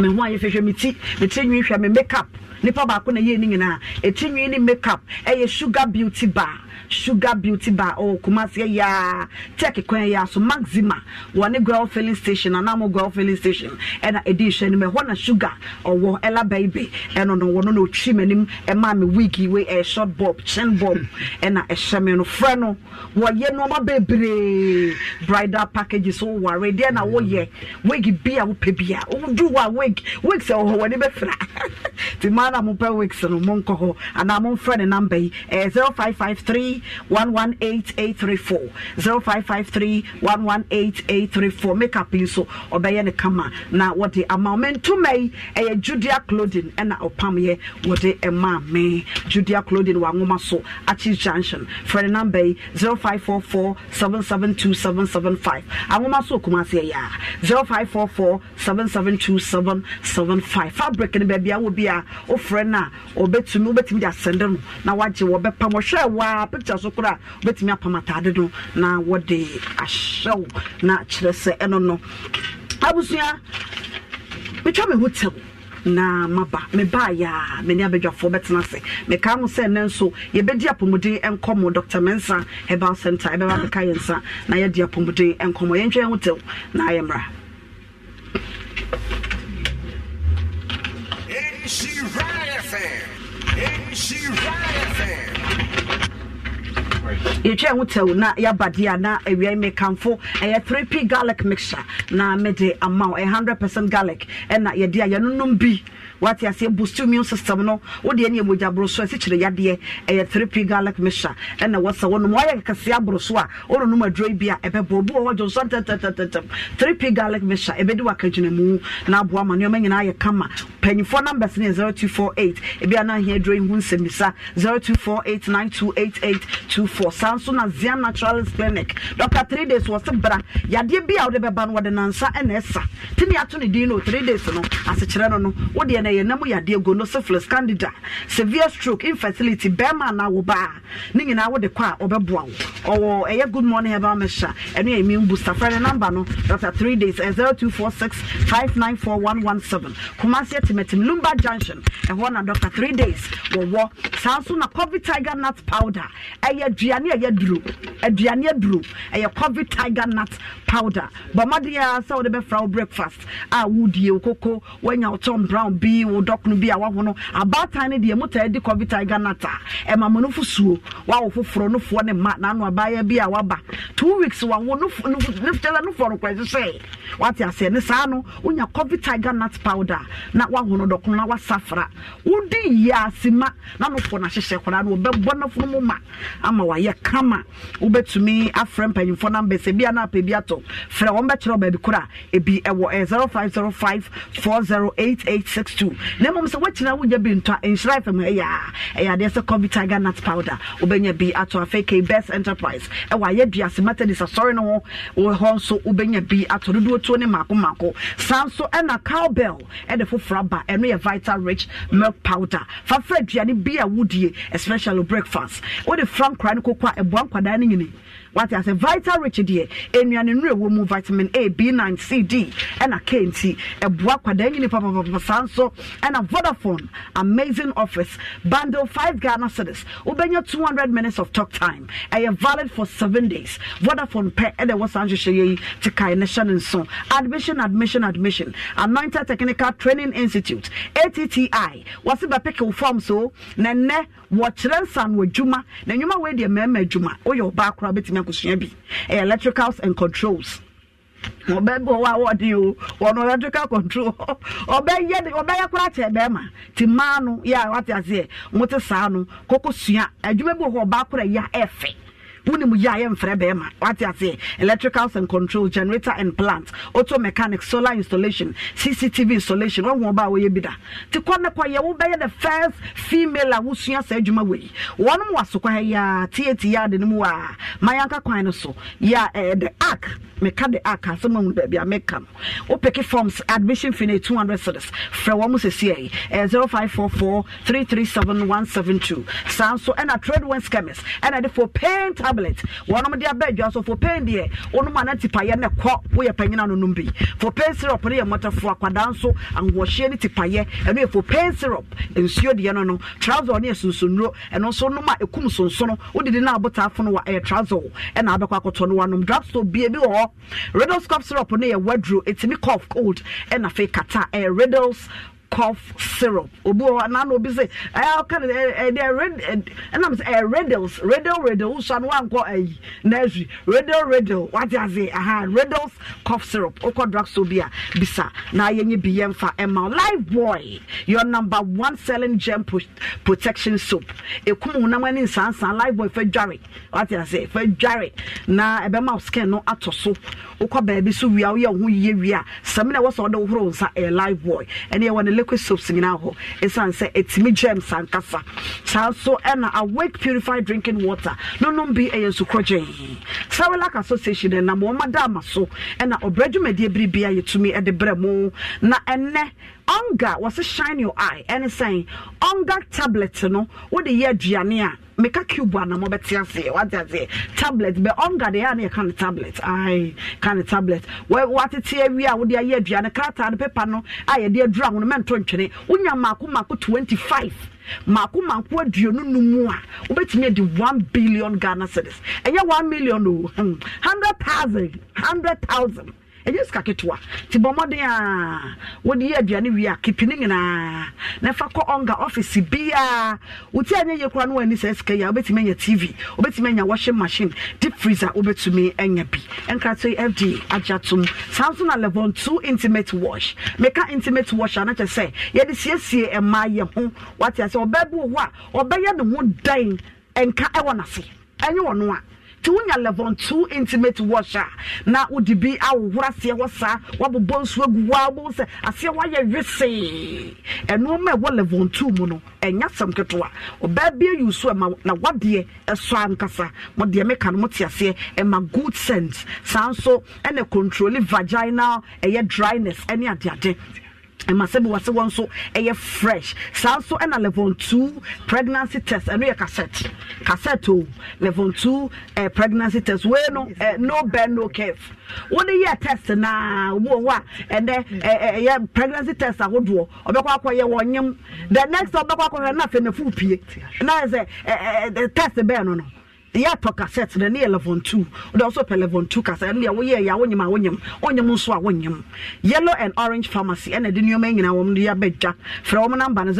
me ho a yɛhwehwɛ me ti eh? me ti nwi hwɛ me up. nipa baako na yɛ ni nyinaa eti nwi ne makeup ɛyɛ eh, sugar beauty bar sugar beauty bar ɔwɔ oh, kumasi ɛyà tech kwan ɛyà so maxima wɔ ne girl filling station anamu girl filling station ɛna ɛdi nhyɛn no mu ɛhɔ na sugar ɔwɔ ɛla bɛyibe ɛno no wɔn no na otwi mu anim ɛmaa mi wig wei ɛyɛ short bob chin bob ɛna ɛhyɛ mi no frɛ no wɔyɛ nneɛma bebree bridal package so wɔware deɛ na wɔyɛ wig bi a wopɛ bi a wodu hɔ a wig oh, oh, wig sɛ ɔwɔ wɔn ani bɛfira ti maa na mo pɛ wig no mo nkɔ hɔ anaa mo nfrɛ ne namba yi ɛyɛ zero five five three. 553 118834 0553 118834 makeup nso ɔbɛyɛ ne kama na wɔde ama me ntoma yi ɛyɛ judea clothing ɛna ɔpamyɛ wɔde ɛma me judea clothing wɔ anwoma so achis junction frɛ ne namba yi 0544 772775 anwoma so okuma se ya a 0544 772775 fabric no baabi a wɔ bi a wofrɛ no a ɔbɛtumi wobɛtumi de asɛnde no na wagye wɔbɛpam ɔhwɛ wa picture so koraa wobɛtumi apam ataade no na wɔde ahyɛw na kyerɛ sɛ ɛno no abusua metwa me ho tɛw na maba mebaayɛ a mene abadwafoɔ bɛtena ase meka ho sɛ nɛ nso yɛbɛdi apɔmuden nkɔmmɔ dr mensa hebal center ɛbɛba bɛka yɛ nsa na yɛde apɔmuden nkɔmmɔ yɛntwɛ yɛ ho tew na ayɛ mmra NC Riot Fan! NC Riot Fan! yɛtwa ho tɛw na yɛabadeɛ a na awia mekamfo ɛyɛ 3p garlic mixture na mede ama wo 100 percent garlic ɛna yɛde a yɛnonom bi wate aseɛ boost immune system no wodeɛ ne yɛmogya boroso asikyerɛ yadeɛ ɛyɛ therapy garlic mixture ɛna wɔsa wɔnom wayɛ kɛseɛ aboroso a wononom aduro bi a ɛbɛbɔ obi wɔ hɔ gyonso ntɛntɛntɛntɛm therapy garlic mixture ɛbɛdi wakagyinamu na aboa ma nneɔma nyinaa yɛ kama panyinfoɔ numbers ne yɛ eight ebi anan hia aduro yi ho two four saa nso na zia naturalist clinic dr three days wɔ se bra yadeɛ bi a wode bɛba no wɔde nansa ɛna ɛsa tini ato ne din no three days no asekyerɛ no no wodeɛ no yɛ nam yadeɛ go no syphilis candida severe stroke infertility bɛrima anaa wo baa ne nyinaa wode kɔ a ɔbɛboa wo ɔwɔ ɛyɛ good morning herbal mixture ɛno yɛ immune booster frɛ ne number no after three days ɛ 0246 594117 kumasi atimatim lumba junction ɛhɔ na dr three days wɔwɔ saa nso na covid tiger nut powder ɛyɛ aduane ɛyɛ duro aduane aduro ɛyɛ covid tiger nut powder bɔmmɔden a sɛ wode bɛfra wo breakfast a wodie wo koko woanya wotɔn brown bi wo dɔk bi a waho no abaatan no deɛ motaa di covid tiger nata ɛma mo no fosuo wawo foforɔ no foɔ ne ma naano abaayɛ bi a waba two weeks wawo no kyɛsɛ no foɔ no kɔɛse sɛ wate aseɛ ne saa no wonya covid tiger nut powder na waho no dɔkono na wasafra wodi yie asima na no foɔ no ahyehyɛ koraa no wɔbɛbɔ nafo no mu ma ama wayɛ kama wobɛtumi afrɛ mpanyimfoɔ namba sɛ bia na apɛ bi atɔ frɛ wɔn bɛkyerɛ baabi kora ebi ɛwɔ 0505 eh, 408862 too na mmom sɛ woakyina wonya bi ntɔ a nhyira fam ha yɛ a ɛyɛ adeɛ sɛ covid tiger nut powder wobɛnya bi ato afei k best enterprise ɛwɔ ayɛduase matadis asɔre no ho wɔ hɔ nso wobɛnya bi ato dodoɔ tuo ne maako maako saa nso ɛna cowbell ɛde foforɔ aba ɛno yɛ vital rich milk powder fafra aduane bi a wodie especially breakfast wode fra nkora ne kɔkɔ a ɛboa nkwadaa no nyini wate asɛ vital rich deɛ nnuane nnuro ɛwɔ mu vitamin a b nine, C, D, ɛna k nti ɛboa kwadaa nyini papapapa saa nso ɛna vodafone amazing office bundle five ghana cities wobɛnya hundred minutes of talk time ɛyɛ valid for seven days vodafone pɛ ɛna ɛwɔ saa nhyehyɛeɛ yi te kae ne hyɛ ne nso admission admission admission anointed technical training institute atti wɔse bɛpeke wo fam so na nnɛ wɔkyerɛ nsa no adwuma na nnwuma wei deɛ mmarima adwuma woyɛ ɔbaa koraa wobɛtumi akosua bi ɛyɛ electricals and controls ɔbɛ bi wa awɔ di o ɔno electrical control ɔbɛyɛ de ɔbɛyɛ koraa kyɛ bɛrima ti maa no yɛ a wate aseɛ wɔn ti saa no koko sua adwuma bi wɔ hɔ ɔbaa koraa yɛ a ɛɛfɛ wonim yi a yɛmfrɛ bɛrima wate aseɛ electricals and control generator and plant auto mechanic solar installation cctv installation wahu ɔba a wɔyɛ bi da nti kɔ ne kɔyɛ wobɛyɛ the first female a wosua saa adwuma wei wɔnom wasokɔ ha yɛa tiati yɛade no mu wɔ a ma yɛnka kwan no so yɛ eh, the ark meka de aka ah, asɛm mu baabi a meka no wopɛke forms admission fee no 200 cedis frɛ wɔ mo sɛsiei ɛyɛ 0544 337 172 saa nso ɛna trade wens chemist ɛna de for pain tablet wɔnom de aba adwa so for pain deɛ wonom ana tipayɛ ne kɔ woyɛ panyina no nom bi for pain syrup no yɛ mmɔtafoɔ akwadaa nso ahoɔhyeɛ no tipayɛ ɛno yɛ for pain syrup nsuo deɛ no no trouser ne yɛ sunsonnuro ɛno nso nom a ɛkum sonsono wodidi no abotaafo no wa ɛyɛ trouser ɛna abɛkɔ akɔtɔ no wanom drugstore bie bi wɔ hɔ hɔ riddles cough syrup no yɛ waduro ɛtumi cough cold ɛna afei kata ɛyɛ riddles cough syrup obi na hɔ nana obi sɛ ɛyɛ ɔka red ɛnam sɛ ɛyɛ riddles riddle riddle nso ano wankɔ eh, ayi nursery riddle riddle wate ase aha riddles cough syrup Oko drug bi a bisa na yenye BM fa ɛma eh, live boy your number one selling gem protection soap ekum honam san san. live boy fɛ dware wate ase fɛ dware na ɛbɛma skin no atɔ so okɔ baabi so wia woyɛ ho yie wia sɛmi na ɛwɔ sɛ ɔde wohoro nsa eh, live boy ɛne ɛwɔ ne liquid soaps nyinaa hɔ ɛsiane sɛ ɛtumi germs ankasa saa nso ɛna awake purified drinking water nonom bi ɛyɛ nsukorɔgyen saralac association ɛnam wɔn ada ama so ɛna ɔbrɛ dwumadie biribi a yɛtumi ɛde brɛ mu na ɛnɛ ɔnga wɔsɛ shine your eye ɛne sɛn ɔnga tablet no wode yɛ aduane a meka cube ana mɔbɛte aseɛ wate aseɛ tablet bɛ ɔnga deɛ a ne yɛka ne tablet ae ka ne tablet watete awie a wode ayɛ aduane krataa no pepa no a yɛde adura ho no mɛnto ntwene wonya maako maako 25 maako maako aduonu no mu a wobɛtumi adi 1 billion ghana cedis ɛnyɛ one million o oh, hmm, hundred thousand hundred thousand ɛnyɛ sika ketewa nti bɔ mmɔden a wode yɛ aduane wie a ne nyinaa na ɛfa kɔ ɔnga ɔfise biaa wote a nyɛ yɛ kora no waani sɛ sika yi a wobɛtumi anya tv wobɛtumi anya washing machine deep freezer wobɛtumi anya bi ɛnkrato yi fd agya tom saa nso na level 2 intimate wash meka intimate wash a na kyɛ sɛ yɛde siesie ɛmaa yɛ ho wate asɛ ɔbaa bi wɔ hɔ a ɔbɛyɛ ne ho dan ɛnka ɛwɔ n'ase ɛnyɛ wɔ no a nti wonya level two intimate washer. a na wode bi awohoro aseɛ hɔ saa woabobɔ nsuo agu hɔ a wobɛhu sɛ aseɛ woayɛ wesee ɛnoɔma a ɛwɔ level two mu no ɛnyɛ asɛm ketewa ɔbaa bi ayi so ɛma na wadeɛ ɛsɔ ankasa modeɛ meka no mote aseɛ ɛma good sense saa nso ɛna control vaginal ɛyɛ dryness ɛne adeade ɛma sɛ bi wɔ se wɔn nso ɛyɛ fresh saa nso na level two pregnancy test ɛno yɛ cassette cassette o level two ɛɛ eh, pregnancy test wei no ɛɛ eh, no bend no curve wɔn yɛ test na obi wɔ hɔ a ɛnɛ ɛyɛ eh, pregnancy test ahodoɔ ɔbɛkɔ akɔyɛ wɔn nyɛm the next ɔbɛkɔ akɔyɛ na afɛ na fu pie na yɛ sɛ ɛɛ ɛɛ test bɛɛ no no yɛ cassette na ne yɛ two wode ɔso pɛ level two cassette ne deɛ woyɛ yɛ a wonyim a wonyim wonyim nso a yellow and orange pharmacy ɛna de nneɛma nyinaa wɔm de yɛabɛdwa frɛ wɔm namba no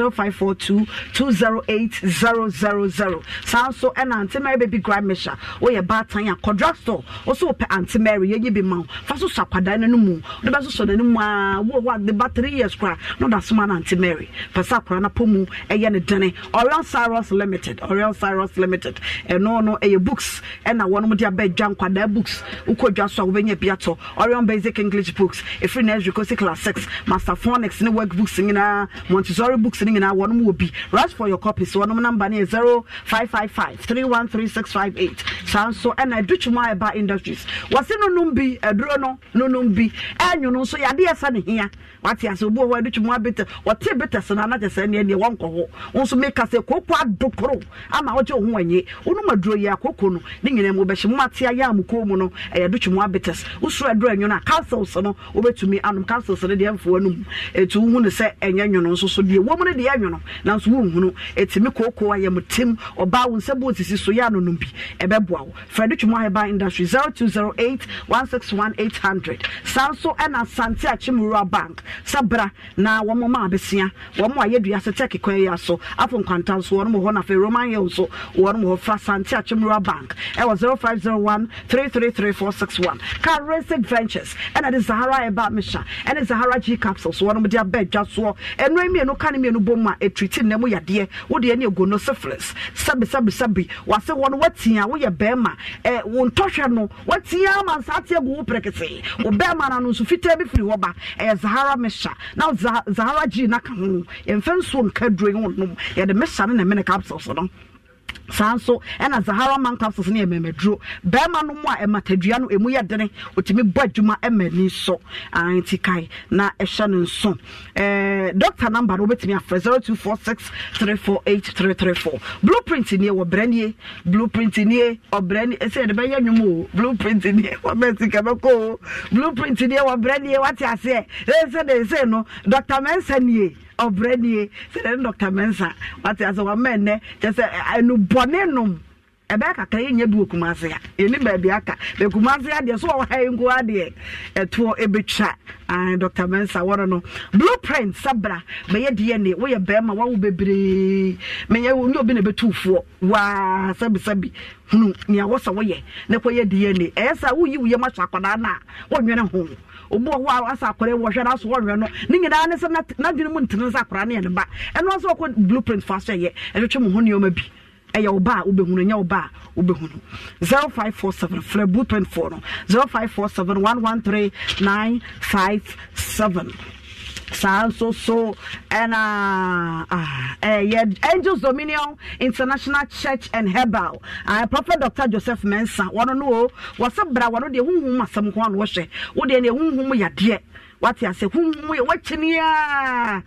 zero zero saa nso ɛna ante mary baby grand mesha woyɛ baatan a kɔdra store wɔso wopɛ ante mary yɛnyi bi ma wo fa so sɔ akwadaa no no mu wode bɛsosɔ n'anim a wo wo ba three years koraa na ɔda soma no ante mary pɛ sɛ akwadaa no apɔ mu ɛyɛ ne dene orion cyrus limited orion cyrus limited ɛno no ɛyɛ books ɛna wɔn de abɛdwa nkwadaa books wokɔ dwa so a wobɛnya bi atɔ orion basic english books ɛfiri nursery kɔsi class six master phonics ne work books nyinaa montessori books ne nyinaa wɔn wɔ bi rush for your copies wɔn number ne yɛ zero five five five three one three six five eight saa nso ɛna adutwumu a ɛba industries wɔsi nonum bi aduro no nonum bi ɛnwono nso yadeɛ ɛsa ne hia wate ase obu hɔ ɛde twemu abete wɔte betes no anagye sɛ neɛ neɛ wɔnkɔ hɔ nso meka sɛ kooko adoporo ama wogye wo ho anyɛ wonom yɛ akoko no ne nyina mu wobɛhyɛ momate ayɛ a mu no ɛyɛ e de twemu abetes wosoro aduro anwono a councils no wobɛtumi anom councils no deɛ mfoɔ no mu ɛti wohu ne sɛ ɛnyɛ nwono nso so deɛ wɔm no deɛ ɛnwono nanso wonhunu ɛtumi kooko ayɛ mu tem ɔbaa wo nsɛ bo sisi so yɛ anonom bi ɛbɛboa e wo frɛ de twemu aheba industry 0208 161 800 saa nso ɛna sante akyemura bank Sabra, na wɔn ma abɛsia wɔn a yɛdua sɛ tɛk kwan yi aso apple nkwanta nso wɔn hɔ nafe roman hill nso wɔn hɔ fra sante akyemura bank ɛwɔ zero five zero one three three three four six one car racing ventures ɛna de zahara ɛba misha ɛne zahara g capsules wɔn de abɛ dwa soɔ ɛnura mmienu kan mmienu bɔ mu a etiriti nna mu yadeɛ wɔde ɛne egono syphilis sabi sabi sabi wase wɔn wɔtia wɔyɛ bɛrima ɛɛ wɔn tɔhwɛ no wɔtia ama nsa ate egu wɔ pɛrɛkɛse wɔ bɛrima na no nso fitaa bi firi hɔ ba ɛyɛ zahara mehya na zahara gye na ka ho yɛmfa nsuo nka duro yi ho nom yɛde mehya ne ne mene capsules no saa nso ɛna zahara man capsules ne bɛrima no mu a ɛmatadua no emu yɛ dene otumi bɔ adwuma ni so na ɛhyɛ ne nso ɛɛ doctor number no obetumi afrɛ zero two four six three four eight three three four blueprint nie wɔ brɛ nie blueprint nie ɔbrɛ nie esi yɛde bɛyɛ nwom o blueprint nie wɔbɛ sika bɛkɔ o blueprint nie nie aseɛ ɛsɛ de ɛsɛ no doctor mɛnsa ɔbrɛnie sɛdɛ ne dɔkta mensa wate asɛ wama ɛnɛ kyɛ sɛ ɛnubɔne nom ɛbɛyɛ kakra yɛnyɛ bi wɔ kumase a ɛni baabi aka bɛ kumase adeɛ so wɔwɔ ha yi nko adeɛ ɛtoɔ ɛbɛtwa an dr mensa wɔre eh, ah, no blueprint sabra bɛyɛ deɛ ne woyɛ bɛrima wawo bebree mɛyɛ wo ne obi e, na ɛbɛtu foɔ waa sɛbisɛbi hunu nea wɔsɛ woyɛ ne kɔyɛ deɛ ne ɛyɛ sɛ woyi woyɛ mu ahyɛ akwadaa no a wɔnwene ho obi wɔ hɔ a asa akɔrɔ wɔhwɛ n'aso wɔhwɛ no ne nyinaa ne sɛ n'adwene mu ntene sɛ akɔrɔ ne yɛ ne ba ɛno nso ɔkɔ blueprint fa so yɛ ɛtwitwi mu ho nneɛma bi ɛyɛ wo a wobɛhunu ɛnyɛ wo ba a wobɛhunu 0547 frɛ blueprint 4 no 0547 113957 saa nso so ɛna ah, ɛyɛ angels dominion international church and herbal uh, prophet dr joseph mensa wɔn no o wɔsɛ bra wɔn deɛ huhum asɛm ho ano wɔhwɛ wɔdeɛ deɛ huhum yadeɛ wate ase huhum yɛ wɔkyiniaa.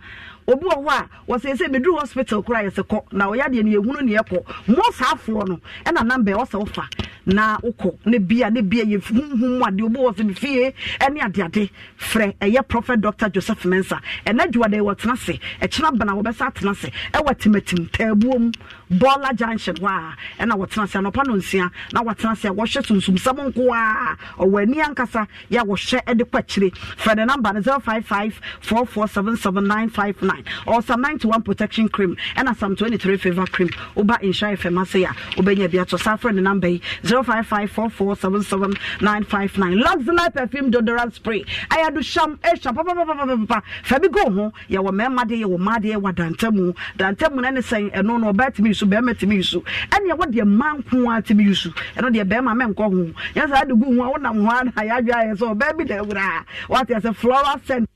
obi wɔ hɔ a wɔsɛ sɛ bɛduru hospital koraa yɛsɛ kɔ na ɔyɛ adeɛ no yɛhunu ne yɛkɔ mmɔ saa afoɔ no ɛna namba ɔsɛ wofa na wokɔ ne bia ne bia yɛ huhum mu adeɛ obi wɔ sɛ mefie ɛne adeade frɛ ɛyɛ prophet dr joseph mensa ɛnɛ adwuada yɛwɔtena se ɛkyena bana wɔbɛsa atena se ɛwɔ timatim taabuo mu bɔɔla junction hɔ a ɛna wɔtena ase anɔpa no nsia na wɔtena ase a wɔhyɛ sunsumsɛm nko a ɔwɔ ani ankasa yɛ a wɔhyɛ de kɔ akyire fɛ ne namba no 055 4477959 ɔsa 91 protection cream ɛna sam 23 favor cream woba insure fm ase a wobɛnya bi atɔ saa frɛ ne namba yi 055 4477959 luxury perfume deodorant spray ayaduhyam ɛhyɛ e papapapapapa fa bi go ho yɛwɔ mmarima deɛ yɛwɔ mmaa deɛ yɛwɔ dantamu dantamu eh, no ne sɛn ɛno no ɔbɛtumi so bɛrima tumi yi so ɛnea wɔde mmaa nko a tumi yi so ɛno deɛ bɛrima mɛ nkɔ ho yɛn saa de gu ho a wonam ho a na yɛadwa yɛ sɛ ɔbaa oh, bi na ɛwura a wɔate sɛ flower scent?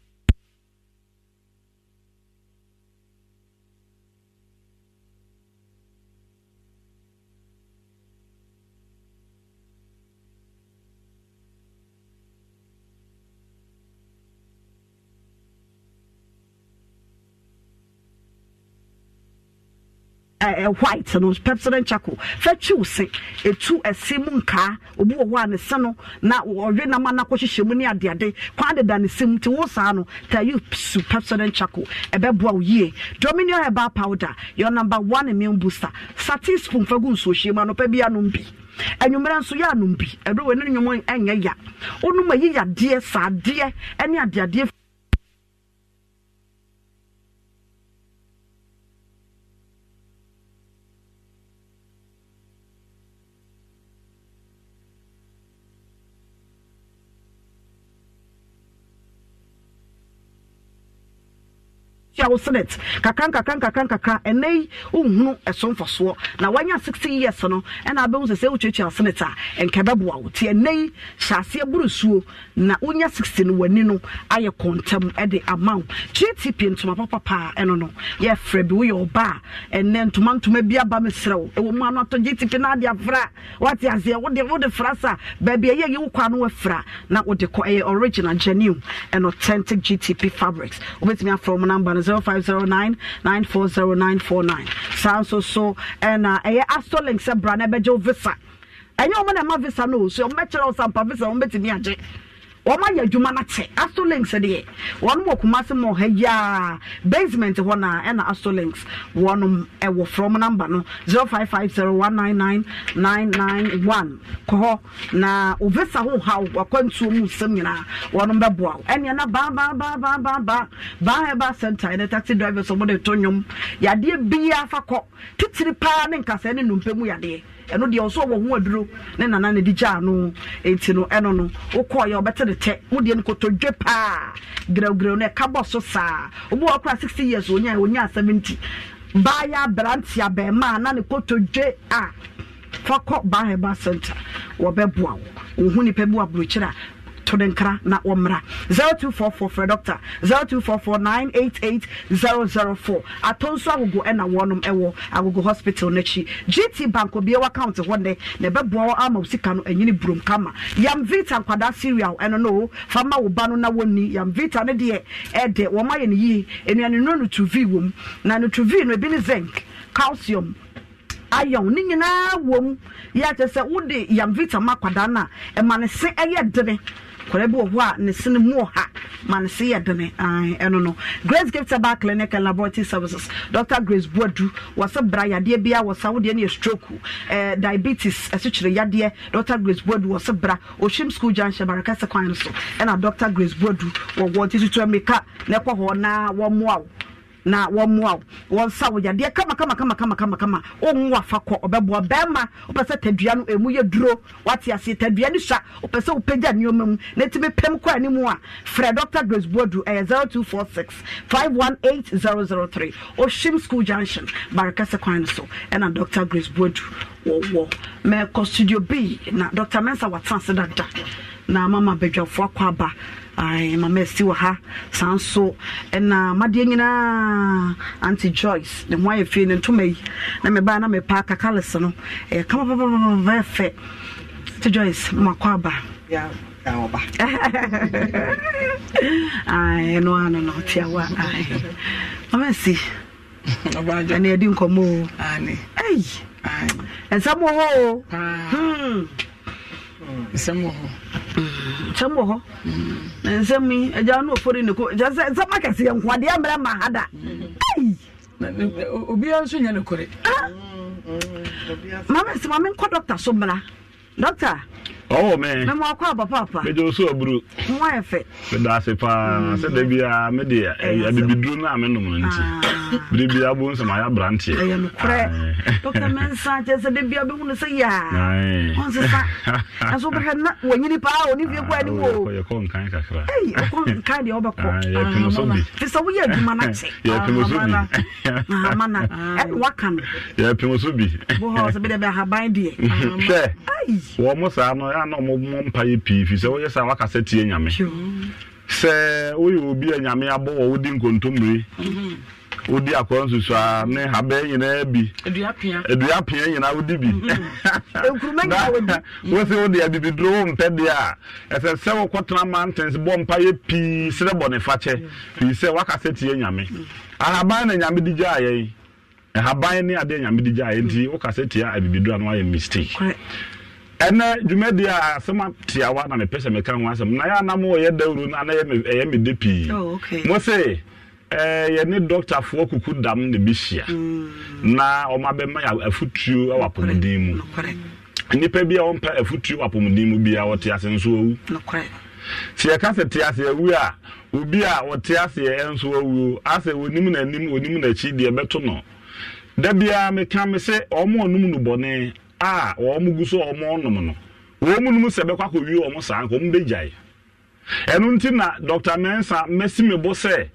white no pepsodent charcoal fa twiw se ɛtu ɛse mu nkaa obi wɔ hɔ a ne se no na ɔwe nam ana kɔhyehyɛ mu ne adeade kwan deda ne se mu nti wo saa no ta yi su pepsodent charcoal ɛbɛboa wo yie dominion herbal powder your number one immune booster satin spoon fa gu nsuohyia mu anɔpa bi anom bi anwummerɛ nso yɛ anom bi ɛdɔ wɔ ne nnwom ɛnyɛ ya wonom ayi yadeɛ saadeɛ ne adeadeɛ a wo senate kakra nkakra nkakra nkakra ɛnɛ yi wohunu ɛso na wanya 60 years no ɛna abɛhu sɛ sɛ wotwatwa senate a ɛnka bɛboa wo nti ɛnɛ yi hyɛ aseɛ boro na wonya 60 no w'ani no ayɛ kɔntɛm ɛde ama wo gtp ntoma papapaa ɛno no yɛfrɛ bi woyɛ ɔba a ɛnɛ ntoma ntoma bi aba mesrɛ wo ɛwɔ mu ano atɔ gtp no ade afra wate aseɛ wode wode fra sa baabi ɛyɛ yɛ wo kwa no na wode kɔ ɛyɛ original genuine and authentic gtp fabrics wobɛtumi afrɛ mu number no 0509 940949 saa nso so ɛna ɛyɛ asolink sɛ bra na ɛbɛgye wo visa ɛnyɛ ɔmo na ɛma visa no o so ɔmo bɛkyerɛ wo sampa visa ɔmo bɛtumi agye wɔn ayɛ adwuma n'akyɛ astolinks deɛ wɔn wɔ kumasi mu ɔha yaa basement hɔ na ɛna astolinks wɔn ɛwɔ e from number no zero five five zero one nine nine nine nine one kɔ na ovesa ho ha wakɔ nsuo mu nsɛm nyinaa wɔn bɛboa o ɛnea na ba ba ba ba ba ba baa ɛba center ɛna taxi drivers wɔn de to nnwom yadeɛ biara fa kɔ titiri paa ne nkasa ne nnompe mu yadeɛ. ɛno deɛ ɔnso wɔ ho aduro ne nana ne de gyaa no enti no ɛno no wokɔɔyɛ wɔbɛte ne tɛ wodeɛ no kotodwe paa grɛwgrɛw no ɛka bɔ so saa obi wɔ kora 60 years onya onya nti baayɛ aberante abɛɛma a na ne kotodwe a fa kɔ bahaba center wɔbɛboa wo wohu nnipa bi wɔ aburokyerɛ a to ne nkra na wɔmmra 0244 frɛ doctor 0244988004 atɔ nso agogo ɛna wɔnom ɛwɔ agogo hospital n'akyi gt bank obiawa account hɔ nnɛ na ɛbɛboa wɔ ama wo sika no anyini burom kama yam vita nkwadaa cereal ɛno no fa ma wo ba no na wɔnni yam vita no deɛ ɛdɛ wɔn ayɛ no yie nnuane no nutuvi wɔ mu na nutuvi no ebi ne zinc calcium iron ne nyinaa wɔ mu yɛ akyɛ sɛ wode yam vita ma akwadaa no a ɛma ne se ɛyɛ dene kɔrɛ bi wɔ hɔ a ne se mu wɔ ha ma ne se yɛ dene ɛno no grace giftaba clinic and laboratory services Doctor grace buadu wɔsɛ bra yadeɛ bi a wɔsa wodeɛ no yɛ stroke eh, diabetes ɛso kyerɛ yadeɛ dr grace buadu wɔsɛ bra ohwim school junction barakɛse kwan no so ɛna dr grace buadu wɔwɔ titutu mmirika na ɛkɔ hɔ na wɔmmoa wo na wɔmmoa wo wɔmfa wo yadeɛ kamakamakamakamakamakama wonwo wafa kɔ ɔbɛboa bɛrima wopɛ sɛ tadua no ɛmu yɛ duro wate ase tadua no sua wopɛ sɛ wopɛgya nneɔma mu na ɛtumi pɛm kɔ ani a frɛ dr grace boadu ɛyɛ 0246 518003 ɔhwim school junction barekɛsɛ kwan no so ɛna dr grace boadu wɔwɔ mɛkɔ studio b na dr mensa watena ase dada na mama badwafoɔ akɔ aba mama asi wɔ ha saa nso ɛna madeɛ nyinaa anti joyce ne ho ayɛ ah. fie ne ntoma yi na mebaa na mepaa kakalese no ɛyɛ kama papapapapɛfɛ nti joyce makɔ aba ɛno ano no tiawa mama asi ɛne adi nkɔmmɔ o ɛnsɛm wɔ hɔ o nsɛm wɔ hɔ nsɛm wɔ hɔ nsɛm yi agya no ofori ne ko nsɛm akɛseɛ nko adeɛ mmerɛ ma ha da obiara nso nyɛ nokore ah! mame sɛ mame nkɔ dɔkta so mmra dɔkta ɔwɔ mɛ na mo akɔ abapaapa mɛgye osu aburo mo ayɛ fɛ meda ase paa mm. sɛ da bia mede abibiduro no a menom no nti ah. bere bia bo nsɛm ayɛ aberanteɛ ɛyɛ nokorɛ dɔkta mɛnsa kyɛ sɛ da bia bɛhu no sɛ yɛ a ɔnsesa ɛso wobɛhwɛ na wanyini paa ɔne fie kɔ anim oyɛkɔ nkan kakra ɛkɔ nkan deɛ wobɛkɔ fi sɛ woyɛ adwuma no kyɛ yɛpem so bi ahamana ɛne waka no yɛpem so bi bohɔ sɛ bɛdɛ bɛ ahaban deɛ hwɛ wɔ mo saa no saa na ɔmo mpa yɛ pii fi sɛ wɔyɛ saa wakasa tie nyame sɛ woyɛ obi a nyame abɔ wɔ wodi nkontommire mhm. wodi akɔrɔ nsusu a ne habɛ nyinaa bi adua pia nyinaa wodi bi wosi wode abibiduro wo mpɛ deɛ a ɛsɛ sɛ wokɔtena mountains bɔ mpayɛ pii serɛ bɔne fakyɛ firi sɛ wakasɛ tie nyame mm. ahaban na nyame de gyaayɛ ɛhaban ne adeɛ nyame de gyaayɛ nti wokasɛ tie abibiduro a na wayɛ mistake ɛnɛ dwumadi a asɛm atiawa na mepɛ sɛ meka ho asɛm na yɛ anam wɔyɛ dawuro no ana ɛyɛ me de pii oh, mo se eh, yɛne dɔktafoɔ kuku dam na bi hyia hmm. na ɔma bɛma afotuo wɔ apɔmuden mu nnipa bi a wɔmpɛ afotuo wɔ apɔmuden mu bia wɔte ase nso awu sɛ yɛka sɛ te ase awu a obi a wɔte aseɛ nso awuo asɛ onim n'anim onim n'akyi deɛ bɛto no da biara meka me sɛ ɔmo ɔnum no bɔne a ọmụ gu so wɔn nom no wɔn nom sɛ bɛkɔ akɔwie wɔn saa nka bɛgyae ɛno nti na dr mɛsi mi bɔ sɛ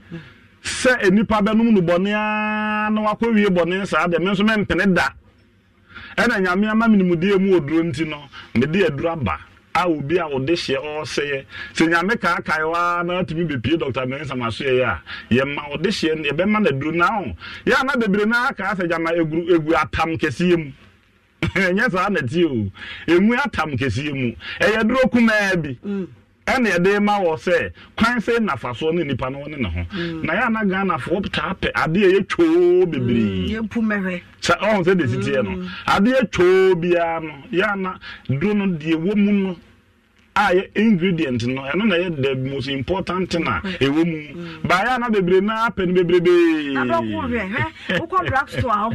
na wakɔwie bɔne saa deɛ mɛ nso da ɛna nyame ama mu oduro nti no aduro aba a obi a ɔde hyɛ sɛ nyame na atumi bepie dr mensa a ɔde hyɛ aduro na ho yɛ ana bebree ɛnyɛ saa na ti o emu atam kɛseɛ mu ɛyɛ duro kumaa bi mm. ɛna yɛde ma wɔ sɛ kwan sɛ nafa soɔ ne nipa no ne mm. na ho na yɛ ana ghana foɔ taa pɛ adeɛ yɛ twoo bebree sɛ mm, ɔhun sɛ de si sitiɛ no adeɛ twoo biara no yɛ ana duro no deɛ wɔ mu no a yɛ ingredient no ɛno na yɛ the most important na ɛwɔ mu baayɛ na bebree na apɛ no bebrebee wokɔ black store aho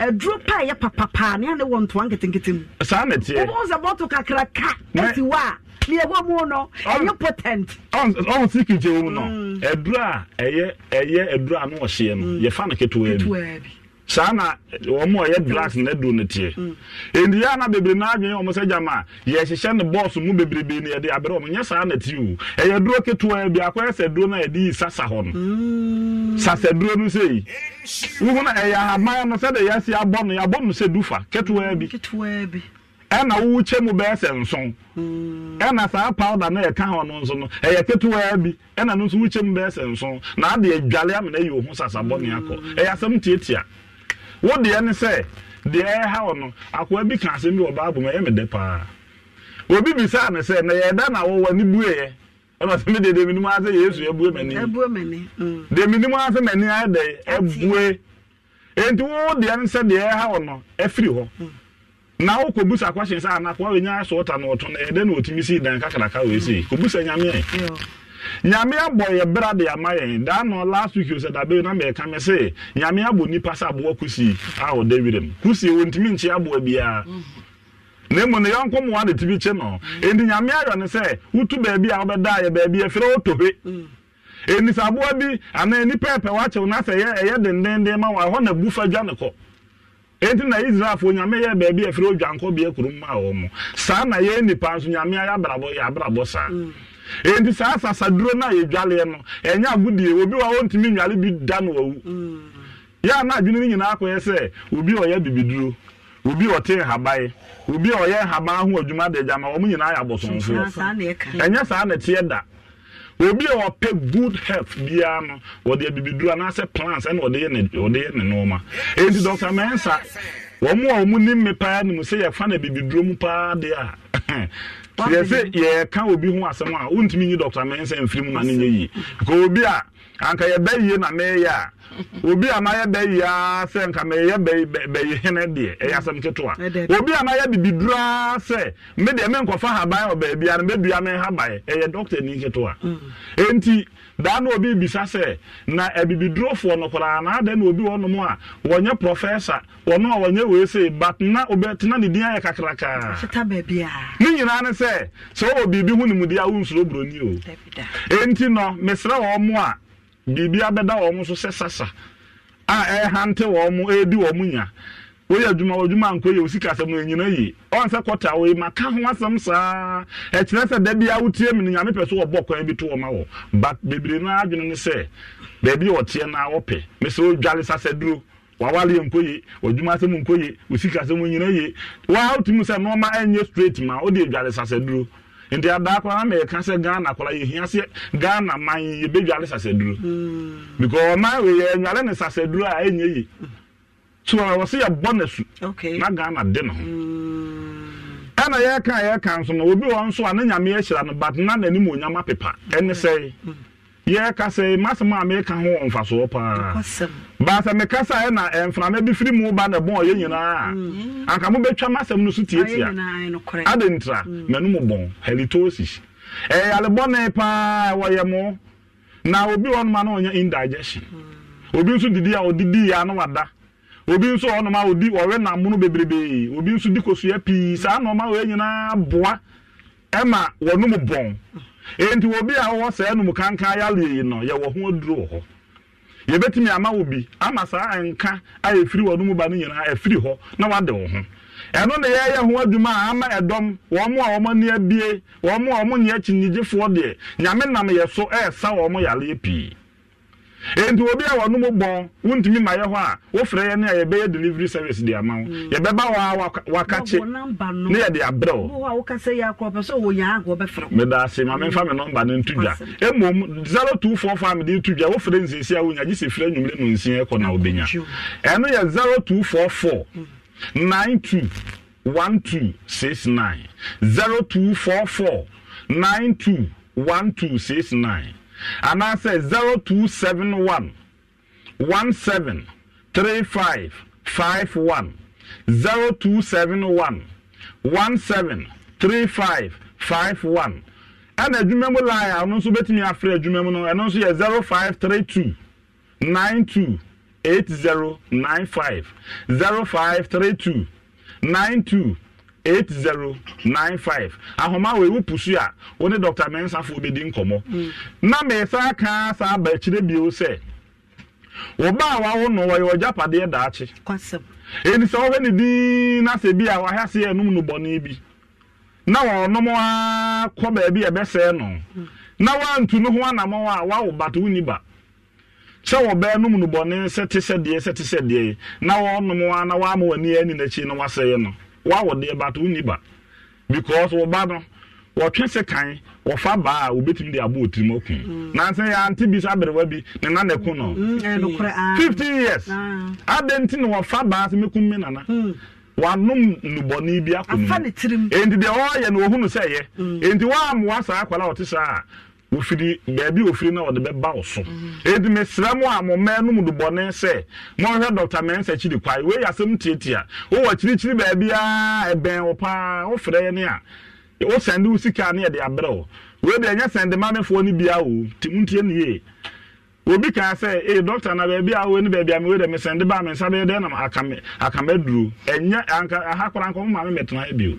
aduro pa yɛ papapaa ne ane wɔ ntoa nketenkete mu saa na teɛ wobɛhu sɛ bɔto kakraka asi hɔ a miɛwɔ mu no ɛyɛ potent ɔn sikiri gye wɔ mu no aduro mm. a ɛyɛ ɛyɛ aduro a no ɔhyeɛ no mm. yɛfa no ketewa bi saa na wɔn a na do ne tie mm. na bebree na adwene wɔn sɛ gyama yɛhyehyɛ ne bɔɔso mu yɛde abere wɔn nyɛ saa na ti o ɛyɛ duro ketewa bi duro na yɛde yi sasa hɔ no mm. sasa duro no sɛ yi na ɛyɛ ahaban no sɛ de yɛsi abɔ no no sɛ dufa ketewa bi ɛna mu bɛyɛ sɛ nson mm. ɛna saa na yɛka hɔ no nso no ɛyɛ ketewa bi ɛna no nso mu bɛyɛ sɛ na adeɛ dwale amena yi o ho wo deɛ ne sɛ deɛ ɛha wɔ no akoa bi ka asɛm bi wɔ baabu mu ɛyɛ me paa obi bisa ne sɛ na yɛda na wɔwɔ ne bueɛ ɛna sɛ mi de demi nimu ase yesu ebue mɛni ebue mɛni mm. ase mɛni ayɛ dɛ ebue wo deɛ ne sɛ deɛ ɛha wɔ no ɛfiri hɔ mm. na wo busa sɛ anakoa wɔ nyɛ asɔɔta na na na si dan kakraka wɔ esi mm. busa nyame abɔ yɛ bra de ama yɛn daa na last week sɛ dabe na mɛka mɛ sɛ nyame abɔ nipa sɛ aboa kusi a ɔda wiram kusi wɔntumi nkye aboa biara na emu ne yɔnko mu tibi no nyame ayɔ ne sɛ beebi a yɛ otohwe enisaboa bi nipa na sɛ ɛyɛ ɛyɛ dendenden ma wɔn na dwa ne kɔ na nyame yɛ beebi efirɛ odwankɔ bea kurom ma wɔn saa na yɛ nipa nti saa asasaduro no a yɛdwaleɛ no ɛnyɛ agodie obi wa wɔntumi nnwale bi da no wawu mm. yɛ a na adwene no nyinaa akɔyɛ sɛ obi a ɔyɛ bibiduro obi a ɔte nhaban obi a ɔyɛ nhaban ho adwuma de gyama wɔn nyinaa yɛ abɔsɔnfoɔ ɛnyɛ saa na ɛteɛ da obi a ɔpɛ good health biara no wɔde abibiduro anaasɛ plants ɛna ɔde yɛ ne ɔde yɛ ne nneɛma eti dɔkta mɛnsa wɔn a wɔn nim mi paa nim sɛ yɛfa na abibiduro mu paa deɛ a. yɛ sɛ yɛka obi ho asɛm a wontumi nyi dɔkta mɛnsa mfiri mu ma no nyɛ yi nka obi a anka yɛbɛyie na mɛyɛ a obi a mayɛ bɛyie a sɛ nka mɛyɛ bɛyie hene deɛ ɛyɛ asɛm ketewa obi a mayɛ bibiduraa sɛ me deɛ menkɔfa haban wɔ baabi a no bɛdua me haban ɛyɛ dɔkta ni ketewa mm. enti daa na obi bisa sɛ na abibidurofoɔ no koraa naa dɛ na obi wɔnom a wɔnyɛ professor wɔno a wɔnyɛ wei sei but na obɛtena ne din ayɛ ne nyinaa ne sɛ sɛ wɔwɔ biribi ho a buroni o ɛnti no mesrɛ wɔ a biribi abɛda so a ɛhante woyɛ adwuma wadwuma nkɔ yɛ osika asɛm no nyina yi ɔn sɛ kɔta wo yi ma ka ho asɛm saa ɛkyerɛ sɛ da bia wotie mu no nyame pɛ so wɔbɔ kwan bi to wɔ ma wɔ but bebree no adwene ne sɛ baabi ɔteɛ no a wɔpɛ mesɛ wodwale sasɛ duro wawaleɛ nkɔ ye wadwuma asɛm nkɔ ye osika asɛm nyina ye waa wotumi sɛ nɔɔma ɛnyɛ straight ma wode dwale sasɛ duro nti adaa koraa na yɛka sɛ ghana koraa yɛhia sɛ ghana man yɛbɛdwale sasaduro hmm. because ɔman wei yɛnwale ne sasaduro a ɛnyɛ yi wɔsɛ yɛbɔ na su na ghana de hmm. no ho ɛna yɛka yɛka nso no obi wɔ nso a ne nyame ahyira no na n'anim onyam apepa ɛne sɛ yɛka sɛ masɛm a meka ho wɔ mfasoɔ paa meka sa ɛna mframa bi firi mu na ɔyɛ nyinaa a anka mobɛtwa masɛm no so tiatia bɔn ɛyɛ paa mo na obi obi nso hɔ noma odi ɔwe namono bebrebe obi nso di kosua pii saa noma wei nyinaa boa ɛma wɔnom bɔn nti obi a wɔwɔ sɛ ɛnum kankan yale yi no yɛwɔ ho aduro wɔ hɔ yɛbɛtumi ama obi ama saa nka a efiri wɔnom ba no nyinaa efiri hɔ na wade wɔ ho ɛno na yɛyɛ ho adwuma a ama ɛdɔm wɔn a wɔn ani abie wɔn a wɔn nyɛ kyinigyefoɔ deɛ nyame nam yɛ so ɛɛsa wɔn yale pii. nti obi a wɔn mo bɔn wuntumi ma yɛ hɔ a wofra yɛ ne a yɛbɛyɛ delivery service de ama wo hmm. yɛbɛba wa wakakye ne yɛde abrɛ wo medaase maame nfa mi nɔmba ne ntudwa emom zero two four five de ntudwa wofra nsiesie a wonya gyesi fira nnwumire no nsia kɔ na obenya ɛno yɛ zero two four four hmm. nine two one two six nine zero two four four nine two one two six nine anaasɛ zero two seven one one seven three five five one zero two seven one one seven three five five one ɛna adwuma mu line a ɔno nso bɛtumi afrɛ adwuma mu no ɛno nso yɛ zero five three two nine two eight zero nine five zero five three two nine two. 8095 ahoma wɔ ewu pusu a dr mensafo bɛdi nkɔmɔ na mɛsa aka saa abɛkyerɛ bio sɛ wɔba a wawo no wɔyɛ ɔgyapadeɛ daakye ɛni sɛ wɔhwɛ ne din na sɛ bi a wahɛ ase no bɔne na wɔnom a kɔ ɛbɛsɛe no na no ho a wawo bato wo ba sɛ wɔbɛɛ nom no bɔne sɛ te sɛ deɛ sɛ te sɛ na wɔnom na wɔama w'ani wawɔ deɛ but wonni ba because wɔba no wɔtwe se kan wɔfa baa a wobɛtumi de abɔ otiri mu ɔko yɛante bi aberewa bi ne na no 15 mm, ah. years ah. adɛn nti na wɔfa baa sɛ mɛkum me nana mm. wanom nnubɔne bi akɔ mu deɛ ɔyɛ ɔhunu sɛ mm. saa akwala ɔte saa a wofiri baabi wofiri na wɔde bɛba wo so ɛdi mesrɛ mu a mo mmaa no mu do bɔne sɛ monhwɛ dɔkta mɛnsa kyiri kwae wei asɛm tiatia wowɔ kyirikyiri baabi a ɛbɛn wo paa wofrɛ yɛ ne a wosɛnde wo sika ne yɛde abrɛ wo wei deɛ ɛnyɛ sɛnde mamefoɔ no bia o nti montie ne yie obi kaa sɛ ee dɔkta na baabi a wei ne baabi a mewei dɛ mesɛnde baa me nsa bɛyɛ dɛn nam akamɛduro ɛnyɛ aha koraa nkɔ mo maame mɛtena bio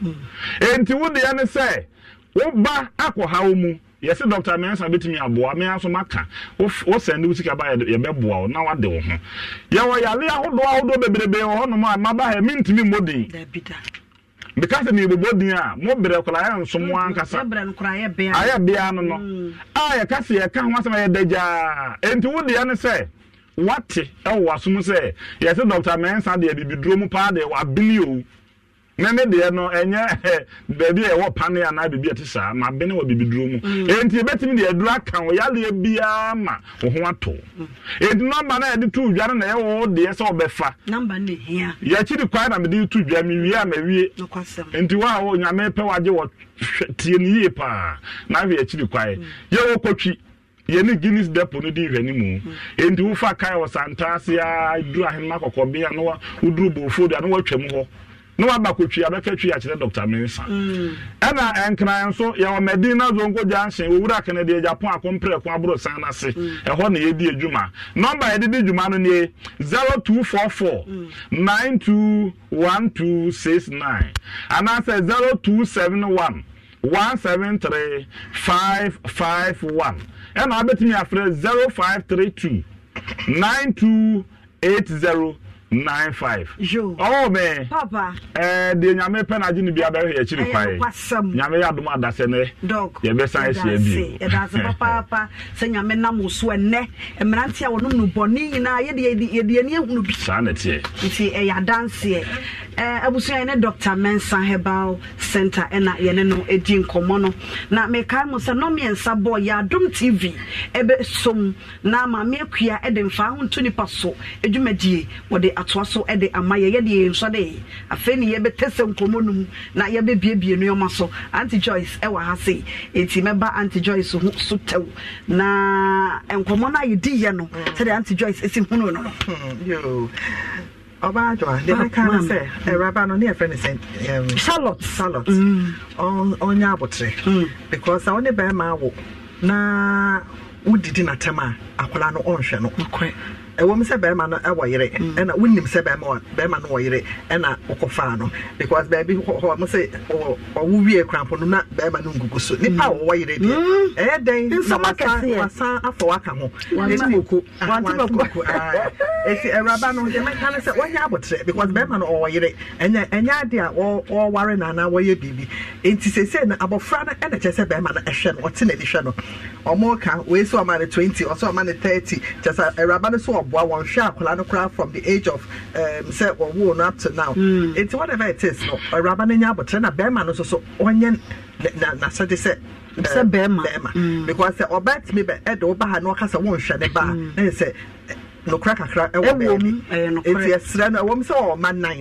yɛsɛ dɔkta mɛnsa bɛtumi aboa mɛ nso maka wosɛn de wo sika ba yɛbɛboa wo na wade wo ho yɛwɔ yale ahodoɔ ahodoɔ bebrebe wɔ hɔnom a maba ha mentumi mmɔ den because ne yɛbobɔ din a mo berɛ koraa yɛ nso mo mm, ankasa ayɛ bea no no mm. a yɛka sɛ yɛka ho asɛm yɛda gyaa enti wo deɛ ne sɛ wate ɛwɔ wasom sɛ yɛsɛ dɔkta mɛnsa de bibiduro mu paa deɛ wabene ne ne deɛ no ɛnyɛ baabi a ɛwɔ pane anaa biribi a ɛte saa ma bene wɔ biribi duro mu mm. enti ebɛtumi deɛ duro aka wo yaleɛ biara ma wo ho ato mm. enti nɔmba no a yɛde to dwa no na ɛwɔ wo deɛ sɛ wɔbɛfa yɛakyiri kwan na mede to dwa mewie a mawie enti wo a wo nyame pɛ wagye wɔ tie no yie paa na afei yɛakyiri kwan mm. yɛwɔ kɔtwi yɛne guinness depo de di nhwɛne mu enti wofa kae wɔ santaase a duru ahenema kɔkɔbea na woduru boofo de a na woatwa mu na waba kotwi abɛka twi akyerɛ dr mensa ɛna ɛnkran nso yɛwɔ medina zonko junction owura kennedy japan akomprɛ ko aboro san no ase ɛhɔ na yɛdi adwuma nɔmba yɛde di dwuma no nie 0244 921269 anaasɛ 0271 173 551 ɛna wabɛtumi afrɛ 0532 9280 nine five. yoo ọwọ oh, papa. ẹẹ eh, de nyame pẹ n'adi ni bi abẹ ẹkyi ni kwa ye. nyame yà dumu adasẹ nẹ. dɔg yẹ bɛ san ẹsẹ bi o. ɛdase papaapa sɛ nyame nam osu ɛnɛ mmeranteɛ a wɔnom no bɔ ne nyinaa yɛde yɛde yɛde yɛni ehunu bi. Eh, center ɛna yɛn no edi nkɔmɔ no na mɛka mu sɛ nɔmiɛnsa bɔ yadum tv ɛbɛ som na maame akuya ɛde nfa ahontoni pa so edwumadie wɔde atoa so de ama yɛ yɛde yɛnsɔ de afei ne yɛbɛtɛ sɛ nkɔmmɔ no mu na yɛbɛbiebie nneɛma so anti joyce wɔ ha se ɛti mɛba anti joyce ho so tɛw na nkɔmmɔ no a yɛdi yɛ no sɛdeɛ anti joyce si hunu no no hmm, ɔbaadwa deɛ meka no sɛ awuraba hmm. no ne yɛfrɛ no sɛ charlotte charlotte hmm. ɔnyɛ abotere because a wone bɛrima awo na na natɛm a akwara no ɔnhwɛ no ɛwɔ mu sɛ bɛrima no ɛwɔ yere mm. ɛna wonim sɛ bɛrima bɛrima no wɔ yere ɛna ɔkɔfaa no because baabi hɔ mo sɛ ɔwo wie krampo no na bɛrima no nkuku so mm. nipa a wɔwɔ yere deɛ mm. ɛyɛ dɛn nsɛm akɛseɛ wasan afɔ waka ho wantimoko ah, wantimoko ah, esi ɛwuraba no yɛmɛka no sɛ wɔnyɛ abotire because bɛrima no ɔwɔ yere ɛnyɛ ɛnyɛ adi a wɔware na ana wɔyɛ biribi nti sese na abɔfra no ɛna kyerɛ sɛ bɛrima no ɛhwɛ no ɔte n'ani hwɛ no ɔmo ka oye sɛ ɔma ne twenty ɔsɛ ɔma ne thirty kyerɛ sɛ ɛwuraba no so ɔb aboa wɔn hwɛ akwadaa no koraa from the age of um, sɛ wɔwoo no up to now hmm. nti whatever it is no awuraba no nyɛ abotire na bɛrima no nso so ɔnyɛ n'asɛde sɛ sɛ um, bɛrima bɛrima hmm. because sɛ ɔbaa tumi bɛ ɛde wo ba ha na ɔka sɛ wɔnhwɛ ne ba hmm. na yɛ sɛ eh, nokora kakra ɛwɔ baabi nti ɛsrɛ no ɛwɔ mu sɛ ɔma nan